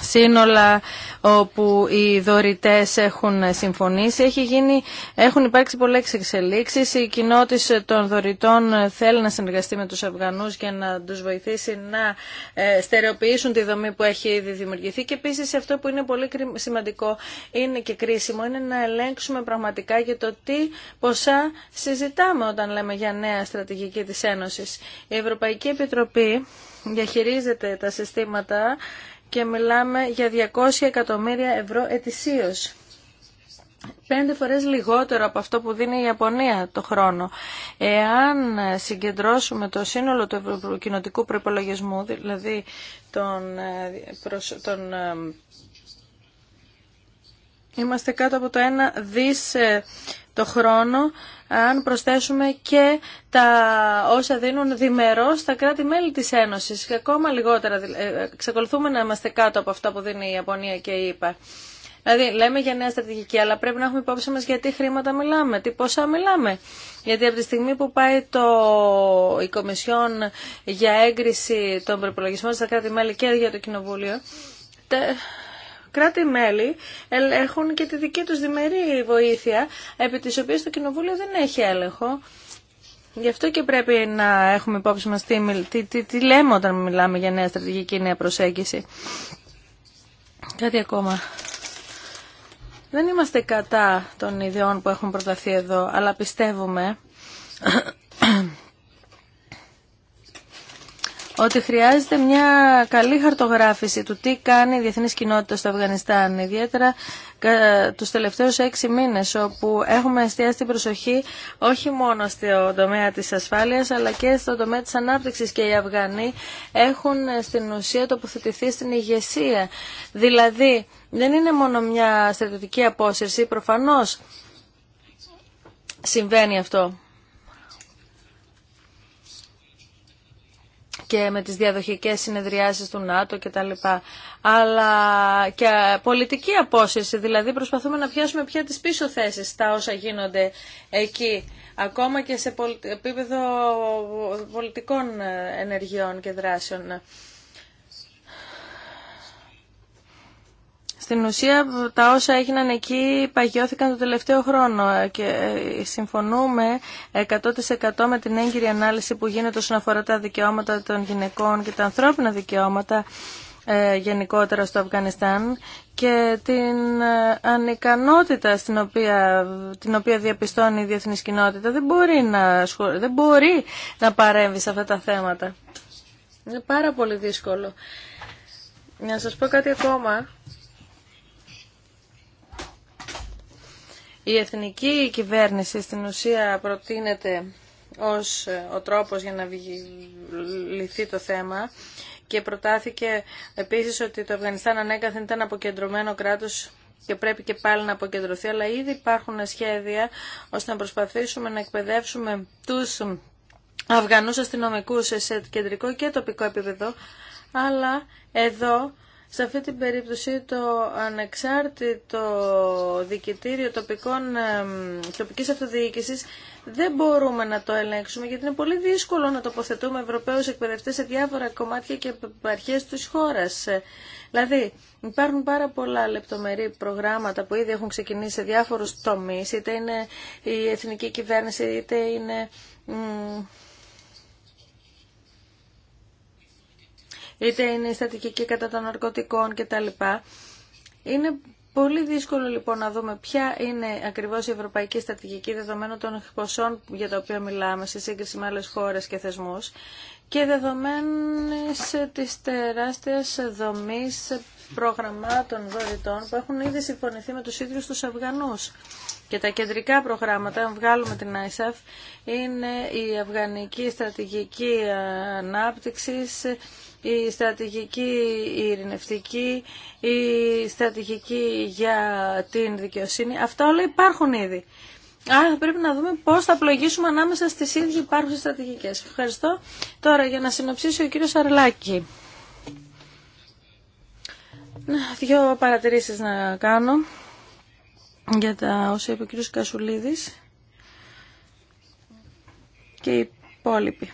σύνολα όπου οι δωρητές έχουν συμφωνήσει. Έχει γίνει, έχουν υπάρξει πολλές εξελίξεις. Η κοινότητα των δωρητών θέλει να συνεργαστεί με τους Αφγανούς και να τους βοηθήσει να ε, στερεοποιήσουν τη δομή που έχει ήδη δημιουργηθεί. Και επίσης αυτό που είναι πολύ σημαντικό είναι και κρίσιμο είναι να ελέγξουμε πραγματικά για το τι ποσά συζητάμε όταν λέμε για νέα στρατηγική της Ένωσης. Η Ευρωπαϊκή Επιτροπή διαχειρίζεται τα συστήματα και μιλάμε για 200 εκατομμύρια ευρώ ετησίως. Πέντε φορές λιγότερο από αυτό που δίνει η Ιαπωνία το χρόνο. Εάν συγκεντρώσουμε το σύνολο του κοινοτικού προπολογισμού, δηλαδή των, ε, των ε, Είμαστε κάτω από το 1 δις ε, το χρόνο αν προσθέσουμε και τα όσα δίνουν διμερώς στα κράτη-μέλη της Ένωσης. Και ακόμα λιγότερα, ε, εξακολουθούμε να είμαστε κάτω από αυτά που δίνει η Ιαπωνία και η ΕΠΑ. Δηλαδή, λέμε για νέα στρατηγική, αλλά πρέπει να έχουμε υπόψη μας γιατί χρήματα μιλάμε, τι ποσά μιλάμε. Γιατί από τη στιγμή που πάει το, η Κομισιόν για έγκριση των προπολογισμών στα κράτη-μέλη και για το Κοινοβούλιο, κράτη-μέλη έχουν και τη δική τους διμερή βοήθεια, επί της οποίας το Κοινοβούλιο δεν έχει έλεγχο. Γι' αυτό και πρέπει να έχουμε υπόψη μας τι, τι, λέμε όταν μιλάμε για νέα στρατηγική νέα προσέγγιση. Κάτι ακόμα. Δεν είμαστε κατά των ιδεών που έχουν προταθεί εδώ, αλλά πιστεύουμε ότι χρειάζεται μια καλή χαρτογράφηση του τι κάνει η διεθνής κοινότητα στο Αφγανιστάν, ιδιαίτερα τους τελευταίους έξι μήνες, όπου έχουμε εστιάσει την προσοχή όχι μόνο στο τομέα της ασφάλειας, αλλά και στο τομέα της ανάπτυξης και οι Αφγανοί έχουν ε, στην ουσία τοποθετηθεί στην ηγεσία. Δηλαδή, δεν είναι μόνο μια στρατιωτική απόσυρση, προφανώς συμβαίνει αυτό. και με τις διαδοχικές συνεδριάσεις του ΝΑΤΟ λοιπά, Αλλά και πολιτική απόσυρση, δηλαδή προσπαθούμε να πιάσουμε πια τις πίσω θέσεις τα όσα γίνονται εκεί, ακόμα και σε επίπεδο πολιτικών ενεργειών και δράσεων. Στην ουσία τα όσα έγιναν εκεί παγιώθηκαν το τελευταίο χρόνο ε, και ε, συμφωνούμε 100% με την έγκυρη ανάλυση που γίνεται όσον αφορά τα δικαιώματα των γυναικών και τα ανθρώπινα δικαιώματα ε, γενικότερα στο Αφγανιστάν και την ανικανότητα στην οποία, την οποία διαπιστώνει η διεθνή κοινότητα δεν μπορεί να, δεν μπορεί να παρέμβει σε αυτά τα θέματα. Είναι πάρα πολύ δύσκολο. Να σας πω κάτι ακόμα Η εθνική κυβέρνηση στην ουσία προτείνεται ως ε, ο τρόπος για να λυθεί το θέμα και προτάθηκε επίσης ότι το Αφγανιστάν ανέκαθεν ήταν αποκεντρωμένο κράτος και πρέπει και πάλι να αποκεντρωθεί, αλλά ήδη υπάρχουν σχέδια ώστε να προσπαθήσουμε να εκπαιδεύσουμε τους Αφγανούς αστυνομικούς σε κεντρικό και τοπικό επίπεδο, αλλά εδώ σε αυτή την περίπτωση το ανεξάρτητο δικητήριο τοπικών, τοπικής αυτοδιοίκησης δεν μπορούμε να το ελέγξουμε γιατί είναι πολύ δύσκολο να τοποθετούμε Ευρωπαίους εκπαιδευτές σε διάφορα κομμάτια και επαρχές της χώρας. Δηλαδή υπάρχουν πάρα πολλά λεπτομερή προγράμματα που ήδη έχουν ξεκινήσει σε διάφορους τομείς, είτε είναι η εθνική κυβέρνηση, είτε είναι είτε είναι η στατικική κατά των ναρκωτικών κτλ. Είναι Πολύ δύσκολο λοιπόν να δούμε ποια είναι ακριβώς η ευρωπαϊκή στρατηγική δεδομένου των ποσών για τα οποία μιλάμε σε σύγκριση με άλλες χώρες και θεσμούς και δεδομένου της τεράστιας δομής προγραμμάτων δωρητών που έχουν ήδη συμφωνηθεί με τους ίδιους τους Αφγανούς. Και τα κεντρικά προγράμματα, αν βγάλουμε την ISAF, είναι η Αφγανική Στρατηγική Ανάπτυξης, η στρατηγική η ειρηνευτική, η στρατηγική για την δικαιοσύνη. Αυτά όλα υπάρχουν ήδη. Άρα θα πρέπει να δούμε πώς θα πλογίσουμε ανάμεσα στις ίδιες υπάρχουσες στρατηγικές. Ευχαριστώ. Τώρα για να συνοψίσει ο κύριος Αρλάκη. Δύο παρατηρήσεις να κάνω για τα όσα είπε ο κύριος Κασουλίδης και οι υπόλοιποι.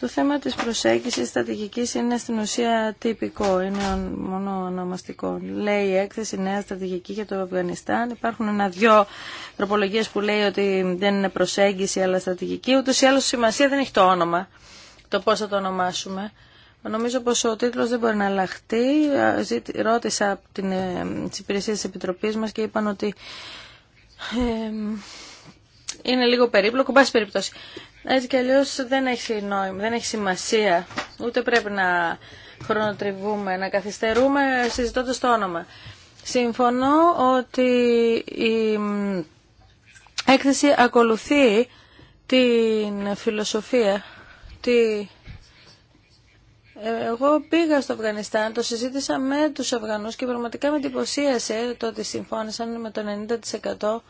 Το θέμα της προσέγγισης στρατηγικής είναι στην ουσία τυπικό, είναι μόνο ονομαστικό. Λέει η έκθεση νέα στρατηγική για το Αφγανιστάν. Υπάρχουν ένα-δυο τροπολογίες που λέει ότι δεν είναι προσέγγιση αλλά στρατηγική. Ούτως ή άλλως σημασία δεν έχει το όνομα, το πώς θα το ονομάσουμε. Νομίζω πως ο τίτλος δεν μπορεί να αλλάχτεί. Ρώτησα από την, ε, τις της Επιτροπής μας και είπαν ότι... Ε, είναι λίγο περίπλοκο, πάση περιπτώσει. Έτσι κι αλλιώ δεν έχει νόημα, δεν έχει σημασία. Ούτε πρέπει να χρονοτριβούμε, να καθυστερούμε συζητώντα το όνομα. Συμφωνώ ότι η έκθεση ακολουθεί την φιλοσοφία, τη ε, εγώ πήγα στο Αφγανιστάν, το συζήτησα με τους Αφγανούς και πραγματικά με εντυπωσίασε το ότι συμφώνησαν με το 90%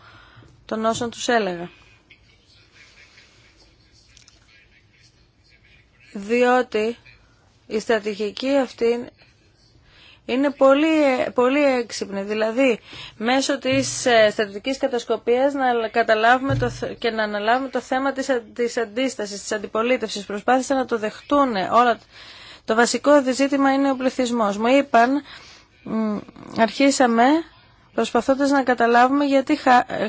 των όσων τους έλεγα. διότι η στρατηγική αυτή είναι πολύ, πολύ έξυπνη. Δηλαδή, μέσω της ε, στρατηγικής κατασκοπίας να καταλάβουμε το, και να αναλάβουμε το θέμα της, της αντίστασης, της αντιπολίτευσης. Προσπάθησαν να το δεχτούν όλα. Το βασικό ζήτημα είναι ο πληθυσμός. Μου είπαν, αρχίσαμε προσπαθώντας να καταλάβουμε γιατί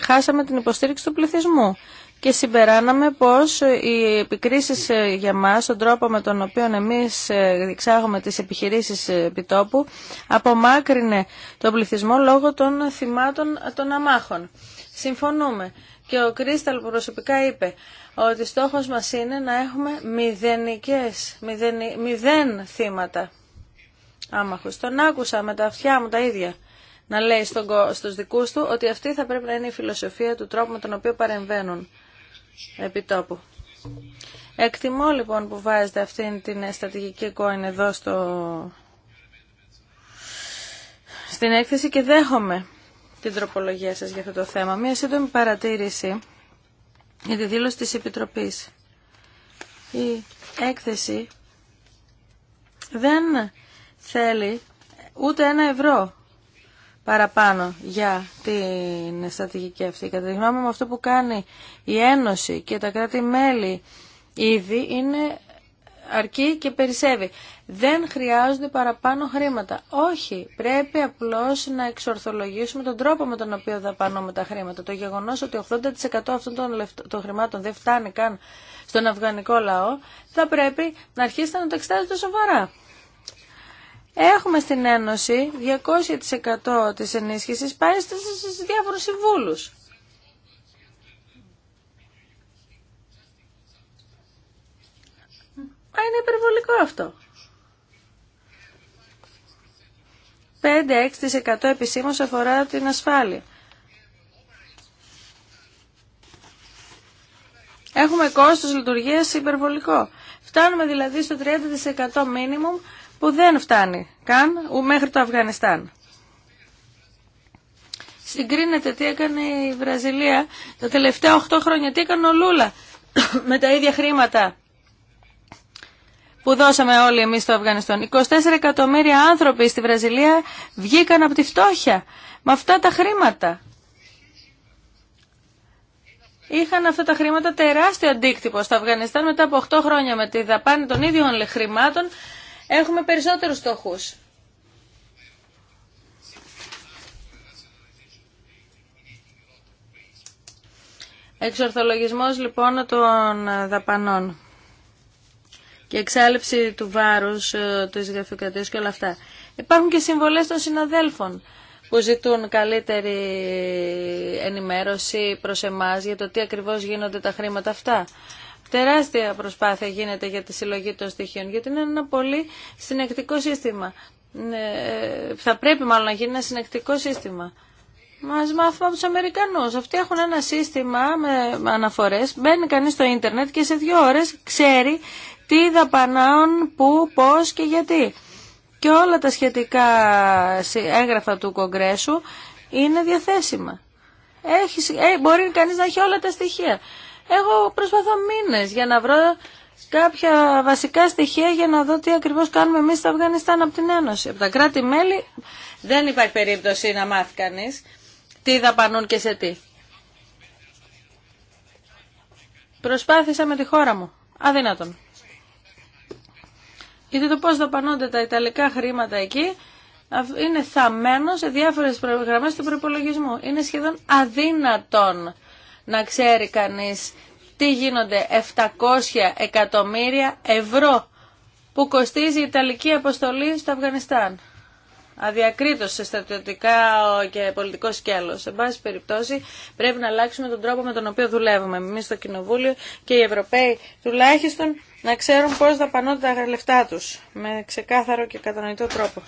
χάσαμε την υποστήριξη του πληθυσμού και συμπεράναμε πως οι επικρίσεις ε, για μας, τον τρόπο με τον οποίο εμείς ε, διεξάγουμε τις επιχειρήσεις ε, επιτόπου, απομάκρυνε τον πληθυσμό λόγω των θυμάτων των αμάχων. Συμφωνούμε. Και ο Κρίσταλ προσωπικά είπε ότι στόχος μας είναι να έχουμε μηδενικές, μηδεν, θύματα άμαχους. Τον άκουσα με τα αυτιά μου τα ίδια να λέει στον, στους δικούς του ότι αυτή θα πρέπει να είναι η φιλοσοφία του τρόπου με τον οποίο παρεμβαίνουν επιτόπου. Εκτιμώ λοιπόν που βάζετε αυτήν την στρατηγική εικόνα εδώ στην έκθεση και δέχομαι την τροπολογία σας για αυτό το θέμα. Μία σύντομη παρατήρηση για τη δήλωση της Επιτροπής. Η έκθεση δεν θέλει ούτε ένα ευρώ παραπάνω για την στρατηγική αυτή. Κατά τη γνώμη μου αυτό που κάνει η Ένωση και τα κράτη-μέλη ήδη είναι αρκεί και περισσεύει. Δεν χρειάζονται παραπάνω χρήματα. Όχι, πρέπει απλώς να εξορθολογήσουμε τον τρόπο με τον οποίο δαπανούμε τα χρήματα. Το γεγονός ότι 80% αυτών των χρημάτων δεν φτάνει καν στον αφγανικό λαό, θα πρέπει να αρχίσετε να το εξετάζετε σοβαρά. Έχουμε στην Ένωση 200% της ενίσχυσης πάει στους διάφορους συμβούλους. Μα είναι υπερβολικό αυτό. 5-6% επισήμως αφορά την ασφάλεια. Έχουμε κόστος λειτουργίας υπερβολικό. Φτάνουμε δηλαδή στο 30% μίνιμουμ που δεν φτάνει καν μέχρι το Αφγανιστάν. Συγκρίνεται τι έκανε η Βραζιλία τα τελευταία 8 χρόνια, τι έκανε ο Λούλα με τα ίδια χρήματα που δώσαμε όλοι εμείς στο Αφγανιστάν. 24 εκατομμύρια άνθρωποι στη Βραζιλία βγήκαν από τη φτώχεια με αυτά τα χρήματα. Είχαν αυτά τα χρήματα τεράστιο αντίκτυπο στο Αφγανιστάν μετά από 8 χρόνια με τη δαπάνη των ίδιων χρημάτων έχουμε περισσότερους στόχους. Εξορθολογισμός λοιπόν των δαπανών και εξάλληψη του βάρους ε, της γραφειοκρατίας και όλα αυτά. Υπάρχουν και συμβολές των συναδέλφων που ζητούν καλύτερη ενημέρωση προς εμάς για το τι ακριβώς γίνονται τα χρήματα αυτά. Τεράστια προσπάθεια γίνεται για τη συλλογή των στοιχείων, γιατί είναι ένα πολύ συνεκτικό σύστημα. Ναι, ε, θα πρέπει μάλλον να γίνει ένα συνεκτικό σύστημα. Μα μάθουμε από του Αμερικανού. Αυτοί έχουν ένα σύστημα με αναφορέ. Μπαίνει κανεί στο ίντερνετ και σε δύο ώρε ξέρει τι δαπανάουν, πού, πώ και γιατί. Και όλα τα σχετικά έγγραφα του Κογκρέσου είναι διαθέσιμα. Ε, μπορεί κανείς να έχει όλα τα στοιχεία. Εγώ προσπαθώ μήνες για να βρω κάποια βασικά στοιχεία για να δω τι ακριβώς κάνουμε εμείς στο Αφγανιστάν από την Ένωση. Από τα κράτη-μέλη δεν υπάρχει περίπτωση να μάθει κανείς τι δαπανούν και σε τι. Προσπάθησα με τη χώρα μου. Αδύνατον. Γιατί το πώς δαπανούνται τα ιταλικά χρήματα εκεί είναι θαμμένο σε διάφορες γραμμές του προπολογισμού. Είναι σχεδόν αδύνατον να ξέρει κανείς τι γίνονται 700 εκατομμύρια ευρώ που κοστίζει η Ιταλική αποστολή στο Αφγανιστάν. Αδιακρίτως σε στρατιωτικά και πολιτικό σκέλος. Σε πάση περιπτώσει πρέπει να αλλάξουμε τον τρόπο με τον οποίο δουλεύουμε. Εμείς στο Κοινοβούλιο και οι Ευρωπαίοι τουλάχιστον να ξέρουν πώς δαπανώνται τα λεφτά τους με ξεκάθαρο και κατανοητό τρόπο.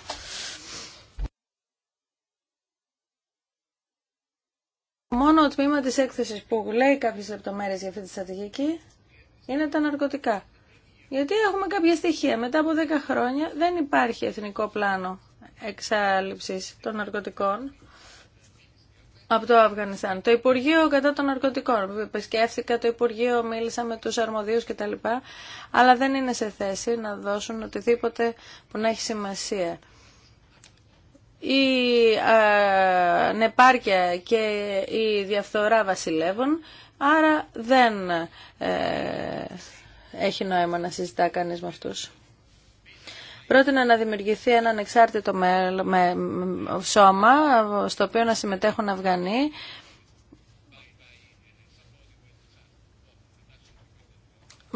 μόνο το τμήμα της έκθεσης που λέει κάποιες λεπτομέρειες για αυτή τη στρατηγική είναι τα ναρκωτικά. Γιατί έχουμε κάποια στοιχεία. Μετά από δέκα χρόνια δεν υπάρχει εθνικό πλάνο εξάλληψης των ναρκωτικών από το Αφγανιστάν. Το Υπουργείο κατά των Ναρκωτικών. Επισκέφθηκα το Υπουργείο, μίλησα με τους αρμοδίους κτλ. Αλλά δεν είναι σε θέση να δώσουν οτιδήποτε που να έχει σημασία η ε, νεπάρκεια και η διαφθορά βασιλεύουν, άρα δεν ε, έχει νόημα να συζητά κανείς με αυτούς. Πρότεινα να δημιουργηθεί ένα ανεξάρτητο με, με, σώμα στο οποίο να συμμετέχουν αυγανοί.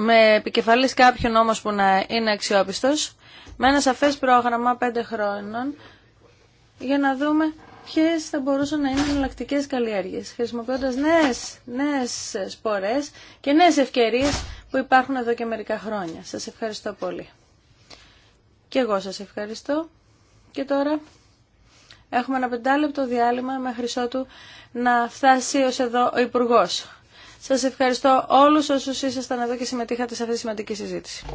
με επικεφαλής κάποιον όμως που να είναι αξιόπιστος με ένα σαφές πρόγραμμα πέντε χρόνων για να δούμε ποιε θα μπορούσαν να είναι εναλλακτικέ καλλιέργειες, χρησιμοποιώντα νέε νέες σπορές και νέε ευκαιρίε που υπάρχουν εδώ και μερικά χρόνια. Σας ευχαριστώ πολύ. Και εγώ σας ευχαριστώ. Και τώρα έχουμε ένα πεντάλεπτο διάλειμμα μέχρι ότου να φτάσει ω εδώ ο Υπουργό. Σας ευχαριστώ όλους όσους ήσασταν εδώ και συμμετείχατε σε αυτή τη σημαντική συζήτηση.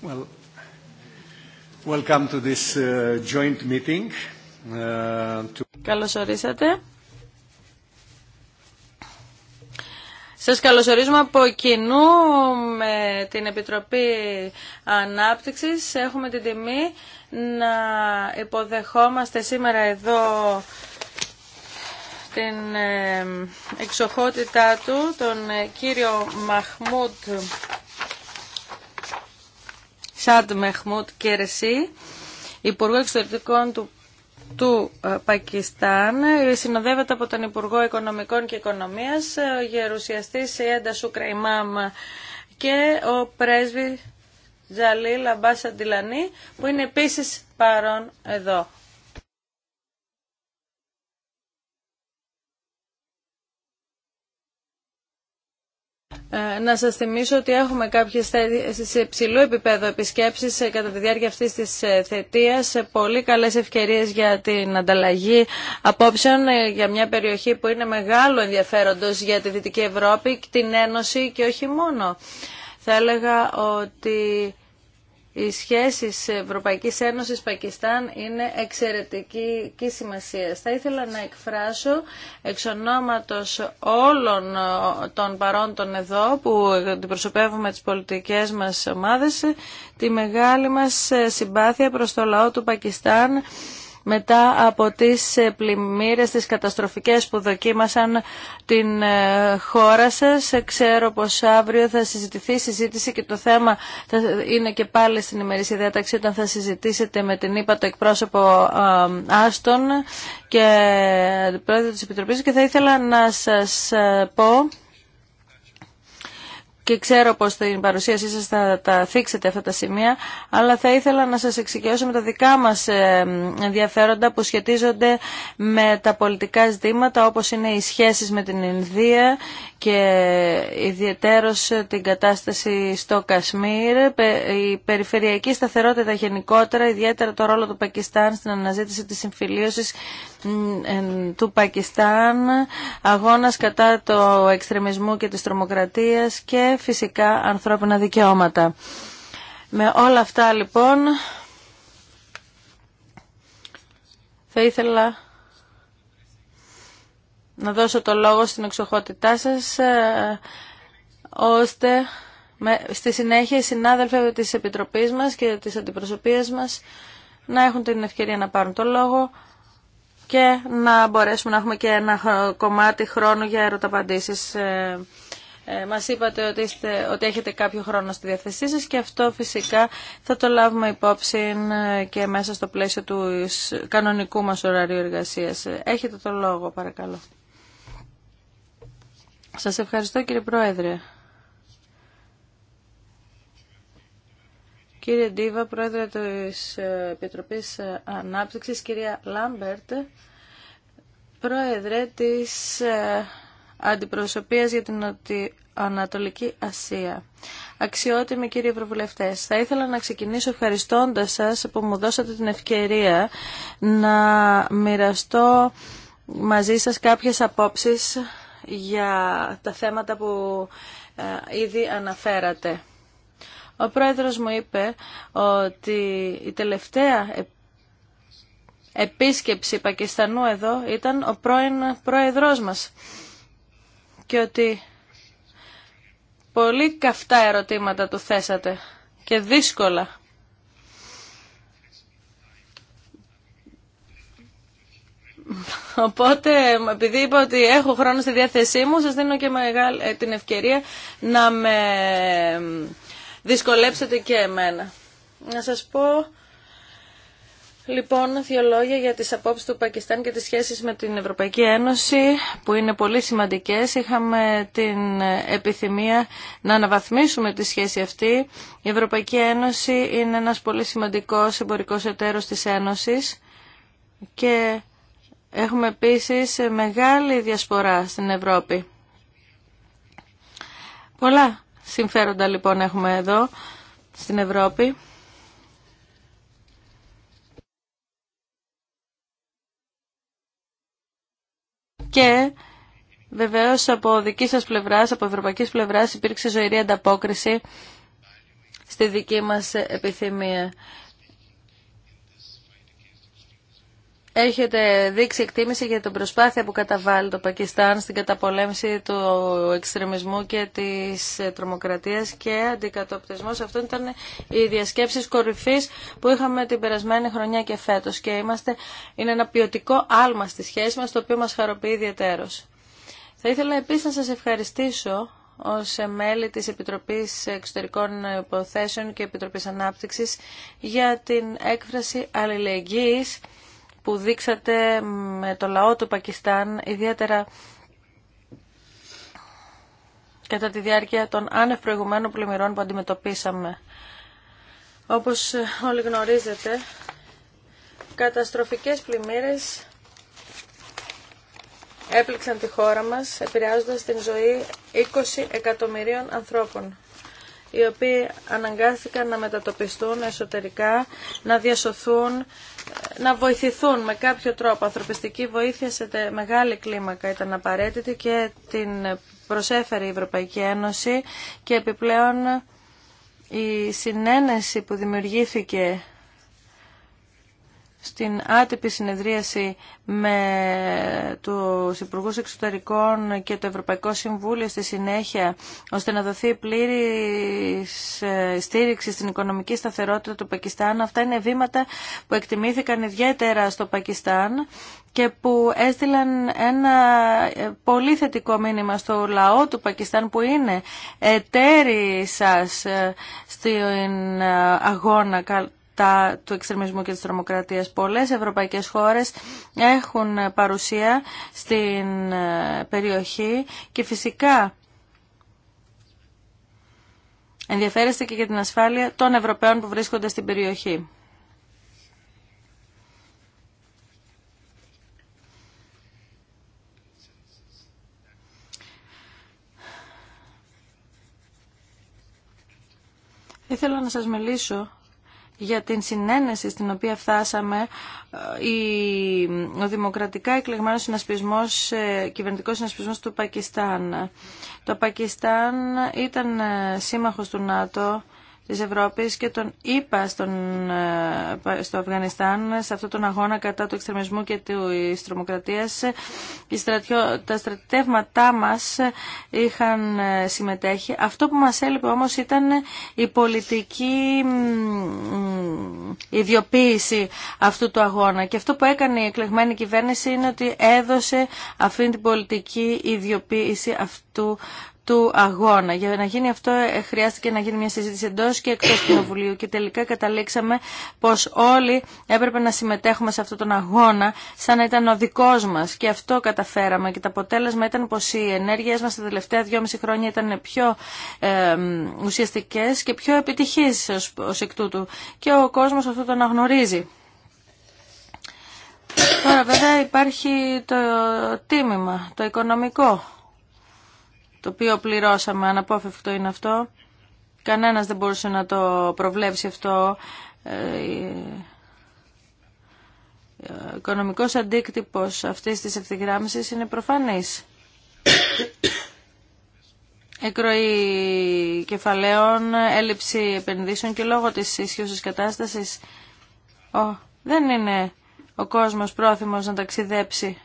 Well, welcome to this uh, joint meeting. Uh, Καλώς ορίσατε. Σας καλωσορίζουμε από κοινού με την Επιτροπή Ανάπτυξης. Έχουμε την τιμή να υποδεχόμαστε σήμερα εδώ την ε, εξοχότητά του, τον κύριο Μαχμούτ Σαντ Μεχμούτ Κερεσί, Υπουργό Εξωτερικών του του ε, Πακιστάν συνοδεύεται από τον Υπουργό Οικονομικών και Οικονομίας, ε, ο γερουσιαστής Ιέντα Ουκραϊμάμ και ο πρέσβη Τζαλίλ Λαμπά Αντιλανή που είναι επίσης παρόν εδώ. Ε, να σας θυμίσω ότι έχουμε κάποιες σε ψηλού επίπεδο επισκέψεις ε, κατά τη διάρκεια αυτής της ε, θετίας, πολύ καλές ευκαιρίες για την ανταλλαγή απόψεων για μια περιοχή που είναι μεγάλο ενδιαφέροντος για τη Δυτική Ευρώπη, την Ένωση και όχι μόνο. Θα έλεγα ότι οι σχέσεις Ευρωπαϊκής Ένωσης Πακιστάν είναι εξαιρετική σημασία. Θα ήθελα να εκφράσω εξ ονόματο όλων ε, των παρόντων εδώ που αντιπροσωπεύουμε τις πολιτικές μας ομάδε, τη μεγάλη μας ε, συμπάθεια προς το λαό του Πακιστάν μετά από τις ε, πλημμύρες, τις καταστροφικές που δοκίμασαν την ε, χώρα σας. Ε, ξέρω πως αύριο θα συζητηθεί η συζήτηση και το θέμα θα είναι και πάλι στην ημερήσια διάταξη όταν θα συζητήσετε με την ΥΠΑ το εκπρόσωπο Άστον και την πρόεδρο της Επιτροπής και θα ήθελα να σας πω και ξέρω πως στην παρουσίασή σας θα τα θίξετε αυτά τα σημεία, αλλά θα ήθελα να σας εξοικειώσω με τα δικά μας ε, ενδιαφέροντα που σχετίζονται με τα πολιτικά ζητήματα όπως είναι οι σχέσεις με την Ινδία, και ιδιαιτέρως την κατάσταση στο Κασμίρ, η περιφερειακή σταθερότητα γενικότερα, ιδιαίτερα το ρόλο του Πακιστάν στην αναζήτηση της συμφιλίωσης του Πακιστάν, αγώνας κατά το εξτρεμισμού και της τρομοκρατίας και φυσικά ανθρώπινα δικαιώματα. Με όλα αυτά λοιπόν θα ήθελα να δώσω το λόγο στην εξοχότητά σας, ε, ώστε στη συνέχεια οι συνάδελφοι της Επιτροπής μας και της Αντιπροσωπείας μας να έχουν την ευκαιρία να πάρουν το λόγο και να μπορέσουμε να έχουμε και ένα κομμάτι χρόνου για ερωταπαντήσεις. Ε, ε μας είπατε ότι, έχετε κάποιο χρόνο στη διαθεσή σας και αυτό φυσικά θα το λάβουμε υπόψη ε, και μέσα στο πλαίσιο του κανονικού μας ωραρίου εργασίας. Έχετε το λόγο παρακαλώ. Σας ευχαριστώ κύριε Πρόεδρε. Κύριε Ντίβα, Πρόεδρε της ε, Επιτροπής ε, Ανάπτυξης, κυρία Λάμπερτ, Πρόεδρε της ε, Αντιπροσωπείας για την Ανατολική Ασία. Αξιότιμοι κύριοι Ευρωβουλευτέ, θα ήθελα να ξεκινήσω ευχαριστώντα σα που μου δώσατε την ευκαιρία να μοιραστώ μαζί σας κάποιες απόψεις για τα θέματα που ε, ήδη αναφέρατε. Ο πρόεδρος μου είπε ότι η τελευταία επίσκεψη Πακιστανού εδώ ήταν ο πρώην πρόεδρός μας και ότι πολύ καυτά ερωτήματα του θέσατε και δύσκολα. Οπότε, επειδή είπα ότι έχω χρόνο στη διάθεσή μου, σας δίνω και μεγάλη, ε, την ευκαιρία να με δυσκολέψετε και εμένα. Να σας πω, λοιπόν, δύο λόγια για τις απόψεις του Πακιστάν και τις σχέσεις με την Ευρωπαϊκή Ένωση, που είναι πολύ σημαντικές. Είχαμε την επιθυμία να αναβαθμίσουμε τη σχέση αυτή. Η Ευρωπαϊκή Ένωση είναι ένας πολύ σημαντικός εμπορικός εταίρος της Ένωσης και Έχουμε επίσης μεγάλη διασπορά στην Ευρώπη. Πολλά συμφέροντα λοιπόν έχουμε εδώ στην Ευρώπη. Και βεβαίως από δική σας πλευρά, από ευρωπαϊκής πλευράς υπήρξε ζωηρή ανταπόκριση στη δική μας επιθυμία. έχετε δείξει εκτίμηση για την προσπάθεια που καταβάλει το Πακιστάν στην καταπολέμηση του εξτρεμισμού και της ε, τρομοκρατίας και αντικατοπτισμός. Αυτό ήταν οι διασκέψεις κορυφής που είχαμε την περασμένη χρονιά και φέτος και είμαστε, είναι ένα ποιοτικό άλμα στη σχέση μας το οποίο μας χαροποιεί ιδιαίτερος. Θα ήθελα επίσης να σας ευχαριστήσω ως μέλη της Επιτροπής Εξωτερικών Υποθέσεων και Επιτροπής Ανάπτυξης για την έκφραση αλληλεγγύης που δείξατε με το λαό του Πακιστάν, ιδιαίτερα κατά τη διάρκεια των άνευ προηγουμένων πλημμυρών που αντιμετωπίσαμε. Όπως όλοι γνωρίζετε, καταστροφικές πλημμύρες έπληξαν τη χώρα μας, επηρεάζοντας την ζωή 20 εκατομμυρίων ανθρώπων οι οποίοι αναγκάστηκαν να μετατοπιστούν εσωτερικά, να διασωθούν, να βοηθηθούν με κάποιο τρόπο. Ανθρωπιστική βοήθεια σε μεγάλη κλίμακα ήταν απαραίτητη και την προσέφερε η Ευρωπαϊκή Ένωση και επιπλέον η συνένεση που δημιουργήθηκε στην άτυπη συνεδρίαση με τους Υπουργούς Εξωτερικών και το Ευρωπαϊκό Συμβούλιο στη συνέχεια, ώστε να δοθεί πλήρη ε, στήριξη στην οικονομική σταθερότητα του Πακιστάν. Αυτά είναι βήματα που εκτιμήθηκαν ιδιαίτερα στο Πακιστάν και που έστειλαν ένα ε, πολύ θετικό μήνυμα στο λαό του Πακιστάν που είναι εταίροι σας ε, στην αγώνα τα του εξερμισμού και της τρομοκρατίας. Πολλές ευρωπαϊκές χώρες έχουν παρουσία στην ε, περιοχή και φυσικά ενδιαφέρεστε και για την ασφάλεια των Ευρωπαίων που βρίσκονται στην περιοχή. Ήθελα να σας μιλήσω για την συνένεση στην οποία φτάσαμε ε, ο δημοκρατικά εκλεγμένος συνασπισμός, ε, κυβερνητικός συνασπισμός του Πακιστάν. Το Πακιστάν ήταν ε, σύμμαχος του ΝΑΤΟ της Ευρώπης και τον ΙΠΑ στον, ε, στο Αφγανιστάν σε αυτόν τον αγώνα κατά του εξτρεμισμού και της τρομοκρατίας. τα στρατεύματά μας είχαν ε, συμμετέχει. Αυτό που μας έλειπε όμως ήταν η πολιτική ιδιοποίηση αυτού του αγώνα. Και αυτό που έκανε η εκλεγμένη κυβέρνηση είναι ότι έδωσε αυτή την πολιτική ιδιοποίηση αυτού του αγώνα. Για να γίνει αυτό ε, χρειάστηκε να γίνει μια συζήτηση εντό και εκτός κοινοβουλίου και τελικά καταλήξαμε πως όλοι έπρεπε να συμμετέχουμε σε αυτόν τον αγώνα σαν να ήταν ο δικός μας και αυτό καταφέραμε και το αποτέλεσμα ήταν πως οι ενέργειές μας τα τελευταία δυόμιση χρόνια ήταν πιο ε, ουσιαστικές και πιο επιτυχείς ως, εκ τούτου και ο κόσμος αυτό το αναγνωρίζει. Τώρα βέβαια υπάρχει το τίμημα, το οικονομικό το οποίο πληρώσαμε, αναπόφευκτο είναι αυτό. Κανένας δεν μπορούσε να το προβλέψει αυτό. Ε, ε, ο οικονομικός αντίκτυπος αυτής της ευθυγράμμισης είναι προφανής. Εκροή κεφαλαίων, έλλειψη επενδύσεων και λόγω της ισχύωσης κατάστασης ο, δεν είναι ο κόσμος πρόθυμος να ταξιδέψει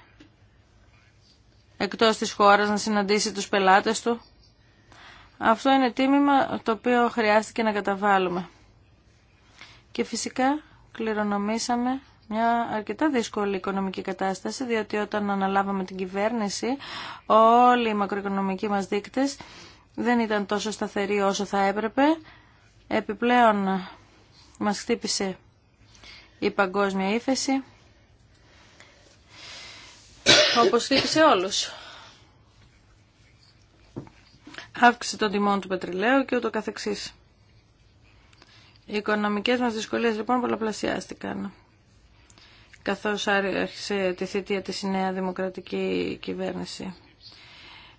εκτός της χώρας να συναντήσει τους πελάτες του. Αυτό είναι τίμημα το οποίο χρειάστηκε να καταβάλουμε. Και φυσικά κληρονομήσαμε μια αρκετά δύσκολη οικονομική κατάσταση, διότι όταν αναλάβαμε την κυβέρνηση, όλοι οι μακροοικονομικοί μας δείκτες δεν ήταν τόσο σταθεροί όσο θα έπρεπε. Επιπλέον μας χτύπησε η παγκόσμια ύφεση όπως σε όλους. Αύξηση των τιμών του πετρελαίου και ούτω καθεξής. Οι οικονομικές μας δυσκολίες λοιπόν πολλαπλασιάστηκαν καθώς άρχισε τη θητεία της νέα δημοκρατική κυβέρνηση.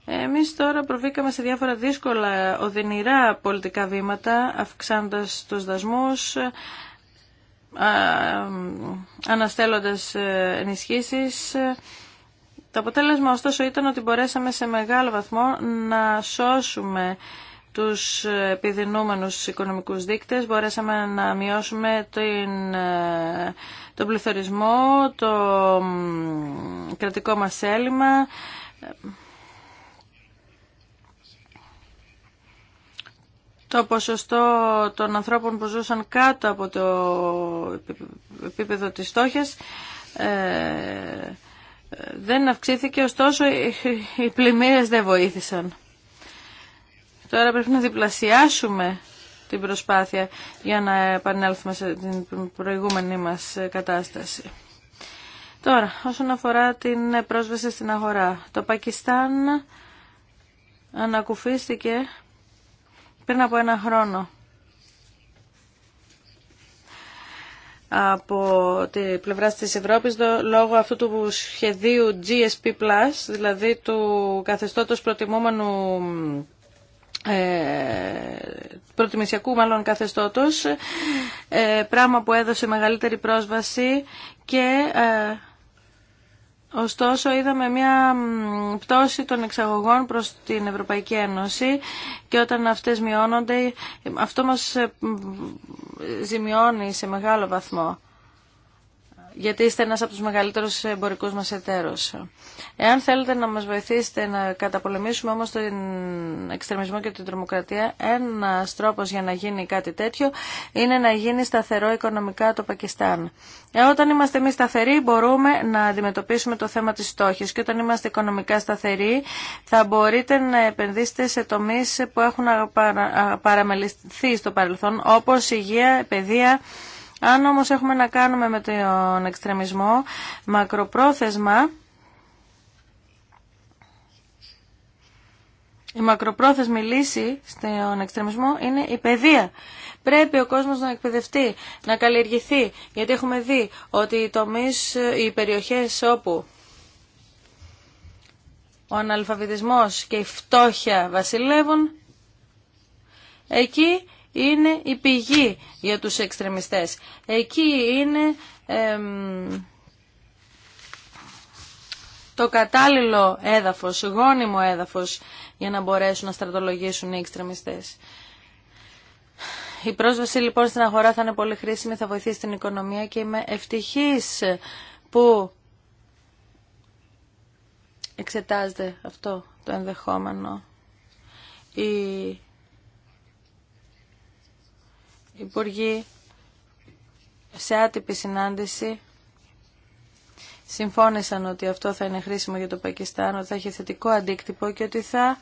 Εμείς τώρα προβήκαμε σε διάφορα δύσκολα, οδυνηρά πολιτικά βήματα, αυξάνοντας τους δασμούς, αναστέλλοντας ε, ενισχύσεις, το αποτέλεσμα ωστόσο ήταν ότι μπορέσαμε σε μεγάλο βαθμό να σώσουμε τους επιδεινούμενους οικονομικούς δείκτες, μπορέσαμε να μειώσουμε ε, τον πληθωρισμό, το κρατικό μας έλλειμμα, το ποσοστό των ανθρώπων που ζούσαν κάτω από το επίπεδο της στόχης, δεν αυξήθηκε, ωστόσο οι πλημμύρες δεν βοήθησαν. Τώρα πρέπει να διπλασιάσουμε την προσπάθεια για να επανέλθουμε σε την προηγούμενη μας κατάσταση. Τώρα, όσον αφορά την πρόσβαση στην αγορά, το Πακιστάν ανακουφίστηκε πριν από ένα χρόνο από τη πλευρά της Ευρώπης λόγω αυτού του σχεδίου GSP+, δηλαδή του καθεστώτος προτιμούμενου ε, προτιμησιακού μάλλον καθεστώτος, ε, πράγμα που έδωσε μεγαλύτερη πρόσβαση και ε, Ωστόσο είδαμε μια πτώση των εξαγωγών προς την Ευρωπαϊκή Ένωση και όταν αυτές μειώνονται αυτό μας ε, ζημιώνει σε μεγάλο βαθμό γιατί είστε ένας από τους μεγαλύτερους εμπορικούς μας εταίρους. Εάν θέλετε να μας βοηθήσετε να καταπολεμήσουμε όμως τον εξτρεμισμό και την τρομοκρατία, ένα τρόπος για να γίνει κάτι τέτοιο είναι να γίνει σταθερό οικονομικά το Πακιστάν. Ε, όταν είμαστε εμεί σταθεροί μπορούμε να αντιμετωπίσουμε το θέμα της στόχης και όταν είμαστε οικονομικά σταθεροί θα μπορείτε να επενδύσετε σε τομείς που έχουν παραμεληθεί στο παρελθόν όπως υγεία, παιδεία, αν όμως έχουμε να κάνουμε με τον εξτρεμισμό μακροπρόθεσμα, η μακροπρόθεσμη λύση στον εξτρεμισμό είναι η παιδεία. Πρέπει ο κόσμος να εκπαιδευτεί, να καλλιεργηθεί, γιατί έχουμε δει ότι οι τομείς, οι περιοχές όπου ο αναλφαβητισμός και η φτώχεια βασιλεύουν, εκεί είναι η πηγή για τους εξτρεμιστές. Εκεί είναι το κατάλληλο έδαφος, γόνιμο έδαφος για να μπορέσουν να στρατολογήσουν οι εξτρεμιστές. Η πρόσβαση λοιπόν στην αγορά θα είναι πολύ χρήσιμη, θα βοηθήσει την οικονομία και είμαι ευτυχής που εξετάζεται αυτό το ενδεχόμενο. Η Υπουργοί σε άτυπη συνάντηση συμφώνησαν ότι αυτό θα είναι χρήσιμο για το Πακιστάν, ότι θα έχει θετικό αντίκτυπο και ότι θα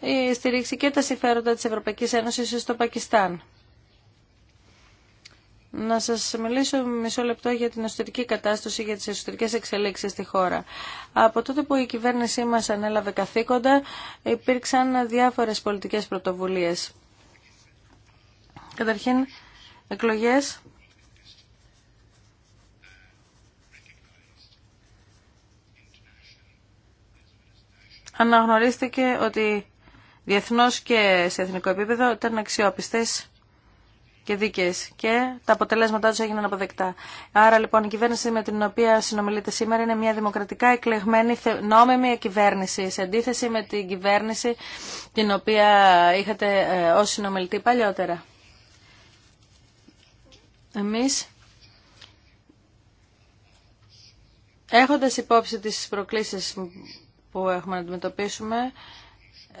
ε, στηρίξει και τα συμφέροντα της Ευρωπαϊκής Ένωσης στο Πακιστάν. Να σας μιλήσω μισό λεπτό για την εσωτερική κατάσταση, για τις εσωτερικές εξελίξεις στη χώρα. Από τότε που η κυβέρνησή μας ανέλαβε καθήκοντα, υπήρξαν διάφορες πολιτικές πρωτοβουλίες. Καταρχήν, εκλογές αναγνωρίστηκε ότι διεθνώς και σε εθνικό επίπεδο ήταν αξιόπιστες και δίκαιες και τα αποτελέσματά τους έγιναν αποδεκτά. Άρα λοιπόν η κυβέρνηση με την οποία συνομιλείται σήμερα είναι μια δημοκρατικά εκλεγμένη νόμιμη κυβέρνηση σε αντίθεση με την κυβέρνηση την οποία είχατε ε, ως συνομιλητή παλιότερα. Εμείς, έχοντας υπόψη τις προκλήσεις που έχουμε να αντιμετωπίσουμε,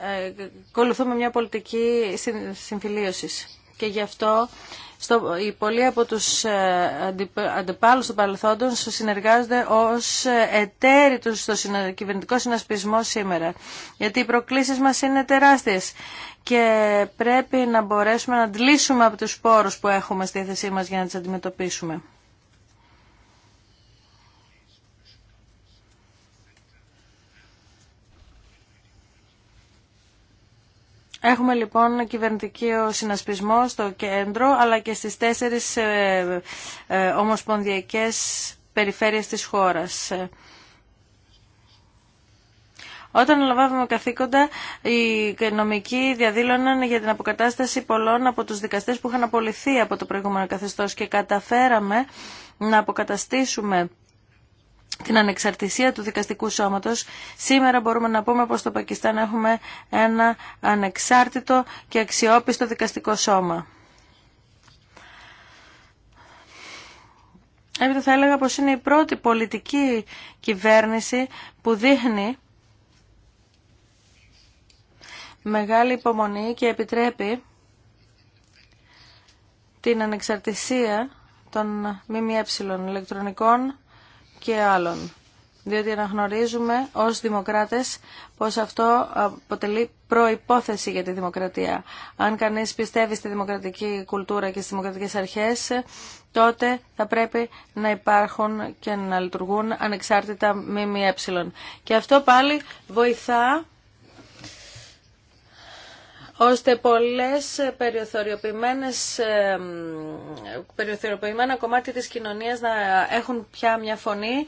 ε, ακολουθούμε μια πολιτική συμφιλίωσης. Και γι' αυτό στο, οι πολλοί από τους ε, αντιπάλους των παρελθόντων συνεργάζονται ως ε, εταίροι τους στο κυβερνητικό συνασπισμό σήμερα. Γιατί οι προκλήσεις μας είναι τεράστιες και πρέπει να μπορέσουμε να αντλήσουμε από τους πόρους που έχουμε στη θέση μας για να τις αντιμετωπίσουμε. Έχουμε λοιπόν κυβερνητικό συνασπισμό στο κέντρο, αλλά και στις τέσσερις ε, ε, ομοσπονδιακές περιφέρειες της χώρας. Όταν λαμβάνουμε καθήκοντα, οι νομικοί διαδήλωναν για την αποκατάσταση πολλών από τους δικαστές που είχαν απολυθεί από το προηγούμενο καθεστώς και καταφέραμε να αποκαταστήσουμε την ανεξαρτησία του δικαστικού σώματος. Σήμερα μπορούμε να πούμε πως στο Πακιστάν έχουμε ένα ανεξάρτητο και αξιόπιστο δικαστικό σώμα. Έπειτα θα έλεγα πως είναι η πρώτη πολιτική κυβέρνηση που δείχνει μεγάλη υπομονή και επιτρέπει την ανεξαρτησία των ΜΜΕ ηλεκτρονικών και άλλων. Διότι αναγνωρίζουμε ως δημοκράτες πως αυτό αποτελεί προϋπόθεση για τη δημοκρατία. Αν κανείς πιστεύει στη δημοκρατική κουλτούρα και στις δημοκρατικές αρχές, τότε θα πρέπει να υπάρχουν και να λειτουργούν ανεξάρτητα Ε. Και αυτό πάλι βοηθά ώστε πολλές περιοθωριοποιημένες, περιοθωριοποιημένα κομμάτια της κοινωνίας να έχουν πια μια φωνή,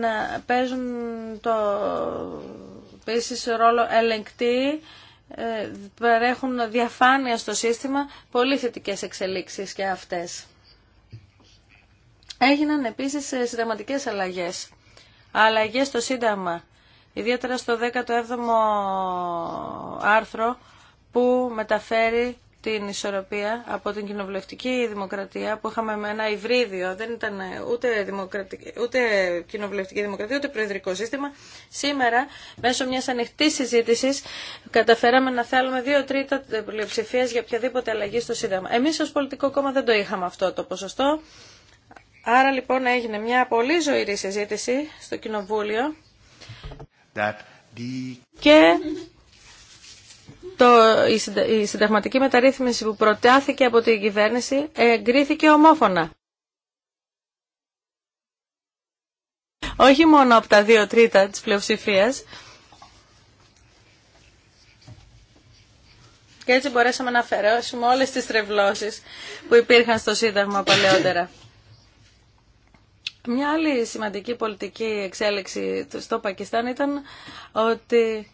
να παίζουν το επίσης ρόλο ελεγκτή, ε, παρέχουν διαφάνεια στο σύστημα, πολύ θετικές εξελίξεις και αυτές. Έγιναν επίσης συνταγματικές αλλαγές. Αλλαγές στο Σύνταγμα Ιδιαίτερα στο 17ο άρθρο που μεταφέρει την ισορροπία από την κοινοβουλευτική δημοκρατία που είχαμε με ένα υβρίδιο, δεν ήταν ούτε, ούτε κοινοβουλευτική δημοκρατία ούτε προεδρικό σύστημα. Σήμερα, μέσω μια ανοιχτή συζήτηση, καταφέραμε να θέλουμε δύο τρίτα πλειοψηφία για οποιαδήποτε αλλαγή στο Σύνταγμα. Εμεί ω πολιτικό κόμμα δεν το είχαμε αυτό το ποσοστό. Άρα λοιπόν έγινε μια πολύ ζωηρή συζήτηση στο Κοινοβούλιο. Και το, η, συντα, η συνταγματική μεταρρύθμιση που προτάθηκε από την κυβέρνηση εγκρίθηκε ομόφωνα. Όχι μόνο από τα δύο τρίτα της πλειοψηφίας, Και έτσι μπορέσαμε να αφαιρέσουμε όλες τις τρευλώσεις που υπήρχαν στο Σύνταγμα παλαιότερα. Μια άλλη σημαντική πολιτική εξέλιξη στο Πακιστάν ήταν ότι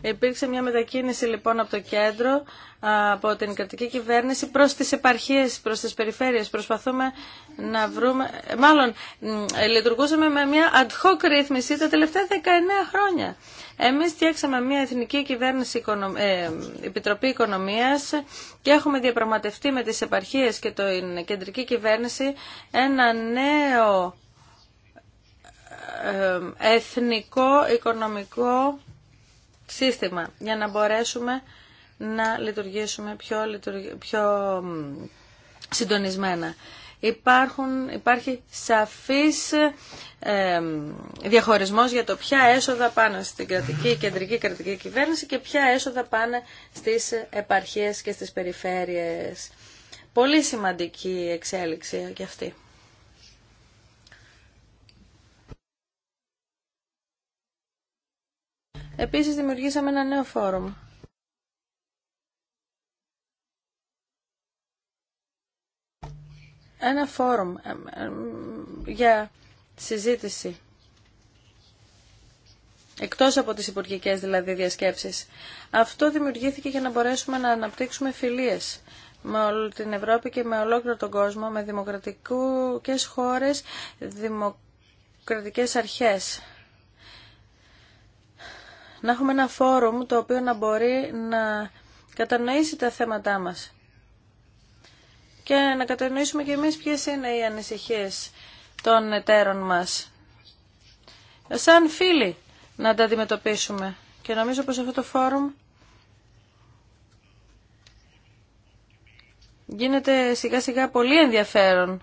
Υπήρξε μια μετακίνηση λοιπόν από το κέντρο, από την κρατική κυβέρνηση προς τις επαρχίες, προς τις περιφέρειες. Προσπαθούμε να βρούμε, μάλλον λειτουργούσαμε με μια ad hoc ρύθμιση τα τελευταία 19 χρόνια. Εμείς φτιάξαμε μια Εθνική Κυβέρνηση ε, Επιτροπή Οικονομίας και έχουμε διαπραγματευτεί με τις επαρχίες και την κεντρική κυβέρνηση ένα νέο ε, ε, εθνικό οικονομικό σύστημα για να μπορέσουμε να λειτουργήσουμε πιο, πιο συντονισμένα. Υπάρχουν, υπάρχει σαφής ε, διαχωρισμός για το ποια έσοδα πάνε στην κρατική, κεντρική κρατική κυβέρνηση και ποια έσοδα πάνε στις επαρχίες και στις περιφέρειες. Πολύ σημαντική εξέλιξη και αυτή. Επίσης δημιουργήσαμε ένα νέο φόρουμ. Ένα φόρουμ ε, ε, για συζήτηση. Εκτός από τις υπουργικέ δηλαδή διασκέψεις. Αυτό δημιουργήθηκε για να μπορέσουμε να αναπτύξουμε φιλίες με όλη την Ευρώπη και με ολόκληρο τον κόσμο, με δημοκρατικές χώρες, δημοκρατικές αρχές να έχουμε ένα φόρουμ το οποίο να μπορεί να κατανοήσει τα θέματά μας και να κατανοήσουμε και εμείς ποιες είναι οι ανησυχίες των εταίρων μας. Σαν φίλοι να τα αντιμετωπίσουμε και νομίζω πως αυτό το φόρουμ γίνεται σιγά σιγά πολύ ενδιαφέρον.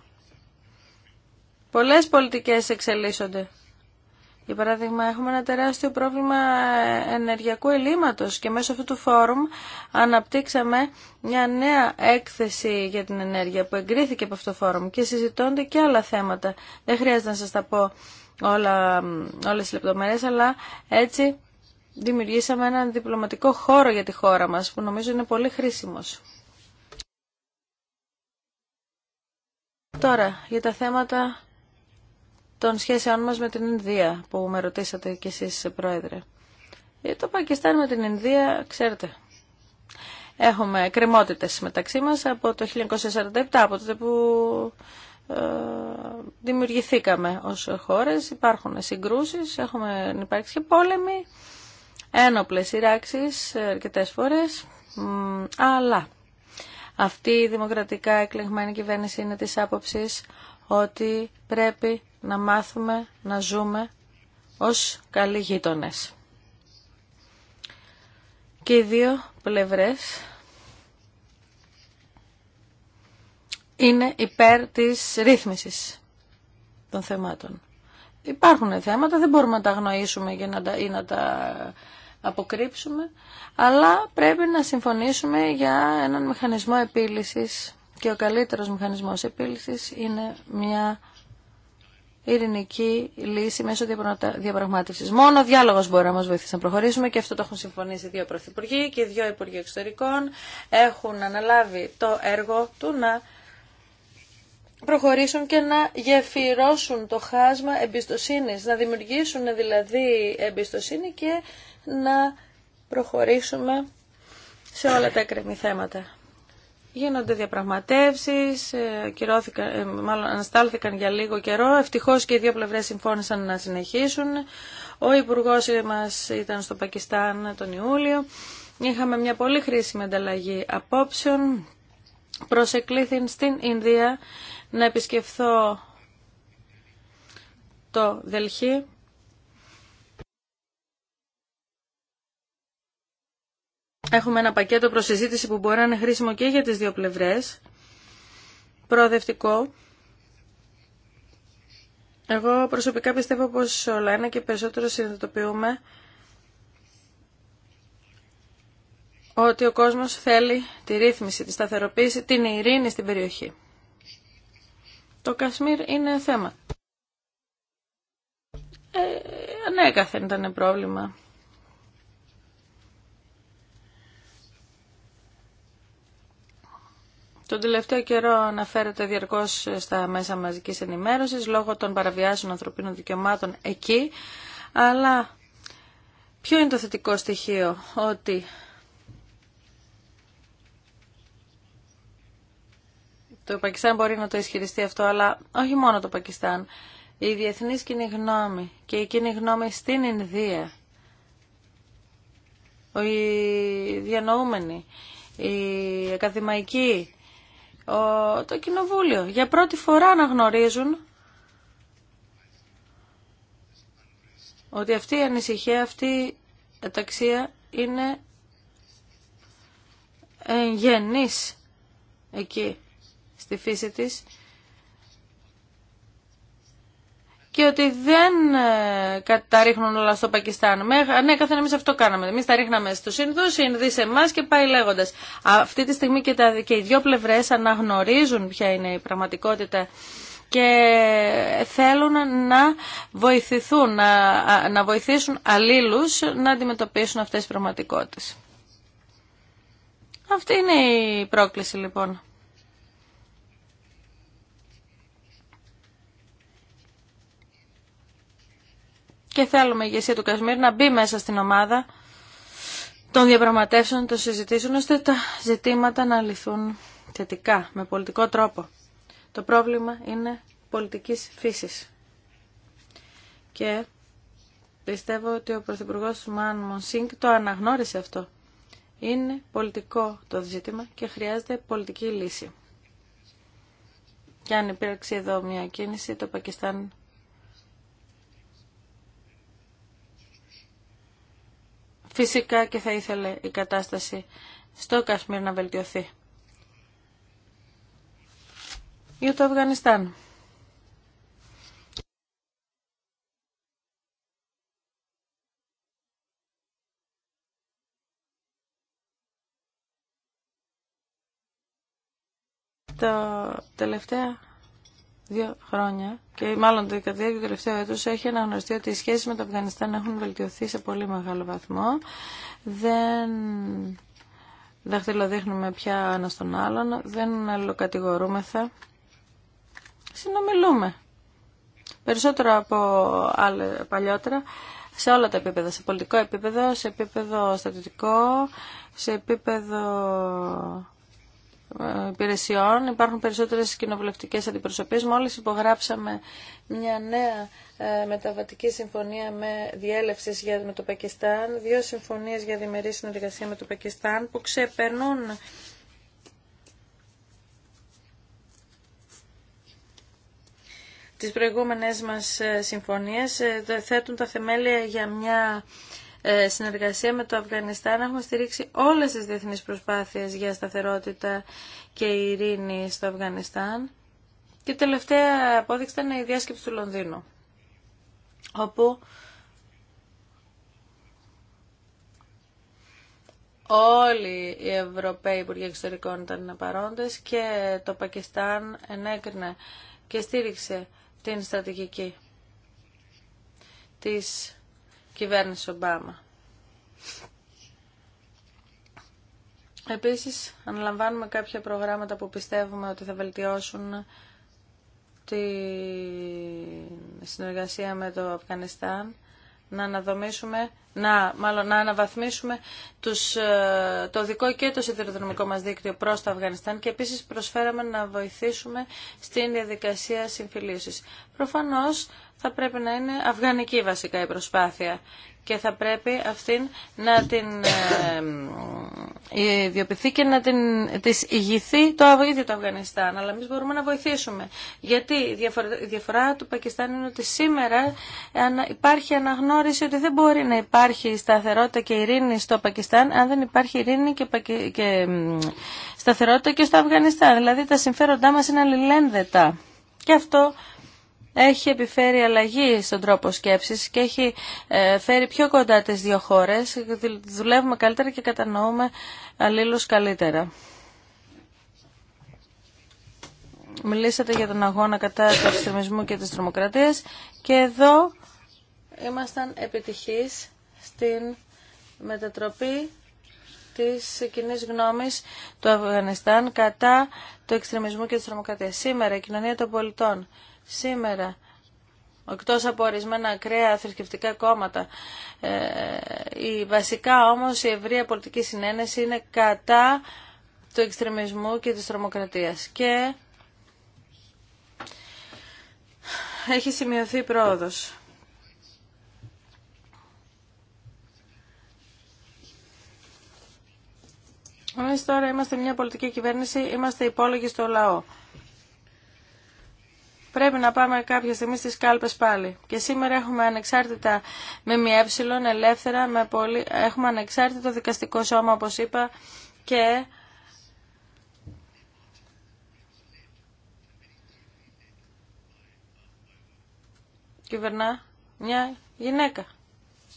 Πολλές πολιτικές εξελίσσονται. Για παράδειγμα, έχουμε ένα τεράστιο πρόβλημα ενεργειακού ελλείμματος και μέσω αυτού του φόρουμ αναπτύξαμε μια νέα έκθεση για την ενέργεια που εγκρίθηκε από αυτό το φόρουμ και συζητώνται και άλλα θέματα. Δεν χρειάζεται να σας τα πω όλα, όλες τις λεπτομέρειες, αλλά έτσι δημιουργήσαμε έναν διπλωματικό χώρο για τη χώρα μας που νομίζω είναι πολύ χρήσιμος. Τώρα, για τα θέματα των σχέσεών μας με την Ινδία που με ρωτήσατε κι εσείς Πρόεδρε. Για ε, το Πακιστάν με την Ινδία, ξέρετε, έχουμε κρεμότητες μεταξύ μας από το 1947, από τότε που ε, δημιουργηθήκαμε ως χώρες, υπάρχουν συγκρούσεις, έχουμε υπάρξει και πόλεμοι, ένοπλες σειράξεις αρκετέ φορές, αλλά αυτή η δημοκρατικά εκλεγμένη κυβέρνηση είναι της άποψης ότι πρέπει να μάθουμε να ζούμε ως καλοί γείτονες. Και οι δύο πλευρές είναι υπέρ της ρύθμισης των θεμάτων. Υπάρχουν θέματα, δεν μπορούμε να τα αγνοήσουμε ή να τα αποκρύψουμε, αλλά πρέπει να συμφωνήσουμε για έναν μηχανισμό επίλυσης και ο καλύτερος μηχανισμός επίλυσης είναι μια ειρηνική λύση μέσω διαπραγμάτευσης. Μόνο διάλογος μπορεί να μας βοηθήσει να προχωρήσουμε και αυτό το έχουν συμφωνήσει δύο πρωθυπουργοί και δύο υπουργοί εξωτερικών έχουν αναλάβει το έργο του να προχωρήσουν και να γεφυρώσουν το χάσμα εμπιστοσύνης, να δημιουργήσουν δηλαδή εμπιστοσύνη και να προχωρήσουμε σε όλα τα εκκρεμή θέματα γίνονται διαπραγματεύσεις, ε, ε, μάλλον αναστάλθηκαν για λίγο καιρό. Ευτυχώς και οι δύο πλευρές συμφώνησαν να συνεχίσουν. Ο Υπουργός μας ήταν στο Πακιστάν τον Ιούλιο. Είχαμε μια πολύ χρήσιμη ανταλλαγή απόψεων. Προσεκλήθην στην Ινδία να επισκεφθώ το Δελχή Έχουμε ένα πακέτο προσυζήτηση που μπορεί να είναι χρήσιμο και για τις δύο πλευρές. Προοδευτικό. Εγώ προσωπικά πιστεύω πως όλα ένα και περισσότερο συνειδητοποιούμε ότι ο κόσμος θέλει τη ρύθμιση, τη σταθεροποίηση, την ειρήνη στην περιοχή. Το Κασμίρ είναι θέμα. Ε, ναι, καθένα ήταν πρόβλημα. Τον τελευταίο καιρό αναφέρεται διαρκώ στα μέσα μαζικής ενημέρωσης λόγω των παραβιάσεων ανθρωπίνων δικαιωμάτων εκεί, αλλά ποιο είναι το θετικό στοιχείο ότι το Πακιστάν μπορεί να το ισχυριστεί αυτό, αλλά όχι μόνο το Πακιστάν. Η διεθνής κοινή γνώμη και η κοινή γνώμη στην Ινδία, οι διανοούμενοι, οι ακαδημαϊκοί, το Κοινοβούλιο. Για πρώτη φορά να γνωρίζουν ότι αυτή η ανησυχία, αυτή η αταξία είναι ε, γενής εκεί στη φύση της και ότι δεν ε, τα ρίχνουν όλα στο Πακιστάν. Ναι, καθένα εμεί αυτό κάναμε. Εμεί τα ρίχναμε στου Ινδού, οι Ινδοί σε εμά και πάει λέγοντα. Αυτή τη στιγμή και, τα, και οι δύο πλευρέ αναγνωρίζουν ποια είναι η πραγματικότητα και θέλουν να βοηθηθούν, να, να βοηθήσουν αλλήλους να αντιμετωπίσουν αυτές τις πραγματικότητες. Αυτή είναι η πρόκληση λοιπόν. και θέλουμε η ηγεσία του Κασμίρ να μπει μέσα στην ομάδα των διαπραγματεύσεων, το συζητήσουν ώστε τα ζητήματα να λυθούν θετικά, με πολιτικό τρόπο. Το πρόβλημα είναι πολιτικής φύσης. Και πιστεύω ότι ο Πρωθυπουργό Μαν Μονσίνκ το αναγνώρισε αυτό. Είναι πολιτικό το ζήτημα και χρειάζεται πολιτική λύση. Και αν υπήρξε εδώ μια κίνηση, το Πακιστάν Φυσικά και θα ήθελε η κατάσταση στο Κασμίρ να βελτιωθεί. Για το Αφγανιστάν. Το τελευταία δύο χρόνια και μάλλον το και του τελευταίου έτους έχει αναγνωριστεί ότι οι σχέσεις με το Αφγανιστάν έχουν βελτιωθεί σε πολύ μεγάλο βαθμό. Δεν δαχτυλοδείχνουμε πια ένα στον άλλον, δεν αλληλοκατηγορούμεθα. Συνομιλούμε. Περισσότερο από παλιότερα σε όλα τα επίπεδα, σε πολιτικό επίπεδο, σε επίπεδο στατιστικό σε επίπεδο ε, υπηρεσιών. Υπάρχουν περισσότερες κοινοβουλευτικέ αντιπροσωπείες. Μόλις υπογράψαμε μια νέα ε, μεταβατική συμφωνία με διέλευση με το Πακιστάν, δύο συμφωνίες για διμερή συνεργασία με το Πακιστάν που ξεπερνούν τις προηγούμενες μας ε, συμφωνίες, θέτουν τα θεμέλια για μια ε, συνεργασία με το Αφγανιστάν έχουμε στηρίξει όλες τις διεθνείς προσπάθειες για σταθερότητα και ειρήνη στο Αφγανιστάν. Και τελευταία απόδειξη ήταν η διάσκεψη του Λονδίνου, όπου Όλοι οι Ευρωπαίοι Υπουργοί Εξωτερικών ήταν παρόντες και το Πακιστάν ενέκρινε και στήριξε την στρατηγική της κυβέρνηση Ομπάμα. Επίσης, αναλαμβάνουμε κάποια προγράμματα που πιστεύουμε ότι θα βελτιώσουν τη συνεργασία με το Αφγανιστάν να αναδομήσουμε, να, μάλλον, να αναβαθμίσουμε τους, ε, το δικό και το σιδηροδρομικό μας δίκτυο προς το Αφγανιστάν και επίσης προσφέραμε να βοηθήσουμε στην διαδικασία συμφιλίωσης. Προφανώς θα πρέπει να είναι αφγανική βασικά η προσπάθεια και θα πρέπει αυτήν να την ιδιοποιηθεί και να την, της ηγηθεί το ίδιο το Αφγανιστάν. Αλλά εμεί μπορούμε να βοηθήσουμε. Γιατί η διαφορά του Πακιστάν είναι ότι σήμερα υπάρχει αναγνώριση ότι δεν μπορεί να υπάρχει σταθερότητα και ειρήνη στο Πακιστάν αν δεν υπάρχει ειρήνη και, και σταθερότητα και στο Αφγανιστάν. Δηλαδή τα συμφέροντά μας είναι αλληλένδετα. Και αυτό έχει επιφέρει αλλαγή στον τρόπο σκέψης και έχει ε, φέρει πιο κοντά τις δύο χώρες. Δουλεύουμε καλύτερα και κατανοούμε αλλήλως καλύτερα. Μιλήσατε για τον αγώνα κατά του εξτρεμισμού και της τρομοκρατίας και εδώ ήμασταν επιτυχείς στην μετατροπή της κοινή γνώμης του Αφγανιστάν κατά του εξτρεμισμού και της τρομοκρατίας. Σήμερα η κοινωνία των πολιτών σήμερα εκτός από ορισμένα ακραία θρησκευτικά κόμματα. Ε, η, βασικά όμως η ευρεία πολιτική συνένεση είναι κατά του εξτρεμισμού και της τρομοκρατίας. Και έχει σημειωθεί πρόοδος. Εμείς τώρα είμαστε μια πολιτική κυβέρνηση, είμαστε υπόλογοι στο λαό. Πρέπει να πάμε κάποια στιγμή στις κάλπες πάλι. Και σήμερα έχουμε ανεξάρτητα με μη ε, ελεύθερα, με πολύ... έχουμε ανεξάρτητο δικαστικό σώμα όπως είπα και... Κυβερνά μια γυναίκα.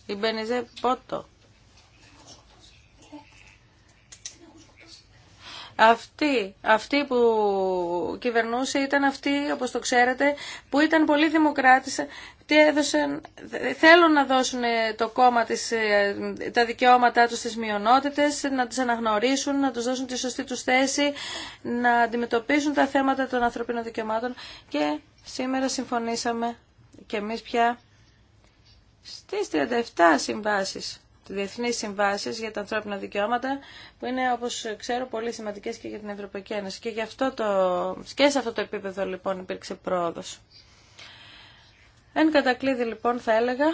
Η Μπενιζέ Πότο. Αυτή, που κυβερνούσε ήταν αυτή, όπως το ξέρετε, που ήταν πολύ δημοκράτης, θέλουν να δώσουν ε, το κόμμα ε, τα δικαιώματά τους στις μειονότητες, να τις αναγνωρίσουν, να τους δώσουν τη σωστή τους θέση, να αντιμετωπίσουν τα θέματα των ανθρωπίνων δικαιωμάτων και σήμερα συμφωνήσαμε και εμείς πια στις 37 συμβάσεις διεθνείς συμβάσεις για τα ανθρώπινα δικαιώματα που είναι όπως ξέρω πολύ σημαντικές και για την Ευρωπαϊκή Ένωση. Και, γι αυτό το... και σε αυτό το επίπεδο λοιπόν υπήρξε πρόοδος. Εν κατακλείδη λοιπόν θα έλεγα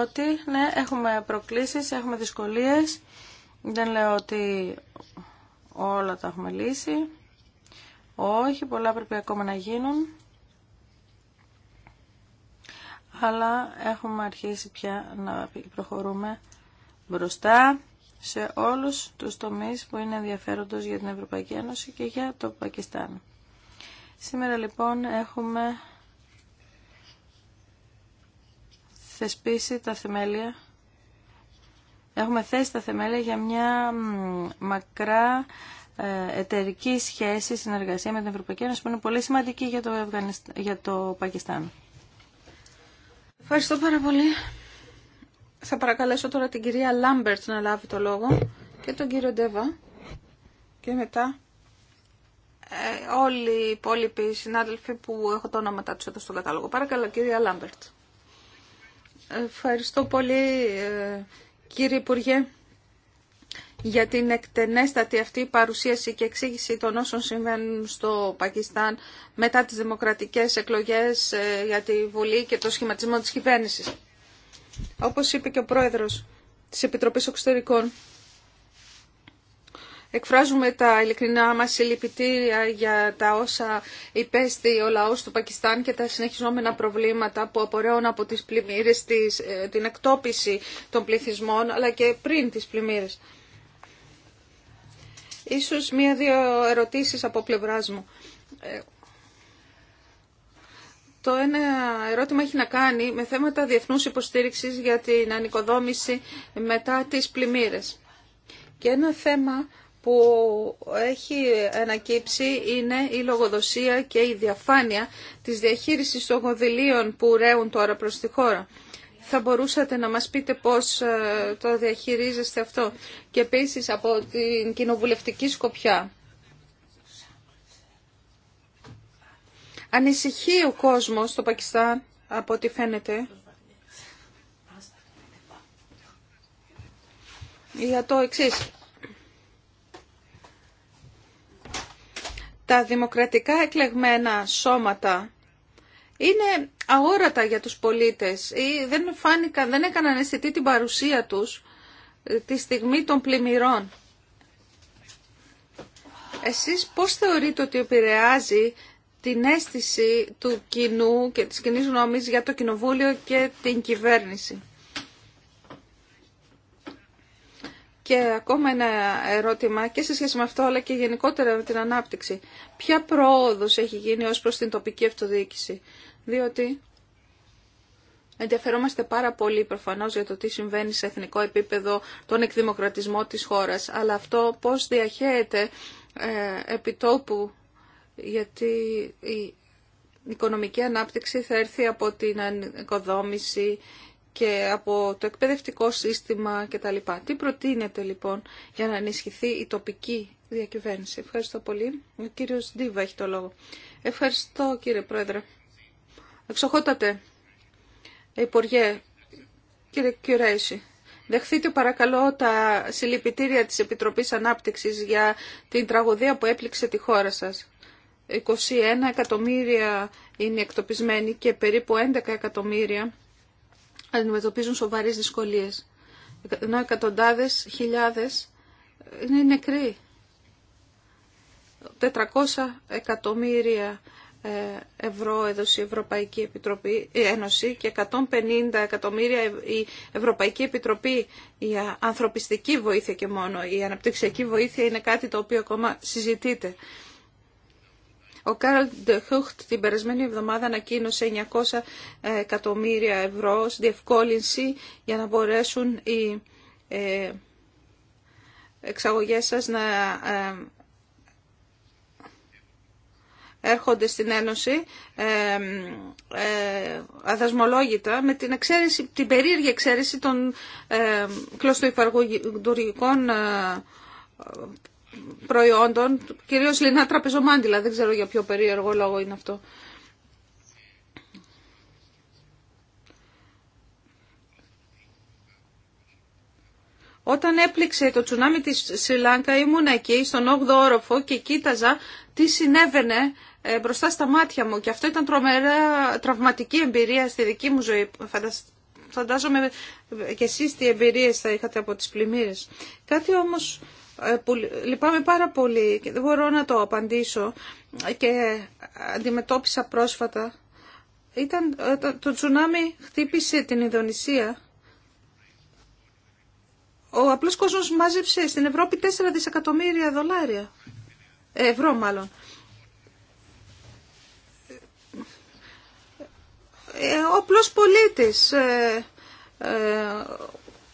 ότι ναι έχουμε προκλήσεις, έχουμε δυσκολίες. Δεν λέω ότι όλα τα έχουμε λύσει. Όχι, πολλά πρέπει ακόμα να γίνουν. Αλλά έχουμε αρχίσει πια να προχωρούμε μπροστά σε όλους τους τομείς που είναι ενδιαφέροντος για την Ευρωπαϊκή Ένωση και για το Πακιστάν. Σήμερα λοιπόν έχουμε θεσπίσει τα θεμέλια Έχουμε θέσει τα θεμέλια για μια μακρά ε, εταιρική σχέση, συνεργασία με την Ευρωπαϊκή Ένωση που είναι πολύ σημαντική για το, για το Πακιστάν. Ευχαριστώ πάρα πολύ. Θα παρακαλέσω τώρα την κυρία Λάμπερτ να λάβει το λόγο και τον κύριο Ντέβα και μετά ε, όλοι οι υπόλοιποι συνάδελφοι που έχω το όνομα τους εδώ στον κατάλογο. Παρακαλώ κυρία Λάμπερτ. Ευχαριστώ πολύ ε, κύριε Υπουργέ για την εκτενέστατη αυτή παρουσίαση και εξήγηση των όσων συμβαίνουν στο Πακιστάν μετά τις δημοκρατικές εκλογές ε, για τη Βουλή και το σχηματισμό της κυβέρνησης. Όπως είπε και ο πρόεδρος της Επιτροπής Εξωτερικών, εκφράζουμε τα ειλικρινά μας συλληπιτήρια για τα όσα υπέστη ο λαός του Πακιστάν και τα συνεχιζόμενα προβλήματα που απορρέουν από τις πλημμύρες, ε, την εκτόπιση των πληθυσμών, αλλά και πριν τις πλημμύρες. Ίσως μία-δύο ερωτήσεις από πλευράς μου. Ε, το ένα ερώτημα έχει να κάνει με θέματα διεθνούς υποστήριξης για την ανοικοδόμηση μετά τις πλημμύρες. Και ένα θέμα που έχει ανακύψει είναι η λογοδοσία και η διαφάνεια της διαχείρισης των γοδηλίων που ρέουν τώρα προς τη χώρα. Θα μπορούσατε να μας πείτε πώς ε, το διαχειρίζεστε αυτό. Και επίσης από την κοινοβουλευτική σκοπιά Ανησυχεί ο κόσμος στο Πακιστάν, από ό,τι φαίνεται, για το εξή. Τα δημοκρατικά εκλεγμένα σώματα είναι αόρατα για τους πολίτες ή δεν, φάνηκαν, δεν έκαναν αισθητή την παρουσία τους ε, τη στιγμή των πλημμυρών. Εσείς πώς θεωρείτε ότι επηρεάζει την αίσθηση του κοινού και της κοινή γνώμης για το κοινοβούλιο και την κυβέρνηση. Και ακόμα ένα ερώτημα και σε σχέση με αυτό αλλά και γενικότερα με την ανάπτυξη. Ποια πρόοδος έχει γίνει ως προς την τοπική αυτοδιοίκηση. Διότι ενδιαφερόμαστε πάρα πολύ προφανώς για το τι συμβαίνει σε εθνικό επίπεδο, τον εκδημοκρατισμό της χώρας. Αλλά αυτό πώς διαχέεται ε, επιτόπου γιατί η οικονομική ανάπτυξη θα έρθει από την οικοδόμηση και από το εκπαιδευτικό σύστημα κτλ. Τι προτείνετε λοιπόν για να ενισχυθεί η τοπική διακυβέρνηση. Ευχαριστώ πολύ. Ο κύριος Ντίβα έχει το λόγο. Ευχαριστώ κύριε Πρόεδρε. Εξοχότατε, Υπουργέ, κύριε Κιουρέση. Δεχθείτε παρακαλώ τα συλληπιτήρια της Επιτροπής Ανάπτυξης για την τραγωδία που έπληξε τη χώρα σας. 21 εκατομμύρια είναι εκτοπισμένοι και περίπου 11 εκατομμύρια αντιμετωπίζουν σοβαρές δυσκολίες. Ενώ εκατοντάδες, χιλιάδες είναι νεκροί. 400 εκατομμύρια ε, ευρώ έδωσε η Ευρωπαϊκή Επιτροπή, η Ένωση και 150 εκατομμύρια η Ευρωπαϊκή Επιτροπή για ανθρωπιστική βοήθεια και μόνο. Η αναπτυξιακή βοήθεια είναι κάτι το οποίο ακόμα συζητείται. Ο Κάρλ Ντεχούχτ την περασμένη εβδομάδα ανακοίνωσε 900 εκατομμύρια ευρώ ως διευκόλυνση για να μπορέσουν οι ε, εξαγωγές σας να ε, έρχονται στην Ένωση ε, ε, αδασμολόγητα με την, εξαίρεση, την περίεργη εξαίρεση των ε, προϊόντων, κυρίως λινά τραπεζομάντιλα, δεν ξέρω για ποιο περίεργο λόγο είναι αυτό. Όταν έπληξε το τσουνάμι της Σιλάνκα ήμουν εκεί στον 8ο όροφο και κοίταζα τι συνέβαινε ε, μπροστά στα μάτια μου και αυτό ήταν τρομερά τραυματική εμπειρία στη δική μου ζωή. Φαντάζομαι ε, ε, και εσείς τι εμπειρίες θα είχατε από τις πλημμύρες. Κάτι όμως ε, που λυπάμαι πάρα πολύ και δεν μπορώ να το απαντήσω και αντιμετώπισα πρόσφατα ήταν ε, το τσουνάμι χτύπησε την Ινδονησία ο απλός κόσμος μάζεψε στην Ευρώπη 4 δισεκατομμύρια δολάρια ε, ευρώ μάλλον ο απλός πολίτης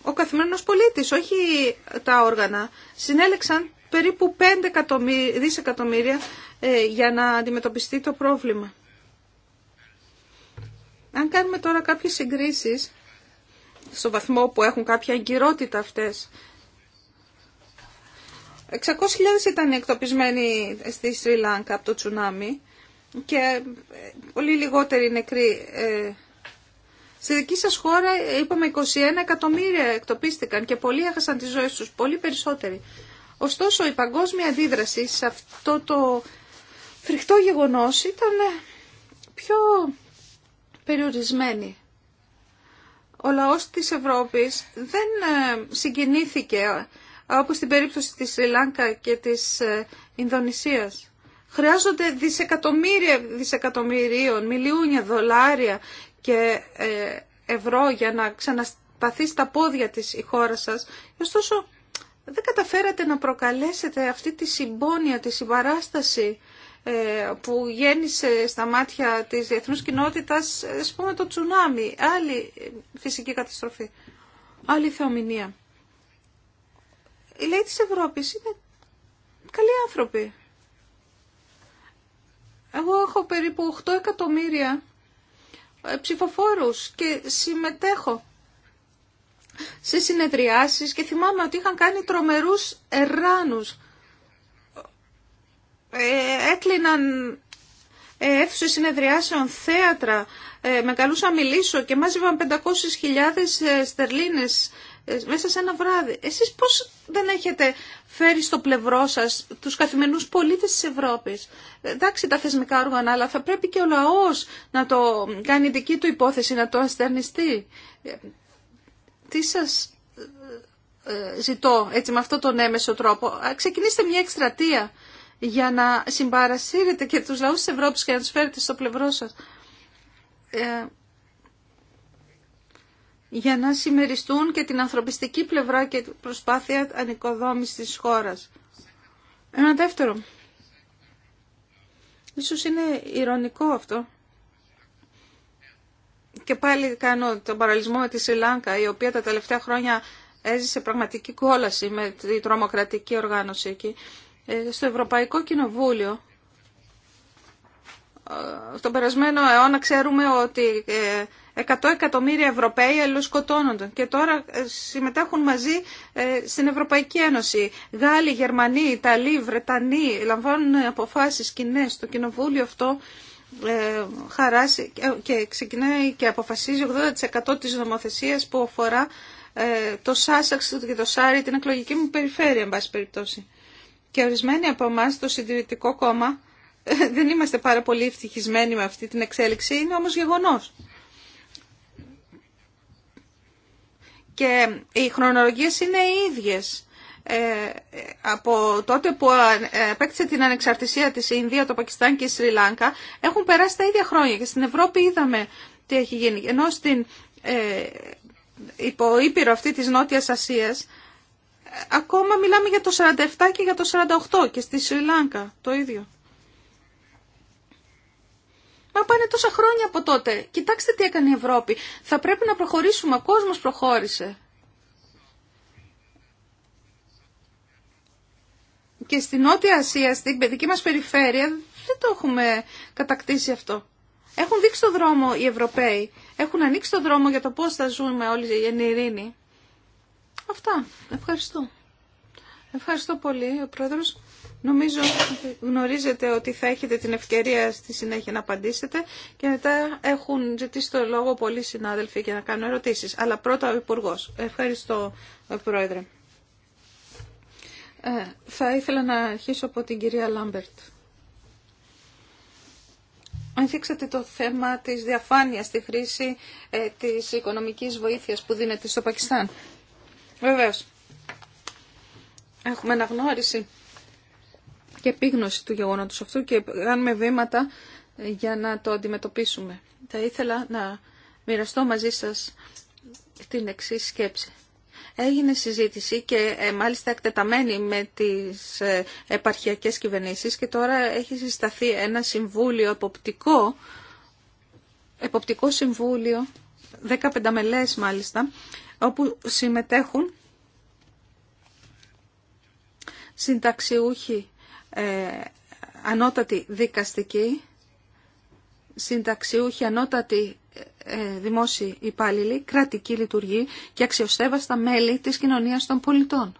ο καθημερινός πολίτης, όχι τα όργανα. Συνέλεξαν περίπου 5 δισεκατομμύρια ε, για να αντιμετωπιστεί το πρόβλημα. Αν κάνουμε τώρα κάποιες συγκρίσεις, στο βαθμό που έχουν κάποια εγκυρότητα αυτές, 600.000 ήταν εκτοπισμένοι στη Σρι Λάνκα από το τσουνάμι και ε, πολύ λιγότεροι νεκροί ε, Στη δική σας χώρα ε, είπαμε 21 εκατομμύρια εκτοπίστηκαν και πολλοί έχασαν τις ζωές τους, πολύ περισσότεροι. Ωστόσο η παγκόσμια αντίδραση σε αυτό το φρικτό γεγονός ήταν ε, πιο περιορισμένη. Ο λαός της Ευρώπης δεν ε, συγκινήθηκε όπως στην περίπτωση της Ριλάνκα και της Ινδονησίας. Χρειάζονται δισεκατομμύρια δισεκατομμυρίων, μιλιούνια δολάρια και ε, ευρώ για να ξανασταθεί στα πόδια της η χώρα σας. Ωστόσο, δεν καταφέρατε να προκαλέσετε αυτή τη συμπόνια, τη συμπαράσταση ε, που γέννησε στα μάτια της διεθνούς κοινότητας, ε, ας πούμε το τσουνάμι, άλλη φυσική καταστροφή, άλλη θεομηνία. Οι λαοί της Ευρώπης είναι καλοί άνθρωποι. Εγώ έχω περίπου 8 εκατομμύρια ε, ψηφοφόρους και συμμετέχω σε συνεδριάσεις και θυμάμαι ότι είχαν κάνει τρομερούς εράνους. Ε, έκλειναν ε, αίθουσες συνεδριάσεων, θέατρα, με καλούσα να μιλήσω και μάζευαν 500.000 στερλίνες μέσα σε ένα βράδυ. Εσείς πώς δεν έχετε φέρει στο πλευρό σας τους καθημερινούς πολίτες της Ευρώπης. Εντάξει τα θεσμικά όργανα, αλλά θα πρέπει και ο λαός να το κάνει δική του υπόθεση, να το αστερνιστεί. Ε, τι σας ε, ζητώ έτσι με αυτόν τον έμεσο τρόπο. Ξεκινήστε μια εκστρατεία για να συμπαρασύρετε και τους λαούς της Ευρώπης και να τους φέρετε στο πλευρό σας. Ε, για να συμμεριστούν και την ανθρωπιστική πλευρά και την προσπάθεια ανοικοδόμησης της χώρας. Ένα δεύτερο. Ίσως είναι ηρωνικό αυτό. Και πάλι κάνω τον παραλυσμό με τη Σιλάνκα, η οποία τα τελευταία χρόνια έζησε πραγματική κόλαση με τη τρομοκρατική οργάνωση εκεί. Ε, στο Ευρωπαϊκό Κοινοβούλιο, στον ε, περασμένο αιώνα ξέρουμε ότι ε, Εκατό εκατομμύρια Ευρωπαίοι αλληλοσκοτώνονται και τώρα ε, συμμετέχουν μαζί ε, στην Ευρωπαϊκή Ένωση. Γάλλοι, Γερμανοί, Ιταλοί, Βρετανοί λαμβάνουν αποφάσεις κοινέ Το κοινοβούλιο αυτό ε, και ξεκινάει και αποφασίζει 80% της νομοθεσίας που αφορά το Σάσαξ και το Σάρι, την εκλογική μου περιφέρεια, εν πάση περιπτώσει. Και ορισμένοι από εμά, το Συντηρητικό Κόμμα, δεν είμαστε πάρα πολύ ευτυχισμένοι με αυτή την εξέλιξη, είναι όμως γεγονός. και οι χρονολογίες είναι οι ίδιες. Ε, από τότε που επέκτησε την ανεξαρτησία της η Ινδία, το Πακιστάν και η Σρι Λάνκα έχουν περάσει τα ίδια χρόνια και στην Ευρώπη είδαμε τι έχει γίνει. Ενώ στην ε, υποήπειρο αυτή της Νότιας Ασίας ε, ακόμα μιλάμε για το 47 και για το 48 και στη Σρι Λάνκα το ίδιο. Μα πάνε τόσα χρόνια από τότε. Κοιτάξτε τι έκανε η Ευρώπη. Θα πρέπει να προχωρήσουμε. Ο κόσμος προχώρησε. Και στην Νότια Ασία, στην παιδική μας περιφέρεια, δεν το έχουμε κατακτήσει αυτό. Έχουν δείξει το δρόμο οι Ευρωπαίοι. Έχουν ανοίξει το δρόμο για το πώς θα ζούμε όλοι εν ειρήνη. Αυτά. Ευχαριστώ. Ευχαριστώ πολύ, ο Πρόεδρος. Νομίζω γνωρίζετε ότι θα έχετε την ευκαιρία στη συνέχεια να απαντήσετε και μετά έχουν ζητήσει το λόγο πολλοί συνάδελφοι για να κάνουν ερωτήσεις. Αλλά πρώτα ο υπουργό. Ευχαριστώ, Πρόεδρε. Ε, θα ήθελα να αρχίσω από την κυρία Λάμπερτ. Ανθίξατε το θέμα της διαφάνειας στη χρήση ε, της οικονομικής βοήθειας που δίνεται στο Πακιστάν. Βεβαίως. Έχουμε αναγνώριση και επίγνωση του γεγονότος αυτού και κάνουμε βήματα ε, για να το αντιμετωπίσουμε. Θα ήθελα να μοιραστώ μαζί σας την εξή σκέψη. Έγινε συζήτηση και ε, μάλιστα εκτεταμένη με τις ε, επαρχιακές κυβερνήσεις και τώρα έχει συσταθεί ένα συμβούλιο εποπτικό, εποπτικό συμβούλιο, 15 μελές μάλιστα, όπου συμμετέχουν συνταξιούχοι ε, ανώτατη δικαστική, συνταξιούχοι, ανώτατη ε, δημόσια υπάλληλη, κρατική λειτουργή και αξιοστέβαστα μέλη της κοινωνίας των πολιτών.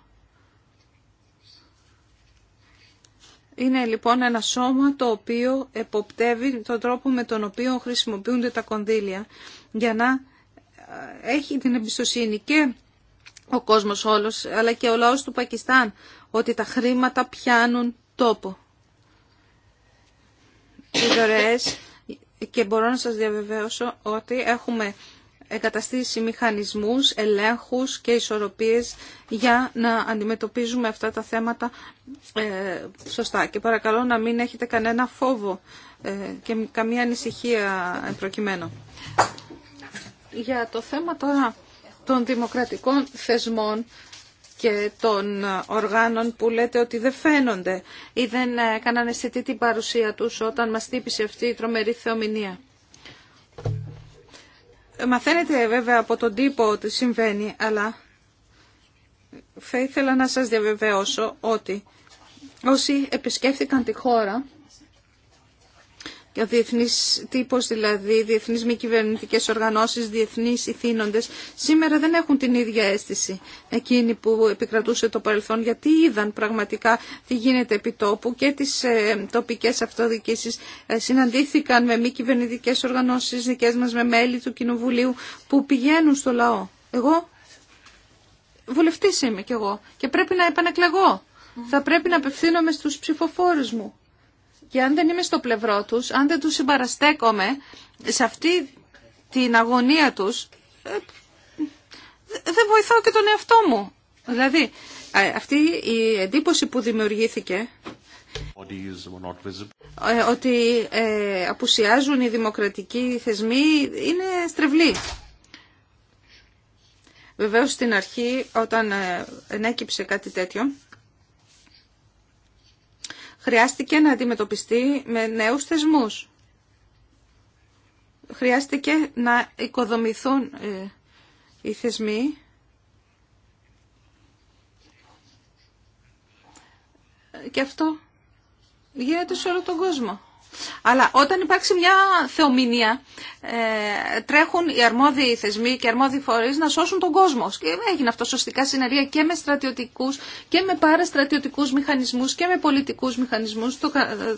Είναι λοιπόν ένα σώμα το οποίο εποπτεύει τον τρόπο με τον οποίο χρησιμοποιούνται τα κονδύλια για να ε, έχει την εμπιστοσύνη και ο κόσμος όλος αλλά και ο λαός του Πακιστάν ότι τα χρήματα πιάνουν τόπο. Οι και μπορώ να σας διαβεβαιώσω ότι έχουμε εγκαταστήσει μηχανισμούς, ελέγχους και ισορροπίες για να αντιμετωπίζουμε αυτά τα θέματα ε, σωστά. Και παρακαλώ να μην έχετε κανένα φόβο ε, και καμία ανησυχία προκειμένου. Για το θέμα τώρα των δημοκρατικών θεσμών και των οργάνων που λέτε ότι δεν φαίνονται ή δεν έκαναν αισθητή την παρουσία τους όταν μας τύπησε αυτή η τρομερή θεομηνία. Μαθαίνετε βέβαια από τον τύπο ότι συμβαίνει, αλλά θα ήθελα να σας διαβεβαιώσω ότι όσοι επισκέφθηκαν τη χώρα ο διεθνή τύπο, δηλαδή, διεθνεί μη κυβερνητικέ οργανώσεις, διεθνείς ηθήνοντε, σήμερα δεν έχουν την ίδια αίσθηση εκείνη που επικρατούσε το παρελθόν, γιατί είδαν πραγματικά τι γίνεται επί τόπου και τις ε, τοπικές αυτοδιοίκησεις ε, συναντήθηκαν με μη κυβερνητικέ οργανώσει, δικέ μα με μέλη του Κοινοβουλίου που πηγαίνουν στο λαό. Εγώ βουλευτή είμαι κι εγώ και πρέπει να επανεκλεγώ. Θα πρέπει να απευθύνομαι στους ψηφοφόρους μου. Και αν δεν είμαι στο πλευρό τους, αν δεν τους συμπαραστέκομαι σε αυτή την αγωνία τους, ε, δεν βοηθάω και τον εαυτό μου. Δηλαδή, αυτή η εντύπωση που δημιουργήθηκε ε, ότι ε, απουσιάζουν οι δημοκρατικοί θεσμοί είναι στρεβλή. Βεβαίως στην αρχή όταν ε, ενέκυψε κάτι τέτοιο χρειάστηκε να αντιμετωπιστεί με νέους θεσμούς. Χρειάστηκε να οικοδομηθούν ε, οι θεσμοί. Και αυτό γίνεται σε όλο τον κόσμο. Αλλά όταν υπάρξει μια θεομηνία, ε, τρέχουν οι αρμόδιοι θεσμοί και οι αρμόδιοι φορεί να σώσουν τον κόσμο. Και έγινε αυτό σωστικά συνεργεία και με στρατιωτικού και με παραστρατιωτικού μηχανισμού και με πολιτικού μηχανισμού. Το,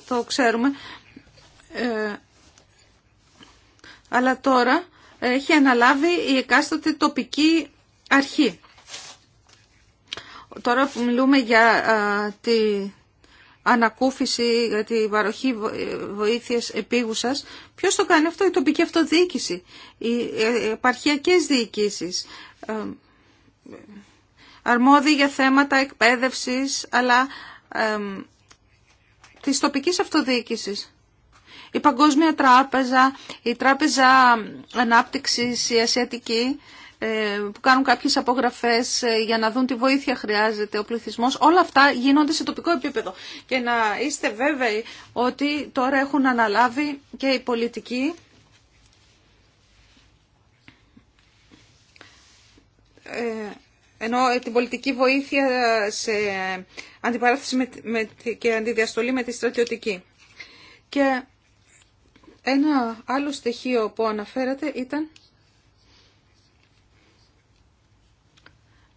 το ξέρουμε. Ε, αλλά τώρα έχει αναλάβει η εκάστοτε τοπική αρχή. Τώρα που μιλούμε για τη ανακούφιση για την παροχή ε, βοήθειας επίγουσας. Ποιος το κάνει αυτό, η τοπική αυτοδιοίκηση, οι ε, ε, επαρχιακές διοικήσεις, αρμόδιοι για θέματα εκπαίδευσης, αλλά ε, της τοπικής αυτοδιοίκησης. Η Παγκόσμια Τράπεζα, η Τράπεζα Ανάπτυξης, η Ασιατική, ε, που κάνουν κάποιες απογραφές ε, για να δουν τι βοήθεια χρειάζεται ο πληθυσμός. Όλα αυτά γίνονται σε τοπικό επίπεδο. Και να είστε βέβαιοι ότι τώρα έχουν αναλάβει και οι πολιτικοί ε, ενώ την πολιτική βοήθεια σε αντιπαράθεση και αντιδιαστολή με τη στρατιωτική. Και ένα άλλο στοιχείο που αναφέρατε ήταν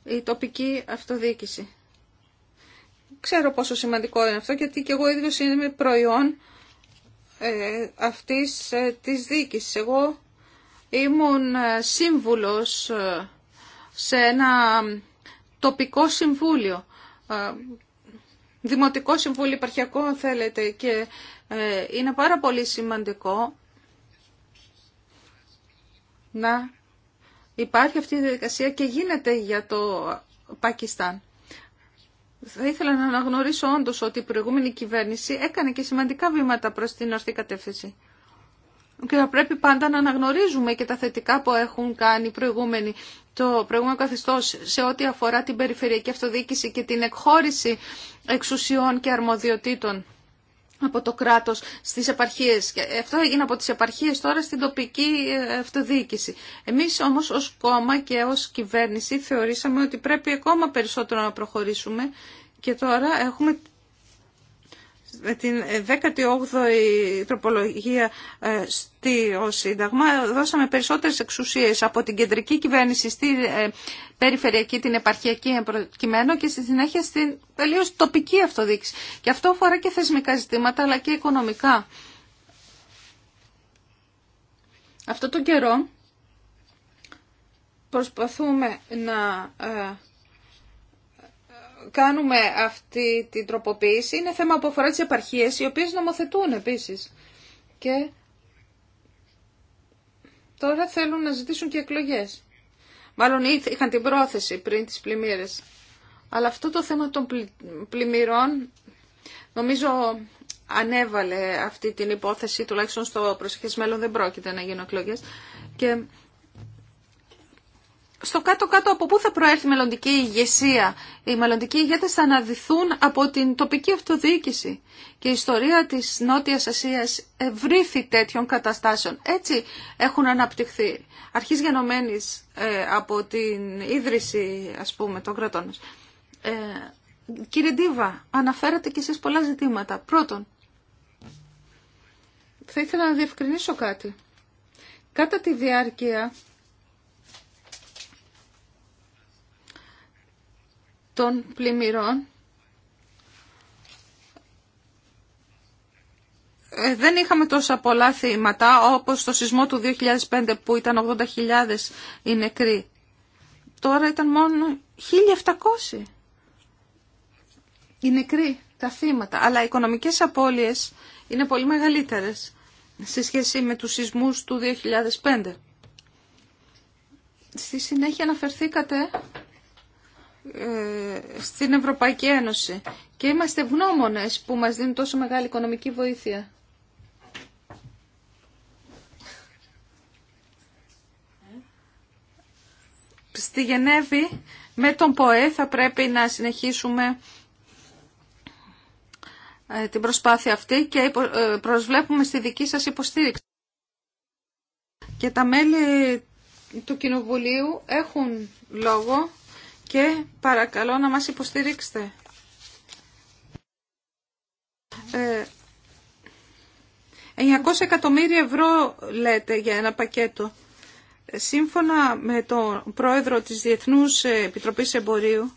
η τοπική αυτοδιοίκηση. Ξέρω πόσο σημαντικό είναι αυτό γιατί και εγώ ίδιος είμαι προϊόν ε, αυτής ε, της διοίκησης. Εγώ ήμουν ε, σύμβουλος ε, σε ένα τοπικό συμβούλιο, ε, δημοτικό συμβούλιο υπαρχιακό αν θέλετε και είναι πάρα πολύ σημαντικό να Υπάρχει αυτή η διαδικασία και γίνεται για το Πακιστάν. Θα ήθελα να αναγνωρίσω όντω ότι η προηγούμενη κυβέρνηση έκανε και σημαντικά βήματα προς την ορθή κατεύθυνση. Και θα πρέπει πάντα να αναγνωρίζουμε και τα θετικά που έχουν κάνει προηγούμενοι το προηγούμενο καθεστώ σε ό,τι αφορά την περιφερειακή αυτοδιοίκηση και την εκχώρηση εξουσιών και αρμοδιοτήτων από το κράτος στις επαρχίες. αυτό έγινε από τις επαρχίες τώρα στην τοπική ε, αυτοδιοίκηση. Εμείς όμως ως κόμμα και ως κυβέρνηση θεωρήσαμε ότι πρέπει ακόμα περισσότερο να προχωρήσουμε και τώρα έχουμε με την 18η τροπολογία ε, στο Σύνταγμα δώσαμε περισσότερες εξουσίες από την κεντρική κυβέρνηση στη ε, περιφερειακή, την επαρχιακή προκειμένου και στη συνέχεια στην τελείω τοπική αυτοδίκηση. Και αυτό αφορά και θεσμικά ζητήματα αλλά και οικονομικά. Αυτό τον καιρό προσπαθούμε να ε, κάνουμε αυτή την τροποποίηση είναι θέμα που αφορά τις επαρχίες, οι οποίες νομοθετούν επίσης. Και τώρα θέλουν να ζητήσουν και εκλογές. Μάλλον είχαν την πρόθεση πριν τις πλημμύρες. Αλλά αυτό το θέμα των πλημμυρών νομίζω ανέβαλε αυτή την υπόθεση, τουλάχιστον στο προσεχές μέλλον δεν πρόκειται να γίνουν εκλογές Και στο κάτω-κάτω από πού θα προέρθει η μελλοντική ηγεσία. Οι μελλοντικοί ηγέτες θα αναδυθούν από την τοπική αυτοδιοίκηση. Και η ιστορία της Νότιας Ασίας ευρύθη τέτοιων καταστάσεων. Έτσι έχουν αναπτυχθεί. Αρχής γενομένης ε, από την ίδρυση, ας πούμε, των κρατών. Ε, κύριε Ντίβα, αναφέρατε κι εσείς πολλά ζητήματα. Πρώτον, θα ήθελα να διευκρινίσω κάτι. Κατά τη διάρκεια των πλημμυρών ε, δεν είχαμε τόσα πολλά θύματα όπως στο σεισμό του 2005 που ήταν 80.000 οι νεκροί. Τώρα ήταν μόνο 1.700 οι νεκροί τα θύματα. Αλλά οι οικονομικές απώλειες είναι πολύ μεγαλύτερες σε σχέση με τους σεισμούς του 2005. Στη συνέχεια αναφερθήκατε ε, στην Ευρωπαϊκή Ένωση και είμαστε γνώμονες που μας δίνουν τόσο μεγάλη οικονομική βοήθεια. Στη Γενέβη με τον ΠΟΕ θα πρέπει να συνεχίσουμε ε, την προσπάθεια αυτή και ε, προσβλέπουμε στη δική σας υποστήριξη. Και τα μέλη του Κοινοβουλίου έχουν λόγο και παρακαλώ να μας υποστηρίξετε. Ε, 900 εκατομμύρια ευρώ λέτε για ένα πακέτο. Ε, σύμφωνα με τον πρόεδρο της Διεθνούς Επιτροπής Εμπορίου,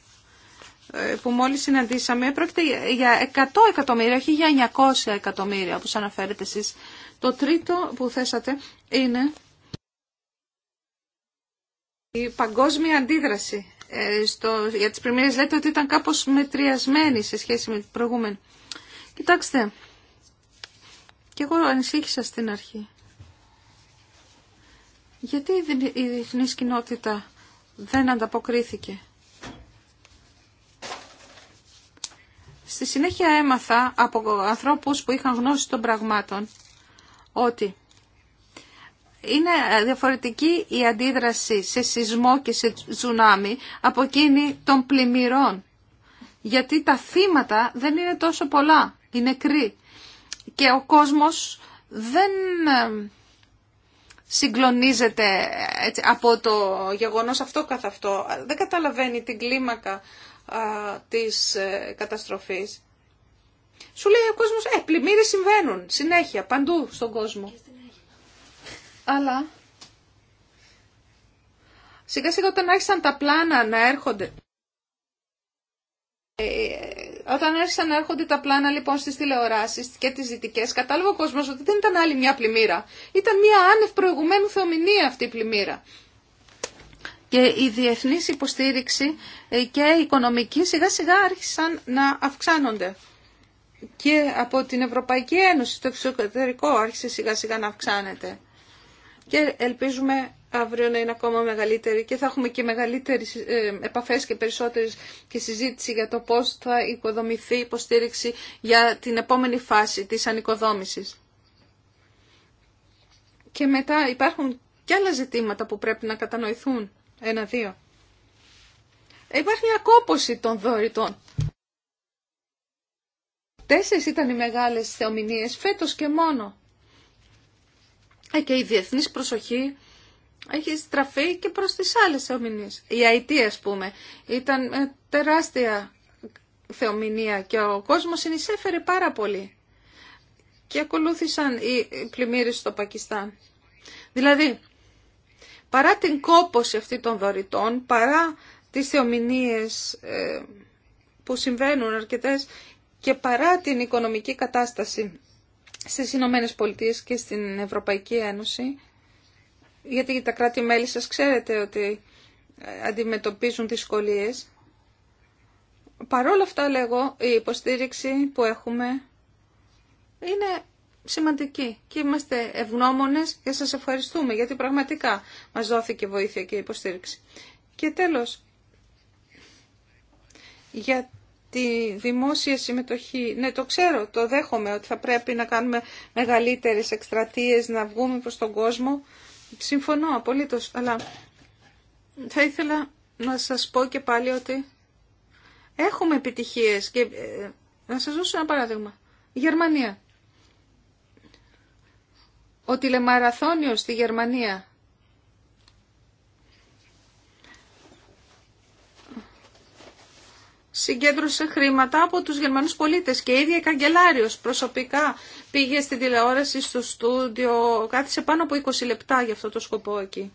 ε, που μόλις συναντήσαμε, πρόκειται για 100 εκατομμύρια, όχι για 900 εκατομμύρια, όπως αναφέρετε εσείς. Το τρίτο που θέσατε είναι η παγκόσμια αντίδραση ε, στο, για τις πλημμύρε λέτε ότι ήταν κάπως μετριασμένη σε σχέση με την προηγούμενη. Κοιτάξτε, και εγώ ανησύχησα στην αρχή. Γιατί η διεθνή κοινότητα δεν ανταποκρίθηκε. Στη συνέχεια έμαθα από ανθρώπους που είχαν γνώση των πραγμάτων ότι είναι ε, διαφορετική η αντίδραση σε σεισμό και σε τσουνάμι από εκείνη των πλημμυρών. Γιατί τα θύματα δεν είναι τόσο πολλά, είναι νεκροί. Και ο κόσμος δεν ε, συγκλονίζεται ε, από το γεγονός αυτό καθ' αυτό. Δεν καταλαβαίνει την κλίμακα της καταστροφής. Σου λέει ο κόσμος, ε, πλημμύρες συμβαίνουν συνέχεια, παντού στον κόσμο αλλά σιγά σιγά όταν άρχισαν τα πλάνα να έρχονται ε, όταν άρχισαν να έρχονται τα πλάνα λοιπόν στις τηλεοράσεις και τις δυτικές, κατάλαβε ο κόσμος ότι δεν ήταν άλλη μια πλημμύρα. Ήταν μια άνευ προηγουμένου θεομηνία αυτή η πλημμύρα. Και η διεθνής υποστήριξη ε, και η οικονομική σιγά σιγά άρχισαν να αυξάνονται. Και από την Ευρωπαϊκή Ένωση το εξωτερικό άρχισε σιγά σιγά να αυξάνεται και ελπίζουμε αύριο να είναι ακόμα μεγαλύτερη και θα έχουμε και μεγαλύτερε ε, επαφές και περισσότερε και συζήτηση για το πώς θα οικοδομηθεί υποστήριξη για την επόμενη φάση της ανοικοδόμησης. Και μετά υπάρχουν και άλλα ζητήματα που πρέπει να κατανοηθούν. Ένα-δύο. Ε, υπάρχει μια κόπωση των δωρητών. Τέσσερις ήταν οι μεγάλες θεομηνίες, φέτος και μόνο. Ε, και η διεθνής προσοχή έχει στραφεί και προς τις άλλες θεομηνίες. Η Αιτία, ας πούμε, ήταν ε, τεράστια θεομηνία και ο κόσμος συνεισέφερε πάρα πολύ. Και ακολούθησαν οι πλημμύρες στο Πακιστάν. Δηλαδή, παρά την κόπωση αυτή των δωρητών, παρά τις θεομηνίες ε, που συμβαίνουν αρκετές και παρά την οικονομική κατάσταση στις Ηνωμένε Πολιτείες και στην Ευρωπαϊκή Ένωση, γιατί τα κράτη-μέλη σας ξέρετε ότι ε, αντιμετωπίζουν δυσκολίες. Παρόλα αυτά, λέγω, η υποστήριξη που έχουμε είναι σημαντική και είμαστε ευγνώμονες και σας ευχαριστούμε γιατί πραγματικά μας δόθηκε βοήθεια και υποστήριξη. Και τέλος, για τη δημόσια συμμετοχή. Ναι, το ξέρω, το δέχομαι ότι θα πρέπει να κάνουμε μεγαλύτερες εκστρατείες, να βγούμε προς τον κόσμο. Συμφωνώ απολύτως, αλλά θα ήθελα να σας πω και πάλι ότι έχουμε επιτυχίες. Και, ε, να σας δώσω ένα παράδειγμα. Η Γερμανία. Ο τηλεμαραθώνιος στη Γερμανία συγκέντρωσε χρήματα από τους Γερμανούς πολίτες και η ίδια η καγκελάριος προσωπικά πήγε στην τηλεόραση, στο στούντιο, κάθισε πάνω από 20 λεπτά για αυτό το σκοπό εκεί.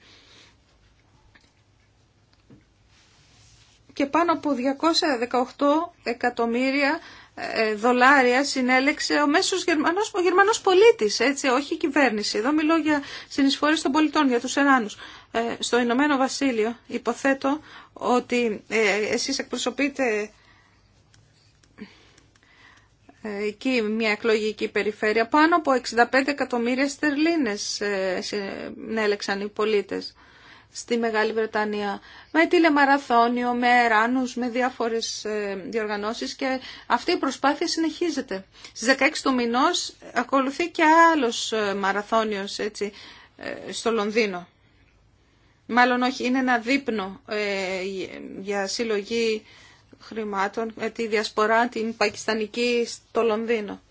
Και πάνω από 218 εκατομμύρια ε, δολάρια συνέλεξε ο μέσος Γερμανός, ο Γερμανός πολίτης, έτσι, όχι η κυβέρνηση. Εδώ μιλώ για συνεισφορές των πολιτών, για τους ενάνους. Ε, στο Ηνωμένο Βασίλειο υποθέτω ότι ε, εσείς εκπροσωπείτε ε, εκεί μια εκλογική περιφέρεια. Πάνω από 65 εκατομμύρια στερλίνες συνέλεξαν οι πολίτες στη Μεγάλη Βρετανία με τηλεμαραθώνιο, με ράνους, με διάφορες διοργανώσεις και αυτή η προσπάθεια συνεχίζεται. Στις 16 του μηνός ακολουθεί και άλλος μαραθώνιος έτσι, στο Λονδίνο. Μάλλον όχι, είναι ένα δείπνο ε, για συλλογή χρημάτων με τη διασπορά την πακιστανική στο Λονδίνο.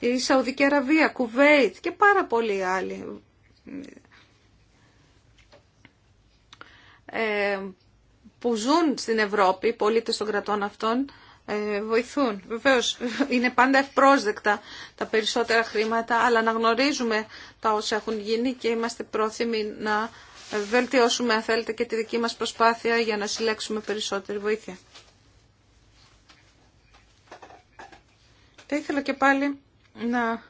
Η Σαουδική Αραβία, Κουβέιτ και πάρα πολλοί άλλοι. Ε, που ζουν στην Ευρώπη, οι πολίτες των κρατών αυτών, ε, βοηθούν. Βεβαίως είναι πάντα ευπρόσδεκτα τα περισσότερα χρήματα, αλλά αναγνωρίζουμε τα όσα έχουν γίνει και είμαστε πρόθυμοι να βελτιώσουμε αν θέλετε και τη δική μας προσπάθεια για να συλλέξουμε περισσότερη βοήθεια. Θα ήθελα και πάλι να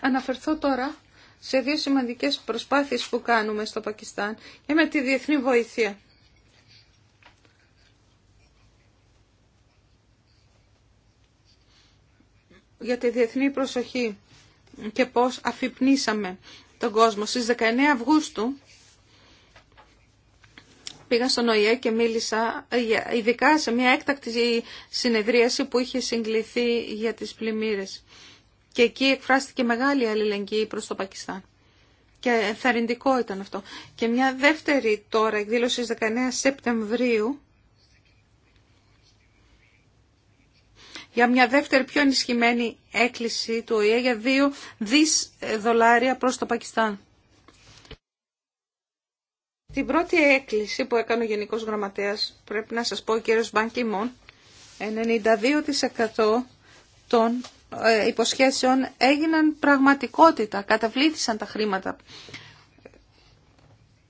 αναφερθώ τώρα σε δύο σημαντικές προσπάθειες που κάνουμε στο Πακιστάν και με τη διεθνή βοήθεια. Για τη διεθνή προσοχή και πώς αφυπνίσαμε τον κόσμο. Στις 19 Αυγούστου πήγα στον ΟΗΕ και μίλησα ε, ειδικά σε μια έκτακτη συνεδρίαση που είχε συγκληθεί για τις πλημμύρες. Και εκεί εκφράστηκε μεγάλη αλληλεγγύη προς το Πακιστάν. Και θαρρυντικό ήταν αυτό. Και μια δεύτερη τώρα εκδήλωση στις 19 Σεπτεμβρίου για μια δεύτερη πιο ενισχυμένη έκκληση του ΟΗΕ για 2 δις ε, δολάρια προς το Πακιστάν. Την πρώτη έκκληση που έκανε ο Γενικός Γραμματέας, πρέπει να σας πω ο κύριος Μπανκιμόν, 92% των ε, υποσχέσεων έγιναν πραγματικότητα, καταβλήθησαν τα χρήματα.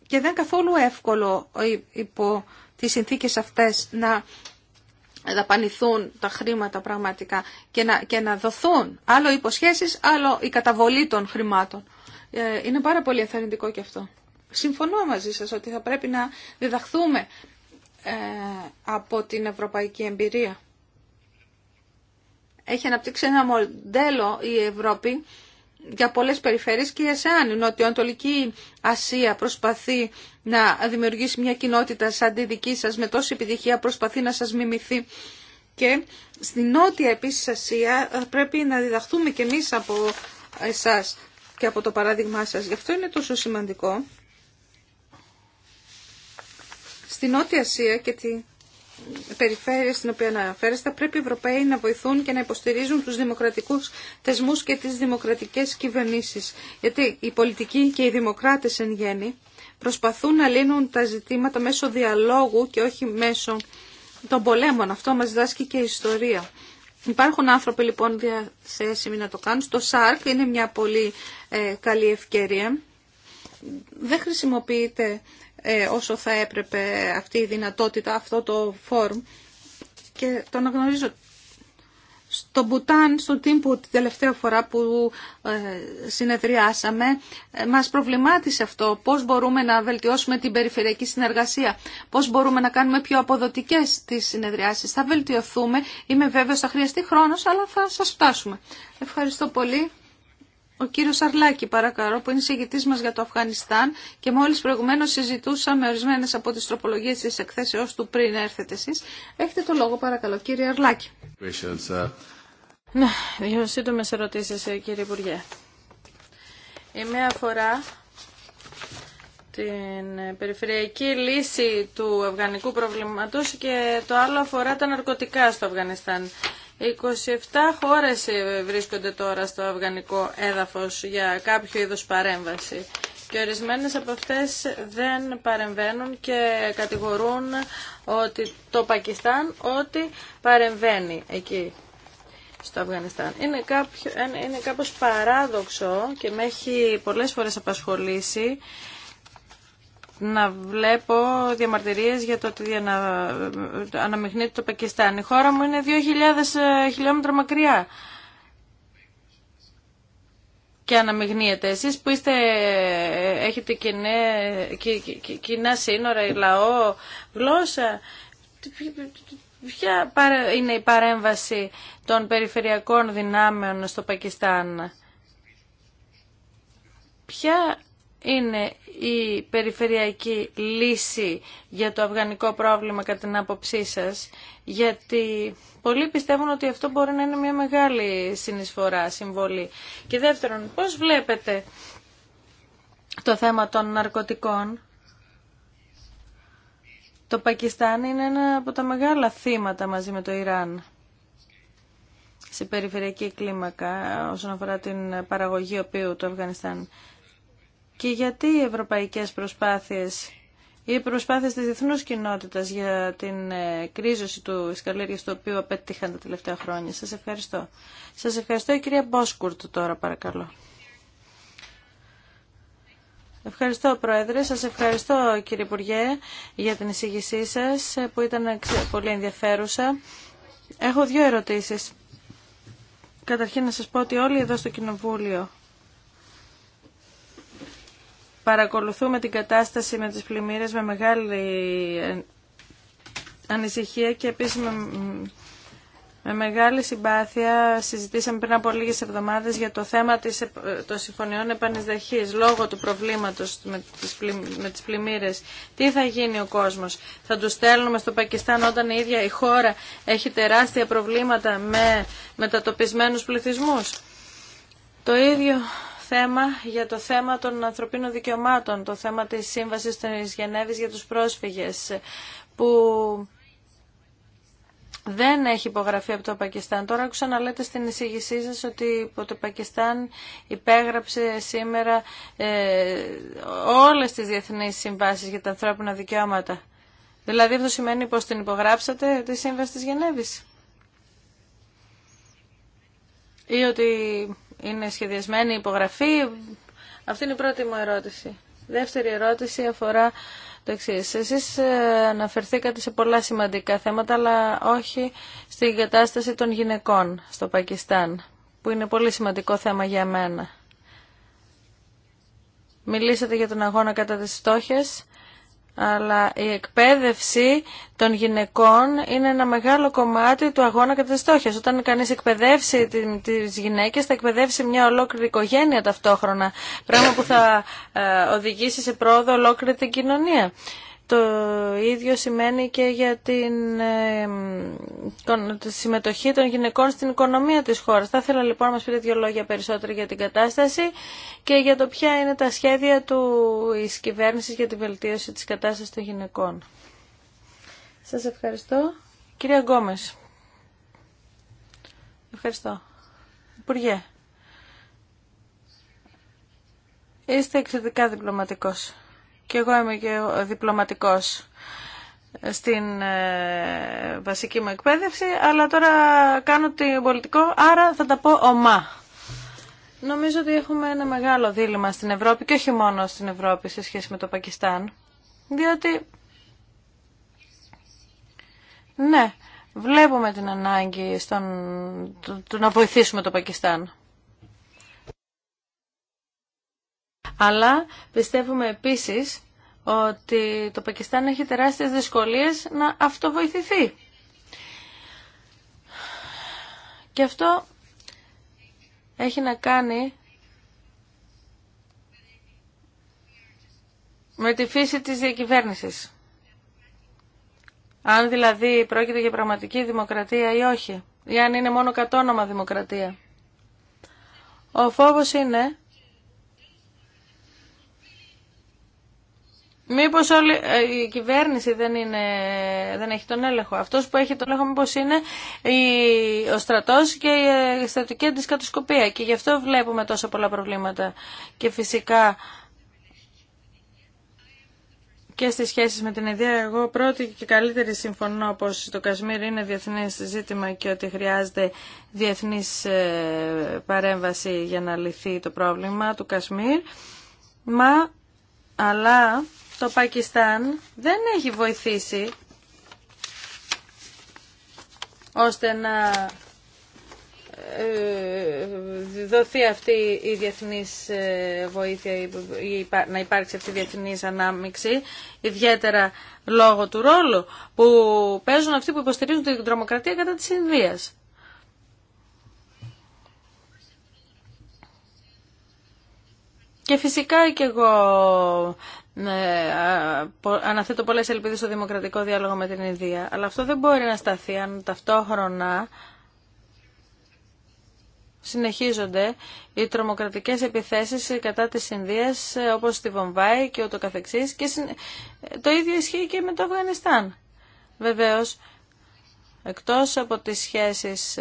Και δεν καθόλου εύκολο ε, υπό τις συνθήκες αυτές να δαπανηθούν τα χρήματα πραγματικά και να, και να δοθούν άλλο υποσχέσεις, άλλο η καταβολή των χρημάτων. Ε, είναι πάρα πολύ ενθαρρυντικό και αυτό. Συμφωνώ μαζί σας ότι θα πρέπει να διδαχθούμε ε, από την ευρωπαϊκή εμπειρία. Έχει αναπτύξει ένα μοντέλο η Ευρώπη για πολλές περιφέρειες και η αν η Νοτιοανατολική Ασία προσπαθεί να δημιουργήσει μια κοινότητα σαν τη δική σας με τόση επιτυχία προσπαθεί να σας μιμηθεί και στη Νότια επίσης Ασία ε, πρέπει να διδαχθούμε και εμείς από εσάς και από το παράδειγμά σας. Γι' αυτό είναι τόσο σημαντικό στην Νότια Ασία και τη περιφέρεια στην οποία αναφέρεστε, πρέπει οι Ευρωπαίοι να βοηθούν και να υποστηρίζουν τους δημοκρατικούς θεσμούς και τις δημοκρατικές κυβερνήσεις. Γιατί οι πολιτικοί και οι δημοκράτες εν γέννη προσπαθούν να λύνουν τα ζητήματα μέσω διαλόγου και όχι μέσω των πολέμων. Αυτό μας διδάσκει και η ιστορία. Υπάρχουν άνθρωποι λοιπόν διαθέσιμοι να το κάνουν. Το ΣΑΡΚ είναι μια πολύ ε, καλή ευκαιρία. Δεν χρησιμοποιείται ε, όσο θα έπρεπε αυτή η δυνατότητα, αυτό το φόρουμ. Και το αναγνωρίζω στο Μπουτάν, στον την τελευταία φορά που ε, συνεδριάσαμε, ε, μας προβλημάτισε αυτό. Πώς μπορούμε να βελτιώσουμε την περιφερειακή συνεργασία, πώς μπορούμε να κάνουμε πιο αποδοτικές τις συνεδριάσεις. Θα βελτιωθούμε, είμαι βέβαιος θα χρειαστεί χρόνος, αλλά θα σας φτάσουμε. Ευχαριστώ πολύ. Ο κύριος Αρλάκη, παρακαλώ, που είναι συγγητής μας για το Αφγανιστάν και μόλις προηγουμένως συζητούσαμε ορισμένες από τις τροπολογίες της εκθέσεώς του πριν έρθετε εσείς. Έχετε το λόγο, παρακαλώ, κύριε Αρλάκη. Ναι, δύο σύντομες ερωτήσεις, ε, κύριε Υπουργέ. Η μία αφορά την ε, περιφερειακή λύση του αφγανικού προβλήματος και το άλλο αφορά τα ναρκωτικά στο Αφγανιστάν. 27 χώρες ε, βρίσκονται τώρα στο αφγανικό έδαφος για κάποιο είδος παρέμβαση και ορισμένες από αυτές δεν παρεμβαίνουν και κατηγορούν ότι το Πακιστάν ότι παρεμβαίνει εκεί στο Αφγανιστάν. Είναι, κάποιο, είναι κάπως παράδοξο και με έχει πολλές φορές απασχολήσει να βλέπω διαμαρτυρίες για το ότι αναμειχνείται το Πακιστάν. Η χώρα μου είναι 2.000 ε, χιλιόμετρα μακριά και αναμειγνύεται. Εσείς που είστε, ε, έχετε κοινέ, κοινά σύνορα, λαό, γλώσσα, ποια είναι η παρέμβαση των περιφερειακών δυνάμεων στο Πακιστάν. Ποια είναι η περιφερειακή λύση για το αφγανικό πρόβλημα κατά την άποψή σας, γιατί πολλοί πιστεύουν ότι αυτό μπορεί να είναι μια μεγάλη συνεισφορά, συμβολή. Και δεύτερον, πώς βλέπετε το θέμα των ναρκωτικών. Το Πακιστάν είναι ένα από τα μεγάλα θύματα μαζί με το Ιράν σε περιφερειακή κλίμακα όσον αφορά την παραγωγή οποίου το Αφγανιστάν και γιατί οι ευρωπαϊκές προσπάθειες οι προσπάθειες της διεθνού κοινότητας για την ε, κρίζωση του σκαλέριας το οποίο απέτυχαν τα τελευταία χρόνια. Σας ευχαριστώ. Σας ευχαριστώ η κυρία Μπόσκουρτ τώρα παρακαλώ. Ευχαριστώ Πρόεδρε, σας ευχαριστώ κύριε Υπουργέ για την εισήγησή σας ε, που ήταν πολύ ενδιαφέρουσα. Έχω δύο ερωτήσεις. Καταρχήν να σας πω ότι όλοι εδώ στο Κοινοβούλιο Παρακολουθούμε την κατάσταση με τις πλημμύρες με μεγάλη ε, ανησυχία και επίσης με, μεγάλη συμπάθεια συζητήσαμε πριν από λίγες εβδομάδες για το θέμα της, ε, των συμφωνιών επανεισδαχής λόγω του προβλήματος με τις, με τις πλημμύρες. Τι θα γίνει ο κόσμος. Θα τους στέλνουμε στο Πακιστάν όταν η ίδια η χώρα έχει τεράστια προβλήματα με μετατοπισμένους πληθυσμούς. Το ίδιο θέμα για το θέμα των ανθρωπίνων δικαιωμάτων, το θέμα της Σύμβασης της Γενέβης για τους πρόσφυγες, που δεν έχει υπογραφεί από το Πακιστάν. Τώρα άκουσα να λέτε στην εισήγησή σας ότι το Πακιστάν υπέγραψε σήμερα ε, όλες τις διεθνείς συμβάσεις για τα ανθρώπινα δικαιώματα. Δηλαδή αυτό σημαίνει πως την υπογράψατε τη Σύμβαση της Γενέβης. Ή ότι είναι σχεδιασμένη η υπογραφή. Αυτή είναι η πρώτη μου ερώτηση. Δεύτερη ερώτηση αφορά το εξή. Εσεί ε, αναφερθήκατε σε πολλά σημαντικά θέματα, αλλά όχι στην κατάσταση των γυναικών στο Πακιστάν, που είναι πολύ σημαντικό θέμα για μένα. Μιλήσατε για τον αγώνα κατά τις στόχες αλλά η εκπαίδευση των γυναικών είναι ένα μεγάλο κομμάτι του αγώνα κατά της στόχια. Όταν κανείς εκπαιδεύσει τις γυναίκες θα εκπαιδεύσει μια ολόκληρη οικογένεια ταυτόχρονα, πράγμα που θα ε, οδηγήσει σε πρόοδο ολόκληρη την κοινωνία. Το ίδιο σημαίνει και για την ε, συμμετοχή των γυναικών στην οικονομία της χώρας. Θα ήθελα λοιπόν να μας πείτε δύο λόγια περισσότερο για την κατάσταση και για το ποια είναι τα σχέδια του της κυβέρνησης για τη βελτίωση της κατάστασης των γυναικών. Σας ευχαριστώ. Κυρία Γκόμες. Ευχαριστώ. Υπουργέ. Είστε εξαιρετικά διπλωματικός και εγώ είμαι και διπλωματικός στην ε, βασική μου εκπαίδευση, αλλά τώρα κάνω την πολιτικό, άρα θα τα πω ομά. Νομίζω ότι έχουμε ένα μεγάλο δίλημα στην Ευρώπη και όχι μόνο στην Ευρώπη σε σχέση με το Πακιστάν, διότι ναι, βλέπουμε την ανάγκη στον... του να βοηθήσουμε το Πακιστάν. Αλλά πιστεύουμε επίσης ότι το Πακιστάν έχει τεράστιες δυσκολίες να αυτοβοηθηθεί. Και αυτό έχει να κάνει με τη φύση της διακυβέρνησης. Αν δηλαδή πρόκειται για πραγματική δημοκρατία ή όχι. Ή αν είναι μόνο κατόνομα δημοκρατία. Ο φόβος είναι Μήπω όλη ε, η κυβέρνηση δεν, είναι, δεν έχει τον έλεγχο. Αυτός που έχει τον έλεγχο μήπω είναι ο στρατό και η ε, στρατική αντισκατοσκοπία. Και γι' αυτό βλέπουμε τόσα πολλά προβλήματα. Και φυσικά και στι σχέσει με την Ιδία, εγώ πρώτη και καλύτερη συμφωνώ πω το Κασμίρ είναι διεθνέ ζήτημα και ότι χρειάζεται διεθνή ε, παρέμβαση για να λυθεί το πρόβλημα του Κασμίρ. Μα, αλλά το Πακιστάν δεν έχει βοηθήσει ώστε να ε, δοθεί αυτή η διεθνής ε, βοήθεια να υπάρξει αυτή η διεθνής ανάμειξη ιδιαίτερα λόγω του ρόλου που παίζουν αυτοί που υποστηρίζουν την τρομοκρατία κατά της Ινδίας. Και φυσικά και εγώ ναι, αναθέτω πολλές ελπίδες στο δημοκρατικό διάλογο με την Ινδία. Αλλά αυτό δεν μπορεί να σταθεί αν ταυτόχρονα συνεχίζονται οι τρομοκρατικές επιθέσεις κατά της Ινδίας όπως στη Βομβάη και ούτω καθεξής και το ίδιο ισχύει και με το Αφγανιστάν. Βεβαίως, εκτός από τις σχέσεις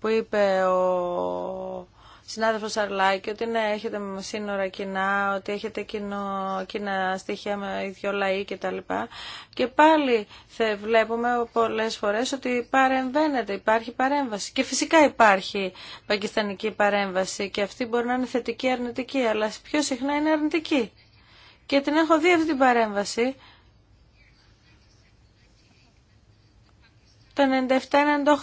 που είπε ο συνάδελφο Αρλάκη ότι ναι, έχετε σύνορα κοινά, ότι έχετε κοινό, κοινά στοιχεία με ίδιο λαοί κτλ. Και πάλι βλέπουμε πολλέ φορές ότι παρεμβαίνεται, υπάρχει παρέμβαση. Και φυσικά υπάρχει πακιστανική παρέμβαση και αυτή μπορεί να είναι θετική ή αρνητική, αλλά πιο συχνά είναι αρνητική. Και την έχω δει αυτή την παρέμβαση το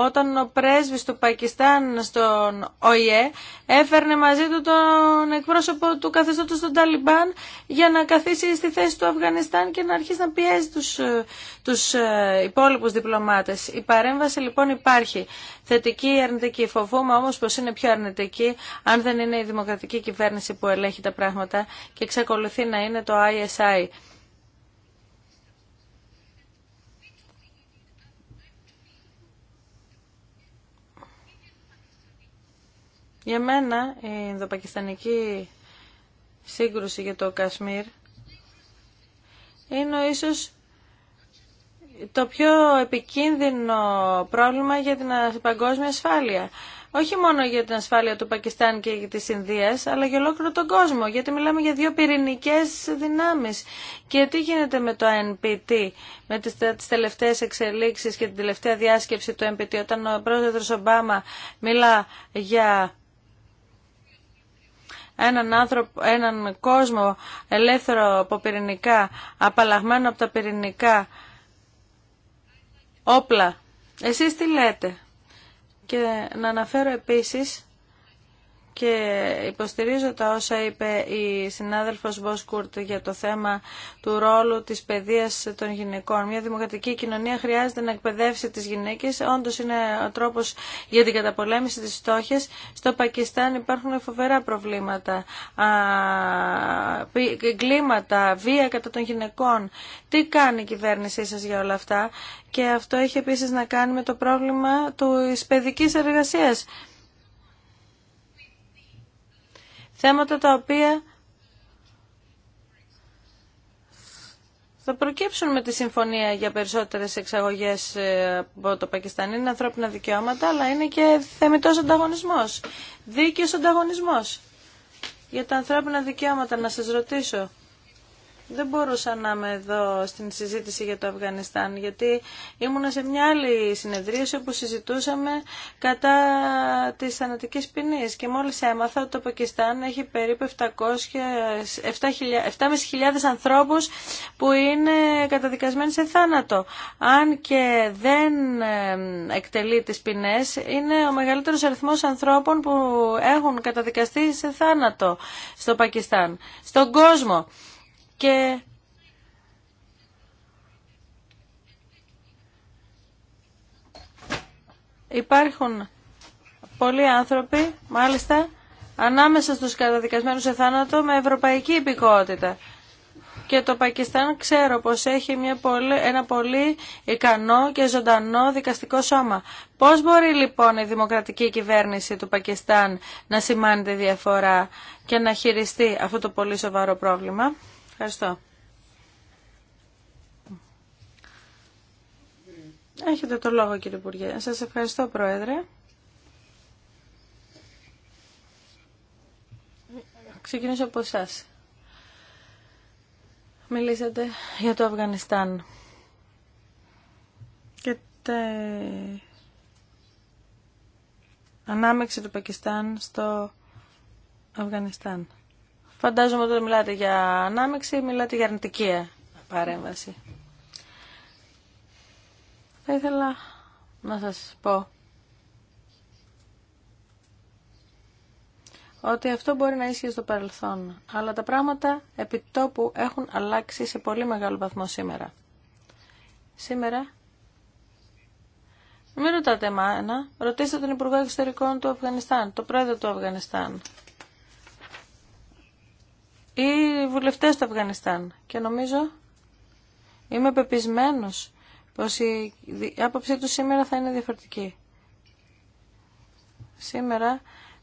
97-98 όταν ο πρέσβης του Πακιστάν στον ΟΗΕ έφερνε μαζί του τον εκπρόσωπο του καθεστώτος των Ταλιμπάν για να καθίσει στη θέση του Αφγανιστάν και να αρχίσει να πιέζει τους, ε, τους ε, υπόλοιπους διπλωμάτες. Η παρέμβαση λοιπόν υπάρχει. Θετική ή αρνητική. Φοβούμαι όμως πως είναι πιο αρνητική αν δεν είναι η δημοκρατική κυβέρνηση που ελέγχει τα πράγματα και εξακολουθεί να είναι το ISI. Για μένα η ενδοπακιστανική σύγκρουση για το Κασμίρ είναι ίσως το πιο επικίνδυνο πρόβλημα για την παγκόσμια ασφάλεια. Όχι μόνο για την ασφάλεια του Πακιστάν και της Ινδίας, αλλά για ολόκληρο τον κόσμο, γιατί μιλάμε για δύο πυρηνικές δυνάμεις. Και τι γίνεται με το NPT, με τις τελευταίες εξελίξεις και την τελευταία διάσκεψη του NPT, όταν ο πρόεδρος Ομπάμα μιλά για έναν, άνθρωπο, έναν κόσμο ελεύθερο από πυρηνικά, απαλλαγμένο από τα πυρηνικά όπλα. Εσείς τι λέτε. Και να αναφέρω επίσης και υποστηρίζω τα όσα είπε η συνάδελφος Βοσκούρτ για το θέμα του ρόλου της παιδείας των γυναικών. Μια δημοκρατική κοινωνία χρειάζεται να εκπαιδεύσει τις γυναίκες. Όντως είναι ο τρόπος για την καταπολέμηση της στόχης. Στο Πακιστάν υπάρχουν φοβερά προβλήματα, εγκλήματα, βία κατά των γυναικών. Τι κάνει η κυβέρνησή σας για όλα αυτά. Και αυτό έχει επίσης να κάνει με το πρόβλημα της παιδικής εργασίας θέματα τα οποία θα προκύψουν με τη συμφωνία για περισσότερες εξαγωγές ε, από το Πακιστάν. Είναι ανθρώπινα δικαιώματα, αλλά είναι και θεμητός ανταγωνισμός, δίκαιος ανταγωνισμός. Για τα ανθρώπινα δικαιώματα να σας ρωτήσω δεν μπορούσα να είμαι εδώ στην συζήτηση για το Αφγανιστάν, γιατί ήμουν σε μια άλλη συνεδρία όπου συζητούσαμε κατά της θανατικής ποινή. και μόλις έμαθα ότι το Πακιστάν έχει περίπου 7.500 ανθρώπους που είναι καταδικασμένοι σε θάνατο. Αν και δεν εκτελεί τις ποινές, είναι ο μεγαλύτερος αριθμός ανθρώπων που έχουν καταδικαστεί σε θάνατο στο Πακιστάν, στον κόσμο και υπάρχουν πολλοί άνθρωποι, μάλιστα, ανάμεσα στους καταδικασμένους σε θάνατο με ευρωπαϊκή υπηκότητα. Και το Πακιστάν ξέρω πως έχει μια πολύ, ένα πολύ ικανό και ζωντανό δικαστικό σώμα. Πώς μπορεί λοιπόν η δημοκρατική κυβέρνηση του Πακιστάν να σημάνει διαφορά και να χειριστεί αυτό το πολύ σοβαρό πρόβλημα. Ευχαριστώ. Έχετε το λόγο κύριε Υπουργέ. Σας ευχαριστώ Πρόεδρε. Ξεκινήσω από εσά. Μιλήσατε για το Αφγανιστάν και την ανάμεξη του Πακιστάν στο Αφγανιστάν. Φαντάζομαι ότι μιλάτε για ανάμεξη, μιλάτε για αρνητική ε, παρέμβαση. Θα ήθελα να σας πω ότι αυτό μπορεί να ίσχυε στο παρελθόν, αλλά τα πράγματα επί τόπου έχουν αλλάξει σε πολύ μεγάλο βαθμό σήμερα. Σήμερα, μην ρωτάτε εμένα, ρωτήστε τον Υπουργό Εξωτερικών του Αφγανιστάν, το Πρόεδρο του Αφγανιστάν, ή βουλευτές του Αφγανιστάν. Και νομίζω είμαι πεπισμένος πως η άποψή του σήμερα θα είναι διαφορετική. Σήμερα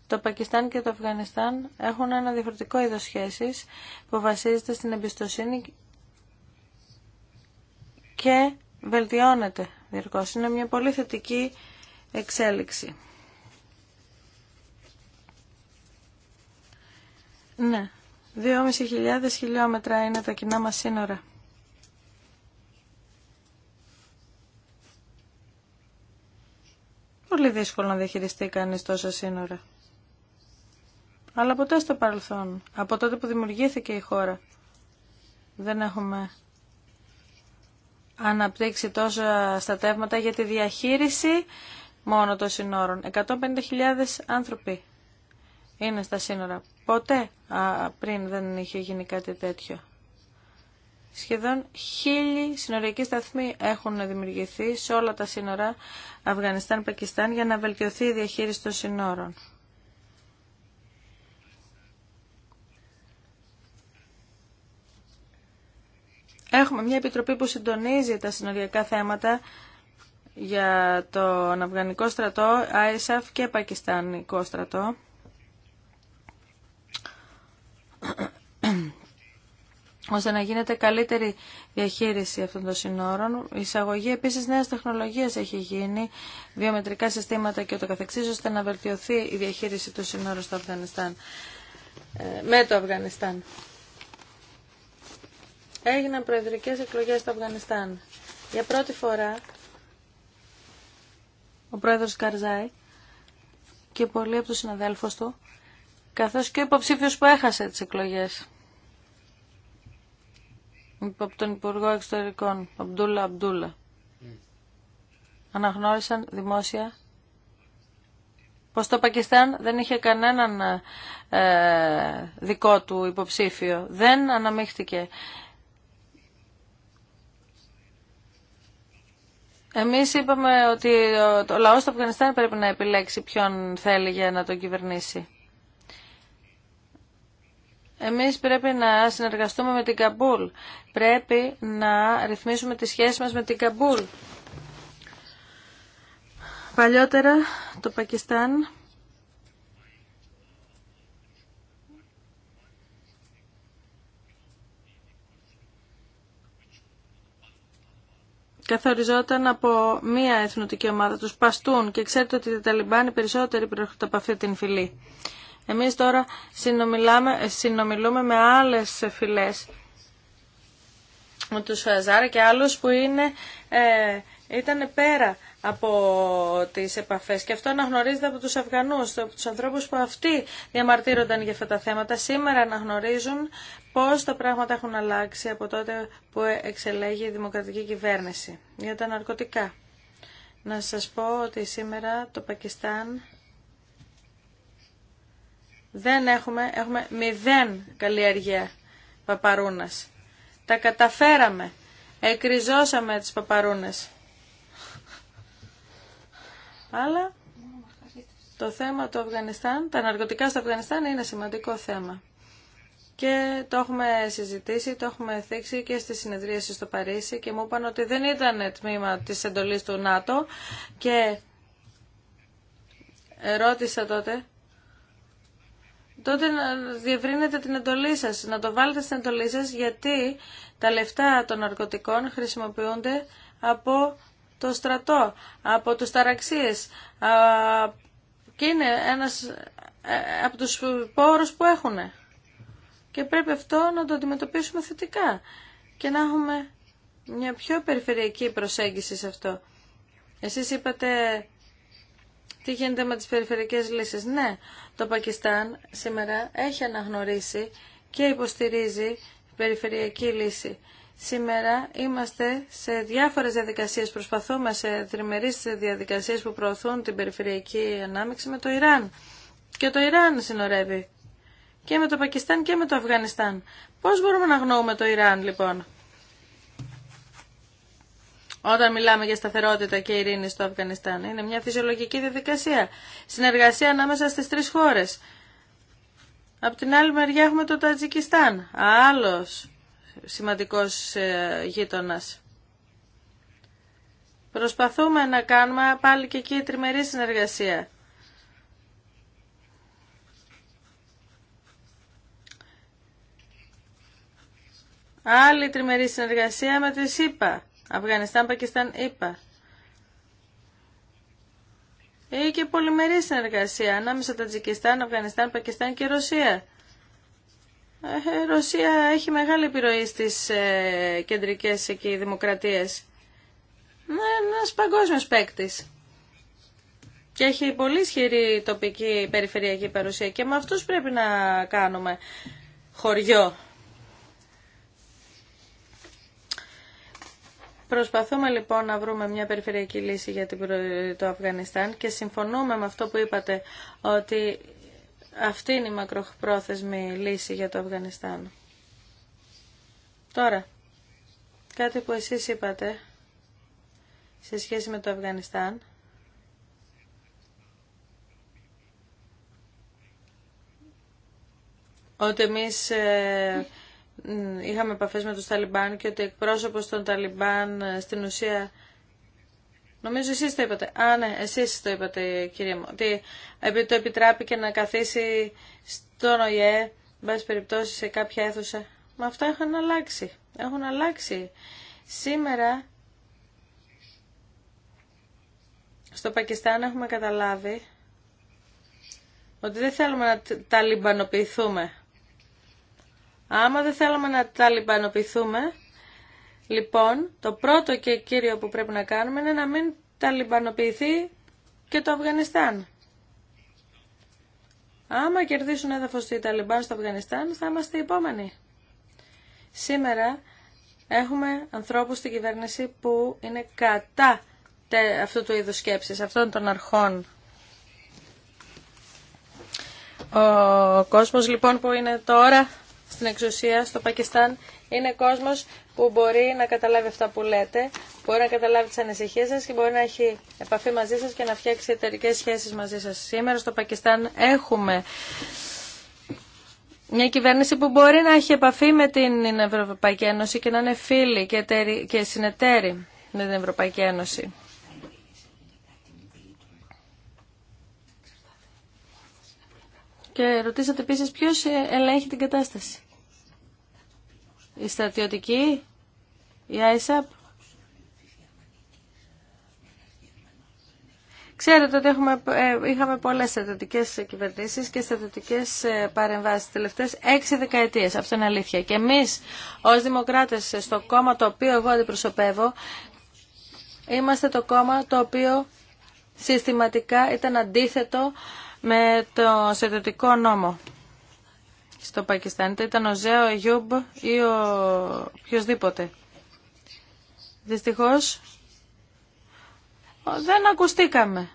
το Πακιστάν και το Αφγανιστάν έχουν ένα διαφορετικό είδος σχέσης που βασίζεται στην εμπιστοσύνη και βελτιώνεται διαρκώς. Είναι μια πολύ θετική εξέλιξη. Ναι, 2.500 χιλιόμετρα είναι τα κοινά μας σύνορα. Πολύ δύσκολο να διαχειριστεί κανείς τόσα σύνορα. Αλλά ποτέ στο παρελθόν, από τότε που δημιουργήθηκε η χώρα, δεν έχουμε αναπτύξει τόσα στατεύματα για τη διαχείριση μόνο των σύνορων. 150.000 άνθρωποι είναι στα σύνορα. Ποτέ α, πριν δεν είχε γίνει κάτι τέτοιο. Σχεδόν χίλιοι συνοριακοί σταθμοί έχουν δημιουργηθεί σε όλα τα σύνορα Αφγανιστάν-Πακιστάν για να βελτιωθεί η διαχείριση των σύνορων. Έχουμε μια επιτροπή που συντονίζει τα συνοριακά θέματα για τον Αφγανικό στρατό, ISAF και Πακιστανικό στρατό. ώστε να γίνεται καλύτερη διαχείριση αυτών των συνόρων. Η εισαγωγή επίσης νέα τεχνολογίας έχει γίνει, βιομετρικά συστήματα και ούτω καθεξής, ώστε να βελτιωθεί η διαχείριση των συνόρων στο Αφγανιστάν, ε, με το Αφγανιστάν. Έγιναν προεδρικέ εκλογές στο Αφγανιστάν. Για πρώτη φορά ο πρόεδρο Καρζάη και πολλοί από του συναδέλφου του, καθώ και ο υποψήφιο που έχασε τι εκλογέ από τον Υπουργό Εξωτερικών, Αμπτούλα Αμπτούλα. Αναγνώρισαν δημόσια πως το Πακιστάν δεν είχε κανέναν ε, δικό του υποψήφιο. Δεν αναμίχθηκε. Εμείς είπαμε ότι ο λαός του Αφγανιστάν πρέπει να επιλέξει ποιον θέλει για να τον κυβερνήσει. Εμείς πρέπει να συνεργαστούμε με την Καμπούλ. Πρέπει να ρυθμίσουμε τις σχέσεις μας με την Καμπούλ. Παλιότερα το Πακιστάν καθοριζόταν από μία εθνοτική ομάδα, τους Παστούν, και ξέρετε ότι οι Ταλιμπάνοι περισσότεροι προέρχονται από αυτή την φυλή. Εμείς τώρα συνομιλούμε με άλλες φυλές, με τους Φαζάρα και άλλους που είναι, ε, ήταν πέρα από τις επαφές και αυτό αναγνωρίζεται από τους Αφγανούς, από τους ανθρώπους που αυτοί διαμαρτύρονταν για αυτά τα θέματα. Σήμερα αναγνωρίζουν πώς τα πράγματα έχουν αλλάξει από τότε που εξελέγει η δημοκρατική κυβέρνηση για τα ναρκωτικά. Να σας πω ότι σήμερα το Πακιστάν δεν έχουμε, έχουμε μηδέν καλλιέργεια παπαρούνας. Τα καταφέραμε. Εκριζώσαμε τις παπαρούνες. Αλλά το θέμα του Αφγανιστάν, τα ναρκωτικά στο Αφγανιστάν είναι σημαντικό θέμα. Και το έχουμε συζητήσει, το έχουμε θίξει και στη συνεδρίαση στο Παρίσι και μου είπαν ότι δεν ήταν τμήμα της εντολής του ΝΑΤΟ και ρώτησα τότε τότε να διευρύνετε την εντολή σας, να το βάλετε στην εντολή σας, γιατί τα λεφτά των ναρκωτικών χρησιμοποιούνται από το στρατό, από τους ταραξίες και είναι ένας ε, από τους πόρους που έχουν. Και πρέπει αυτό να το αντιμετωπίσουμε θετικά και να έχουμε μια πιο περιφερειακή προσέγγιση σε αυτό. Εσείς είπατε τι γίνεται με τις περιφερειακές λύσεις. Ναι, το Πακιστάν σήμερα έχει αναγνωρίσει και υποστηρίζει περιφερειακή λύση. Σήμερα είμαστε σε διάφορες διαδικασίες, προσπαθούμε σε τριμερείς διαδικασίες που προωθούν την περιφερειακή ανάμειξη με το Ιράν. Και το Ιράν συνορεύει και με το Πακιστάν και με το Αφγανιστάν. Πώς μπορούμε να γνωρούμε το Ιράν λοιπόν όταν μιλάμε για σταθερότητα και ειρήνη στο Αφγανιστάν. Είναι μια φυσιολογική διαδικασία. Συνεργασία ανάμεσα στις τρεις χώρες. Από την άλλη μεριά έχουμε το Τατζικιστάν, άλλος σημαντικός ε, γείτονας. Προσπαθούμε να κάνουμε πάλι και εκεί τριμερή συνεργασία. Άλλη τριμερή συνεργασία με τη ΣΥΠΑ. Αφγανιστάν, Πακιστάν, είπα. Ή ε, και πολυμερή συνεργασία ανάμεσα Τατζικιστάν, Αφγανιστάν, Πακιστάν και Ρωσία. Η ε, Ρωσία έχει μεγάλη επιρροή στις ε, κεντρικές εκεί δημοκρατίες. Είναι ένας παγκόσμιος παίκτη. Και έχει πολύ ισχυρή τοπική περιφερειακή παρουσία και με αυτούς πρέπει να κάνουμε χωριό. Προσπαθούμε λοιπόν να βρούμε μια περιφερειακή λύση για το Αφγανιστάν και συμφωνούμε με αυτό που είπατε ότι αυτή είναι η μακροπρόθεσμη λύση για το Αφγανιστάν. Τώρα, κάτι που εσείς είπατε σε σχέση με το Αφγανιστάν. Ότι εμείς ε, είχαμε επαφές με τους Ταλιμπάν και ότι εκπρόσωπος των Ταλιμπάν ε, στην ουσία... Νομίζω εσείς το είπατε. Α, ναι, εσείς το είπατε, κύριε μου. Ότι το επιτράπηκε να καθίσει στον ΟΙΕ, εν περιπτώσει, σε κάποια αίθουσα. Μα αυτά έχουν αλλάξει. Έχουν αλλάξει. Σήμερα στο Πακιστάν έχουμε καταλάβει ότι δεν θέλουμε να ταλιμπανοποιηθούμε. Άμα δεν θέλουμε να τα λιμπανοποιηθούμε, λοιπόν, το πρώτο και κύριο που πρέπει να κάνουμε είναι να μην τα λιμπανοποιηθεί και το Αφγανιστάν. Άμα κερδίσουν έδαφο οι Ταλιμπάν στο Αφγανιστάν, θα είμαστε οι επόμενοι. Σήμερα έχουμε ανθρώπους στην κυβέρνηση που είναι κατά αυτού του είδους σκέψης, αυτών των αρχών. Ο κόσμος λοιπόν που είναι τώρα στην εξουσία στο Πακιστάν είναι κόσμος που μπορεί να καταλάβει αυτά που λέτε, μπορεί να καταλάβει τις ανησυχίες σας και μπορεί να έχει επαφή μαζί σας και να φτιάξει εταιρικέ σχέσεις μαζί σας. Σήμερα στο Πακιστάν έχουμε μια κυβέρνηση που μπορεί να έχει επαφή με την Ευρωπαϊκή Ένωση και να είναι φίλη και, και συνεταίρη με την Ευρωπαϊκή Ένωση. Και ρωτήσατε επίσης ποιος ελέγχει την κατάσταση η στρατιωτική, η ΆΙΣΑΠ. Ξέρετε ότι έχουμε, ε, είχαμε πολλές στρατιωτικές κυβερνήσεις και στρατιωτικές ε, παρεμβάσεις τις τελευταίες έξι δεκαετίες. Αυτό είναι αλήθεια. Και εμείς ως δημοκράτες ε, στο κόμμα το οποίο εγώ αντιπροσωπεύω είμαστε το κόμμα το οποίο συστηματικά ήταν αντίθετο με το στρατιωτικό νόμο στο Πακιστάν, ήταν ο Ζέο, ο Γιούμπ ή ο οποιοδήποτε. Δυστυχώς δεν ακουστήκαμε.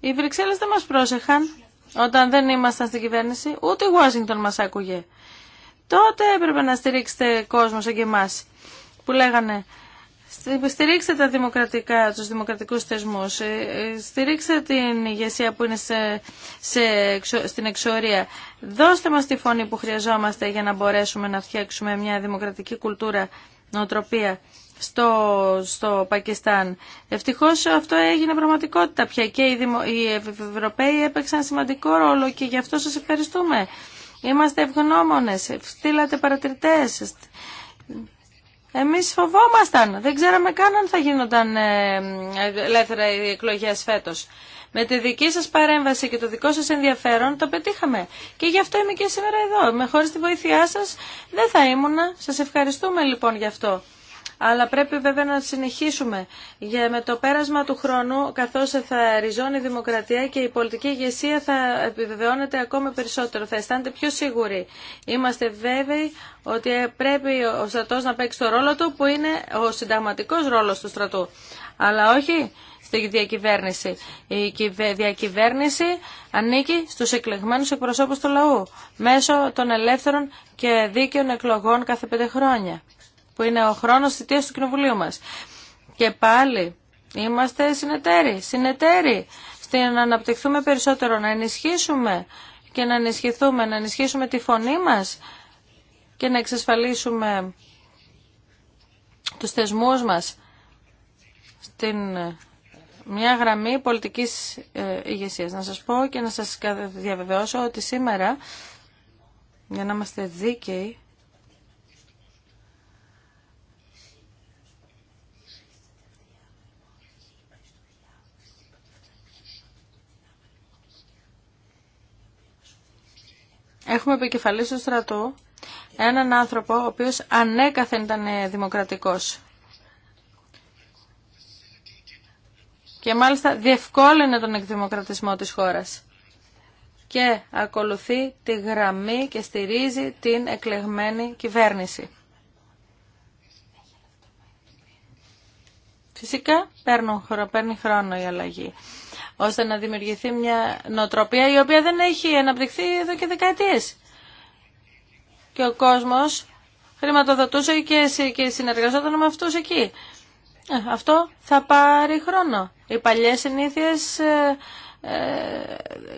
Οι Βρυξέλλες δεν μας πρόσεχαν όταν δεν ήμασταν στην κυβέρνηση, ούτε η Ουάσιγκτον μας άκουγε. Τότε έπρεπε να στηρίξετε κόσμο σαν και που λέγανε Στηρίξτε τα δημοκρατικά, τους δημοκρατικούς θεσμούς. Ε, ε, στηρίξτε την ηγεσία που είναι σε, στην εξορία. Δώστε μας τη φωνή που χρειαζόμαστε για να μπορέσουμε να φτιάξουμε μια δημοκρατική κουλτούρα, νοοτροπία στο, στο Πακιστάν. Ευτυχώς αυτό έγινε πραγματικότητα πια και οι, δημο, οι Ευρωπαίοι έπαιξαν σημαντικό ρόλο και γι' αυτό σας ευχαριστούμε. Είμαστε ευγνώμονες, στείλατε παρατηρητές, εμείς φοβόμασταν. Δεν ξέραμε καν αν θα γίνονταν ε, ελεύθερα οι εκλογές φέτος. Με τη δική σας παρέμβαση και το δικό σας ενδιαφέρον το πετύχαμε. Και γι' αυτό είμαι και σήμερα εδώ. Με χωρίς τη βοήθειά σας δεν θα ήμουνα. Σας ευχαριστούμε λοιπόν γι' αυτό αλλά πρέπει βέβαια να συνεχίσουμε για με το πέρασμα του χρόνου καθώς θα ριζώνει η δημοκρατία και η πολιτική ηγεσία θα επιβεβαιώνεται ακόμα περισσότερο, θα αισθάνεται πιο σίγουροι. Είμαστε βέβαιοι ότι πρέπει ο στρατός να παίξει το ρόλο του που είναι ο συνταγματικός ρόλος του στρατού. Αλλά όχι στη διακυβέρνηση. Η διακυβέρνηση ανήκει στους εκλεγμένους εκπροσώπους του λαού μέσω των ελεύθερων και δίκαιων εκλογών κάθε πέντε χρόνια που είναι ο χρόνος θητείας του Κοινοβουλίου μας. Και πάλι είμαστε συνεταίροι, συνεταίροι στην να αναπτυχθούμε περισσότερο, να ενισχύσουμε και να ενισχυθούμε, να ενισχύσουμε τη φωνή μας και να εξασφαλίσουμε τους θεσμούς μας στην μια γραμμή πολιτικής ε, ηγεσίας. Να σας πω και να σας διαβεβαιώσω ότι σήμερα, για να είμαστε δίκαιοι, έχουμε επικεφαλή στο στρατό έναν άνθρωπο ο οποίος ανέκαθεν ήταν ε, δημοκρατικός. Και μάλιστα διευκόλυνε τον εκδημοκρατισμό της χώρας. Και ακολουθεί τη γραμμή και στηρίζει την εκλεγμένη κυβέρνηση. Φυσικά παίρνει χρόνο η αλλαγή ώστε να δημιουργηθεί μια νοοτροπία η οποία δεν έχει αναπτυχθεί εδώ και δεκαετίες. Και ο κόσμος χρηματοδοτούσε και συνεργαζόταν με αυτούς εκεί. Ε, αυτό θα πάρει χρόνο. Οι παλιές συνήθειες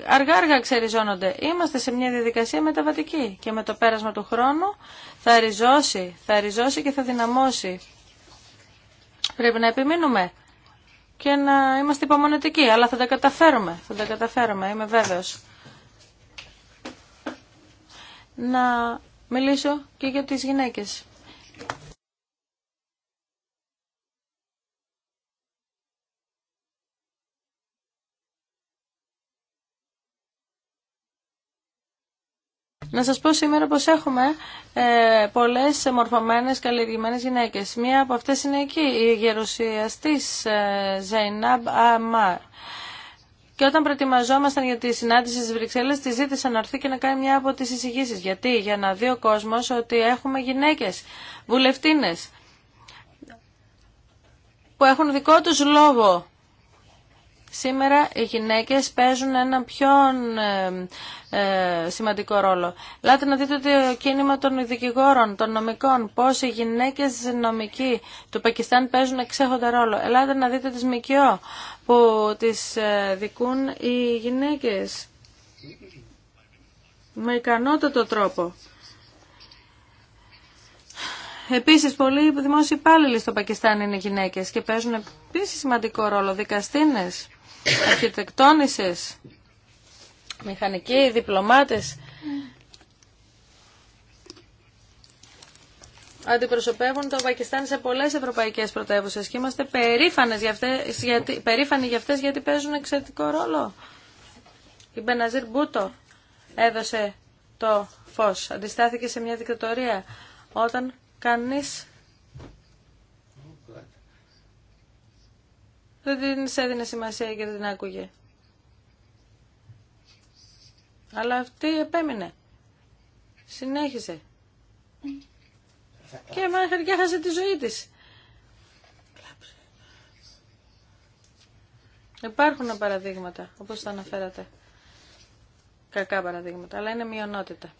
αργά-αργά ε, ε, ξεριζώνονται. Είμαστε σε μια διαδικασία μεταβατική και με το πέρασμα του χρόνου θα ριζώσει, θα ριζώσει και θα δυναμώσει. Πρέπει να επιμείνουμε και να είμαστε υπομονετικοί. Αλλά θα τα καταφέρουμε, θα τα καταφέρουμε, είμαι βέβαιος. Να μιλήσω και για τις γυναίκες. Να σας πω σήμερα πως έχουμε ε, πολλές μορφωμένες καλλιεργημένες γυναίκες. Μία από αυτές είναι εκεί, η γερουσιαστής ε, Ζαϊνάμπ Αμάρ. Και όταν προετοιμαζόμασταν για τη συνάντηση στι Βρυξέλλε, τη ζήτησαν να έρθει και να κάνει μια από τι εισηγήσει. Γιατί, για να δει ο κόσμο ότι έχουμε γυναίκε βουλευτίνε που έχουν δικό τους λόγο Σήμερα οι γυναίκες παίζουν έναν πιο ε, ε, σημαντικό ρόλο. Λάτε να δείτε το κίνημα των δικηγόρων, των νομικών, πώς οι γυναίκες νομικοί του Πακιστάν παίζουν εξέχοντα ρόλο. Ελάτε να δείτε τις ΜΚΟ που τις ε, δικούν οι γυναίκες με ικανότατο τρόπο. Επίσης, πολλοί δημόσιοι υπάλληλοι στο Πακιστάν είναι γυναίκες και παίζουν επίσης σημαντικό ρόλο δικαστίνες αρχιτεκτόνησες, μηχανικοί, διπλωμάτες, αντιπροσωπεύουν το Πακιστάν σε πολλές ευρωπαϊκές πρωτεύουσες και είμαστε γιατί, περήφανοι για αυτές γιατί παίζουν εξαιρετικό ρόλο. Η Μπεναζίρ Μπούτο έδωσε το φως, αντιστάθηκε σε μια δικτατορία όταν κανείς δεν την έδινε σημασία και δεν την άκουγε. Αλλά αυτή επέμεινε. Συνέχισε. Και μέχρι και τη ζωή της. Υπάρχουν παραδείγματα, όπως τα αναφέρατε. Κακά παραδείγματα, αλλά είναι μειονότητα.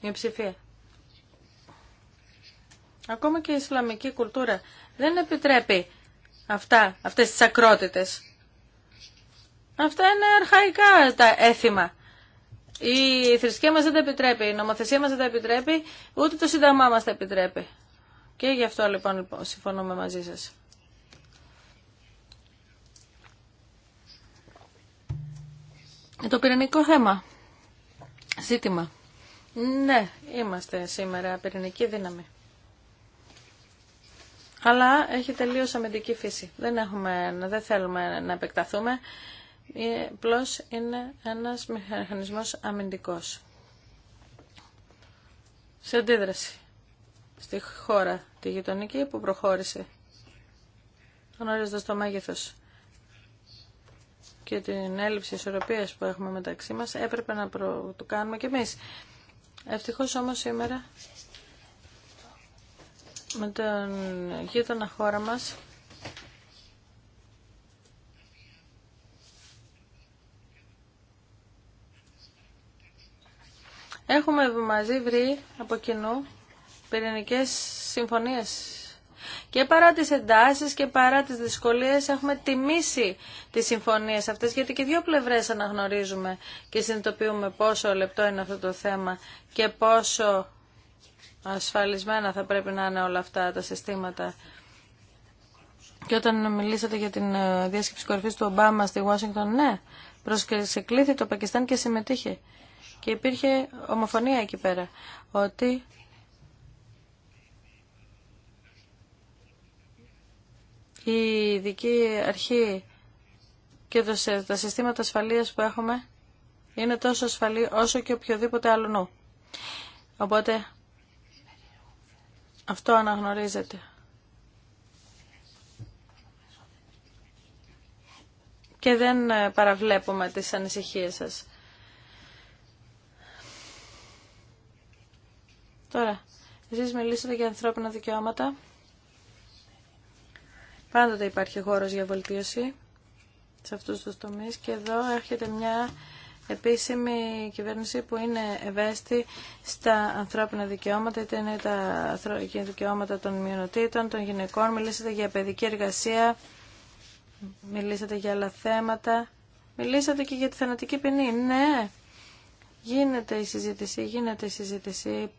Μειοψηφία. Ακόμα και η Ισλαμική κουλτούρα δεν επιτρέπει αυτά, αυτές τις ακρότητες. Αυτά είναι αρχαϊκά τα έθιμα. Η θρησκεία μας δεν τα επιτρέπει, η νομοθεσία μας δεν τα επιτρέπει, ούτε το σύνταγμά μας τα επιτρέπει. Και γι' αυτό λοιπόν, λοιπόν συμφωνούμε μαζί σας. Το πυρηνικό θέμα. Ζήτημα. Ναι, είμαστε σήμερα πυρηνική δύναμη αλλά έχει τελείω αμυντική φύση. Δεν, έχουμε, δεν θέλουμε να επεκταθούμε. Απλώ ε, είναι ένας μηχανισμός αμυντικό. Σε αντίδραση στη χώρα τη γειτονική που προχώρησε γνωρίζοντας το μέγεθος και την έλλειψη ισορροπίας που έχουμε μεταξύ μας έπρεπε να το κάνουμε κι εμείς. Ευτυχώς όμως σήμερα με τον γείτονα χώρα μας Έχουμε μαζί βρει από κοινού πυρηνικές συμφωνίες. Και παρά τις εντάσεις και παρά τις δυσκολίες έχουμε τιμήσει τις συμφωνίες αυτές γιατί και δύο πλευρές αναγνωρίζουμε και συνειδητοποιούμε πόσο λεπτό είναι αυτό το θέμα και πόσο ασφαλισμένα θα πρέπει να είναι όλα αυτά τα συστήματα. Και όταν μιλήσατε για την ε, διάσκεψη κορυφής του Ομπάμα στη Ουάσιγκτον, ναι, προσκεκλήθη το Πακιστάν και συμμετείχε. Και υπήρχε ομοφωνία εκεί πέρα, ότι η ειδική αρχή και τα συστήματα ασφαλείας που έχουμε είναι τόσο ασφαλή όσο και οποιοδήποτε άλλο νου. Οπότε αυτό αναγνωρίζεται. Και δεν ε, παραβλέπουμε τις ανησυχίες σας. Τώρα, εσείς μιλήσατε για ανθρώπινα δικαιώματα. Πάντοτε υπάρχει χώρος για βελτίωση σε αυτούς τους τομείς και εδώ έρχεται μια επίσημη κυβέρνηση που είναι ευαίσθητη στα ανθρώπινα δικαιώματα, είτε είναι τα δικαιώματα των μειονοτήτων, των γυναικών. Μιλήσατε για παιδική εργασία, μιλήσατε για άλλα θέματα, μιλήσατε και για τη θανατική ποινή. Ναι, γίνεται η συζήτηση, γίνεται η συζήτηση.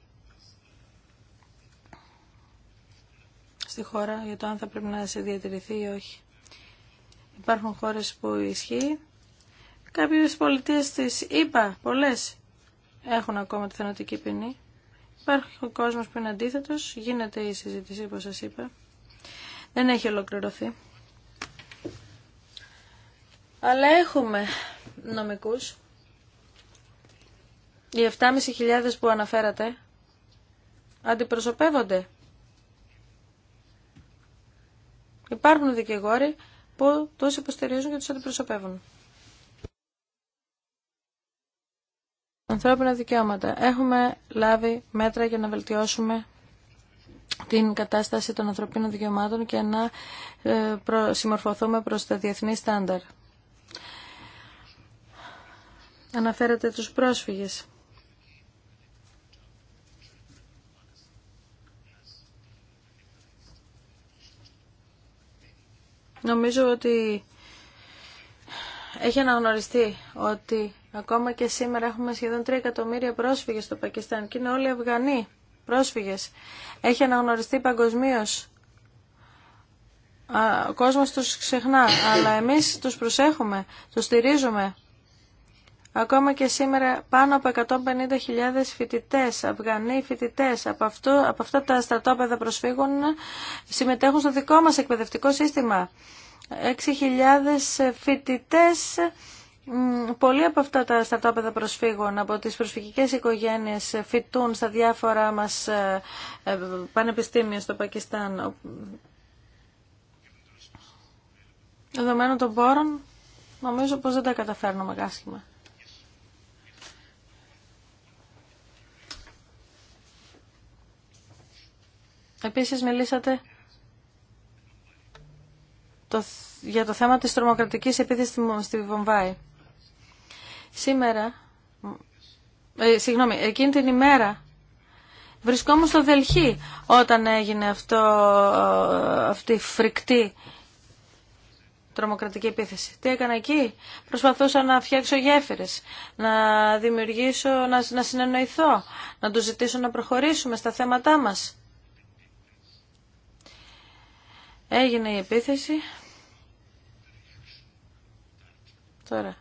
στη χώρα για το αν θα πρέπει να σε διατηρηθεί ή όχι. Υπάρχουν χώρες που ισχύει Κάποιες πολιτείες της είπα, πολλές, έχουν ακόμα τη θενατική ποινή. Υπάρχει ο κόσμος που είναι αντίθετος, γίνεται η συζήτηση όπως σας είπα. Δεν έχει ολοκληρωθεί. Αλλά έχουμε νομικούς. Οι 7.500 που αναφέρατε αντιπροσωπεύονται. Υπάρχουν δικηγόροι που τους υποστηρίζουν και τους αντιπροσωπεύουν. Ανθρώπινα δικαιώματα. Έχουμε λάβει μέτρα για να βελτιώσουμε την κατάσταση των ανθρωπίνων δικαιωμάτων και να ε, συμμορφωθούμε προς τα διεθνή στάνταρ. Αναφέρατε τους πρόσφυγες. Νομίζω ότι έχει αναγνωριστεί ότι Ακόμα και σήμερα έχουμε σχεδόν 3 εκατομμύρια πρόσφυγες στο Πακιστάν και είναι όλοι αυγανοί πρόσφυγες. Έχει αναγνωριστεί παγκοσμίω. Ο κόσμος τους ξεχνά, αλλά εμείς τους προσέχουμε, τους στηρίζουμε. Ακόμα και σήμερα πάνω από 150.000 φοιτητέ, αυγανοί φοιτητέ, από, από αυτά τα στρατόπεδα προσφύγων συμμετέχουν στο δικό μας εκπαιδευτικό σύστημα. 6.000 φοιτητέ Πολλοί από αυτά τα στρατόπεδα προσφύγων από τις προσφυγικές οικογένειες φοιτούν στα διάφορα μας ε, ε, πανεπιστήμια στο Πακιστάν. Δεδομένου των πόρων, νομίζω πως δεν τα καταφέρνουμε κάσχημα. Επίσης μιλήσατε για το θέμα της τρομοκρατικής επίθεσης στη Βομβάη. Σήμερα, ε, συγγνώμη, εκείνη την ημέρα βρισκόμουν στο Δελχή όταν έγινε αυτό, ε, αυτή η φρικτή τρομοκρατική επίθεση. Τι έκανα εκεί. Προσπαθούσα να φτιάξω γέφυρες, να δημιουργήσω, να, να συνεννοηθώ, να τους ζητήσω να προχωρήσουμε στα θέματά μας. Έγινε η επίθεση. Τώρα.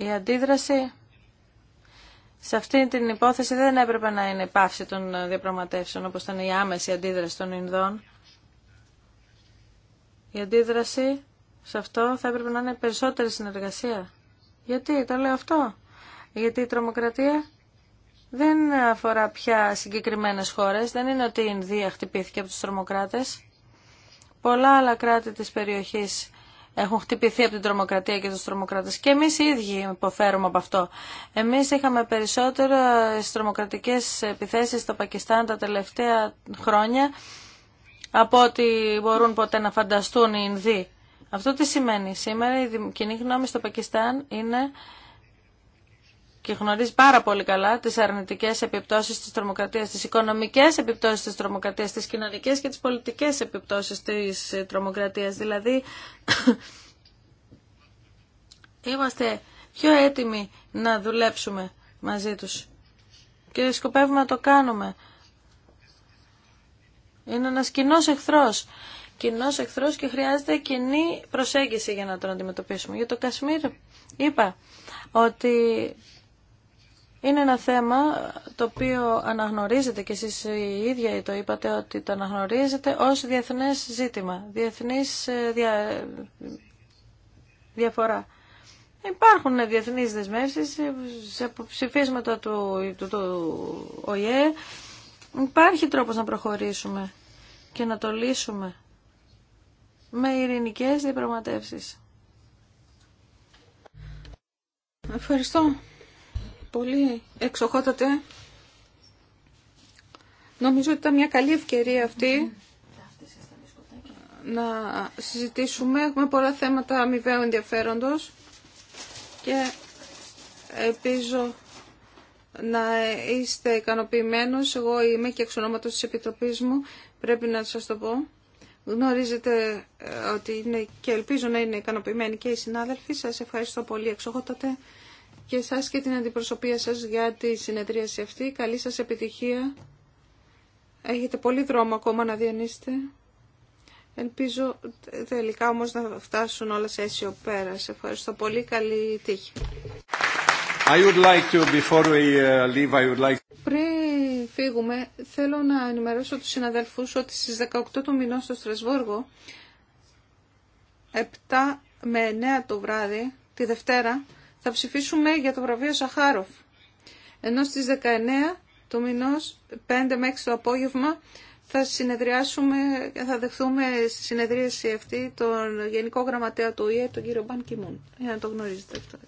Η αντίδραση σε αυτή την υπόθεση δεν έπρεπε να είναι πάυση των διαπραγματεύσεων όπως ήταν η άμεση αντίδραση των Ινδών. Η αντίδραση σε αυτό θα έπρεπε να είναι περισσότερη συνεργασία. Γιατί το λέω αυτό. Γιατί η τρομοκρατία δεν αφορά πια συγκεκριμένες χώρες. Δεν είναι ότι η Ινδία χτυπήθηκε από τους τρομοκράτες. Πολλά άλλα κράτη της περιοχής έχουν χτυπηθεί από την τρομοκρατία και τους τρομοκράτες και εμείς οι ίδιοι υποφέρουμε από αυτό. Εμείς είχαμε περισσότερες τρομοκρατικές επιθέσεις στο Πακιστάν τα τελευταία χρόνια από ό,τι μπορούν ποτέ να φανταστούν οι Ινδοί. Αυτό τι σημαίνει. Σήμερα η κοινή γνώμη στο Πακιστάν είναι και γνωρίζει πάρα πολύ καλά τις αρνητικές επιπτώσεις της τρομοκρατίας, τις οικονομικές επιπτώσεις της τρομοκρατίας, τις κοινωνικές και τις πολιτικές επιπτώσεις της τρομοκρατίας. Δηλαδή, είμαστε πιο έτοιμοι να δουλέψουμε μαζί τους και σκοπεύουμε να το κάνουμε. Είναι ένας κοινό εχθρός. Κοινό εχθρός και χρειάζεται κοινή προσέγγιση για να τον αντιμετωπίσουμε. Για το Κασμίρ είπα ότι είναι ένα θέμα το οποίο αναγνωρίζετε και εσείς οι ίδια το είπατε ότι το αναγνωρίζετε ως διεθνές ζήτημα, διεθνής ε, δια... διαφορά. Υπάρχουν διεθνείς δεσμεύσεις σε ψηφίσματα του, του, του ΟΗΕ. Υπάρχει τρόπος να προχωρήσουμε και να το λύσουμε με ειρηνικές διαπραγματεύσεις. Ευχαριστώ πολύ εξοχότατε. Νομίζω ότι ήταν μια καλή ευκαιρία αυτή να συζητήσουμε. Έχουμε πολλά θέματα αμοιβαίου ενδιαφέροντος και ελπίζω να είστε ικανοποιημένος. Εγώ είμαι και εξ ονόματος της Επιτροπής μου, πρέπει να σας το πω. Γνωρίζετε ε, ότι είναι και ελπίζω να είναι ικανοποιημένοι και οι συνάδελφοι. Σας ευχαριστώ πολύ εξοχότατε και εσάς και την αντιπροσωπεία σας για τη συνεδρίαση αυτή. Καλή σας επιτυχία. Έχετε πολύ δρόμο ακόμα να διανύσετε. Ελπίζω τελικά όμως να φτάσουν όλα σε αίσιο πέρα. Σε ευχαριστώ πολύ. Καλή τύχη. I would like to, we uh, leave, I would like... Πριν φύγουμε, θέλω να ενημερώσω τους συναδελφούς ότι στις 18 του μηνό στο Στρασβούργο, 7 με 9 το βράδυ, τη Δευτέρα, θα ψηφίσουμε για το βραβείο Σαχάροφ. Ενώ στις 19 του μηνός, 5 μέχρι το απόγευμα, θα συνεδριάσουμε, θα δεχθούμε στη συνεδρίαση αυτή τον Γενικό Γραμματέα του ΟΗΕ, τον κύριο Μπαν Κιμούν, για να το γνωρίζετε αυτό.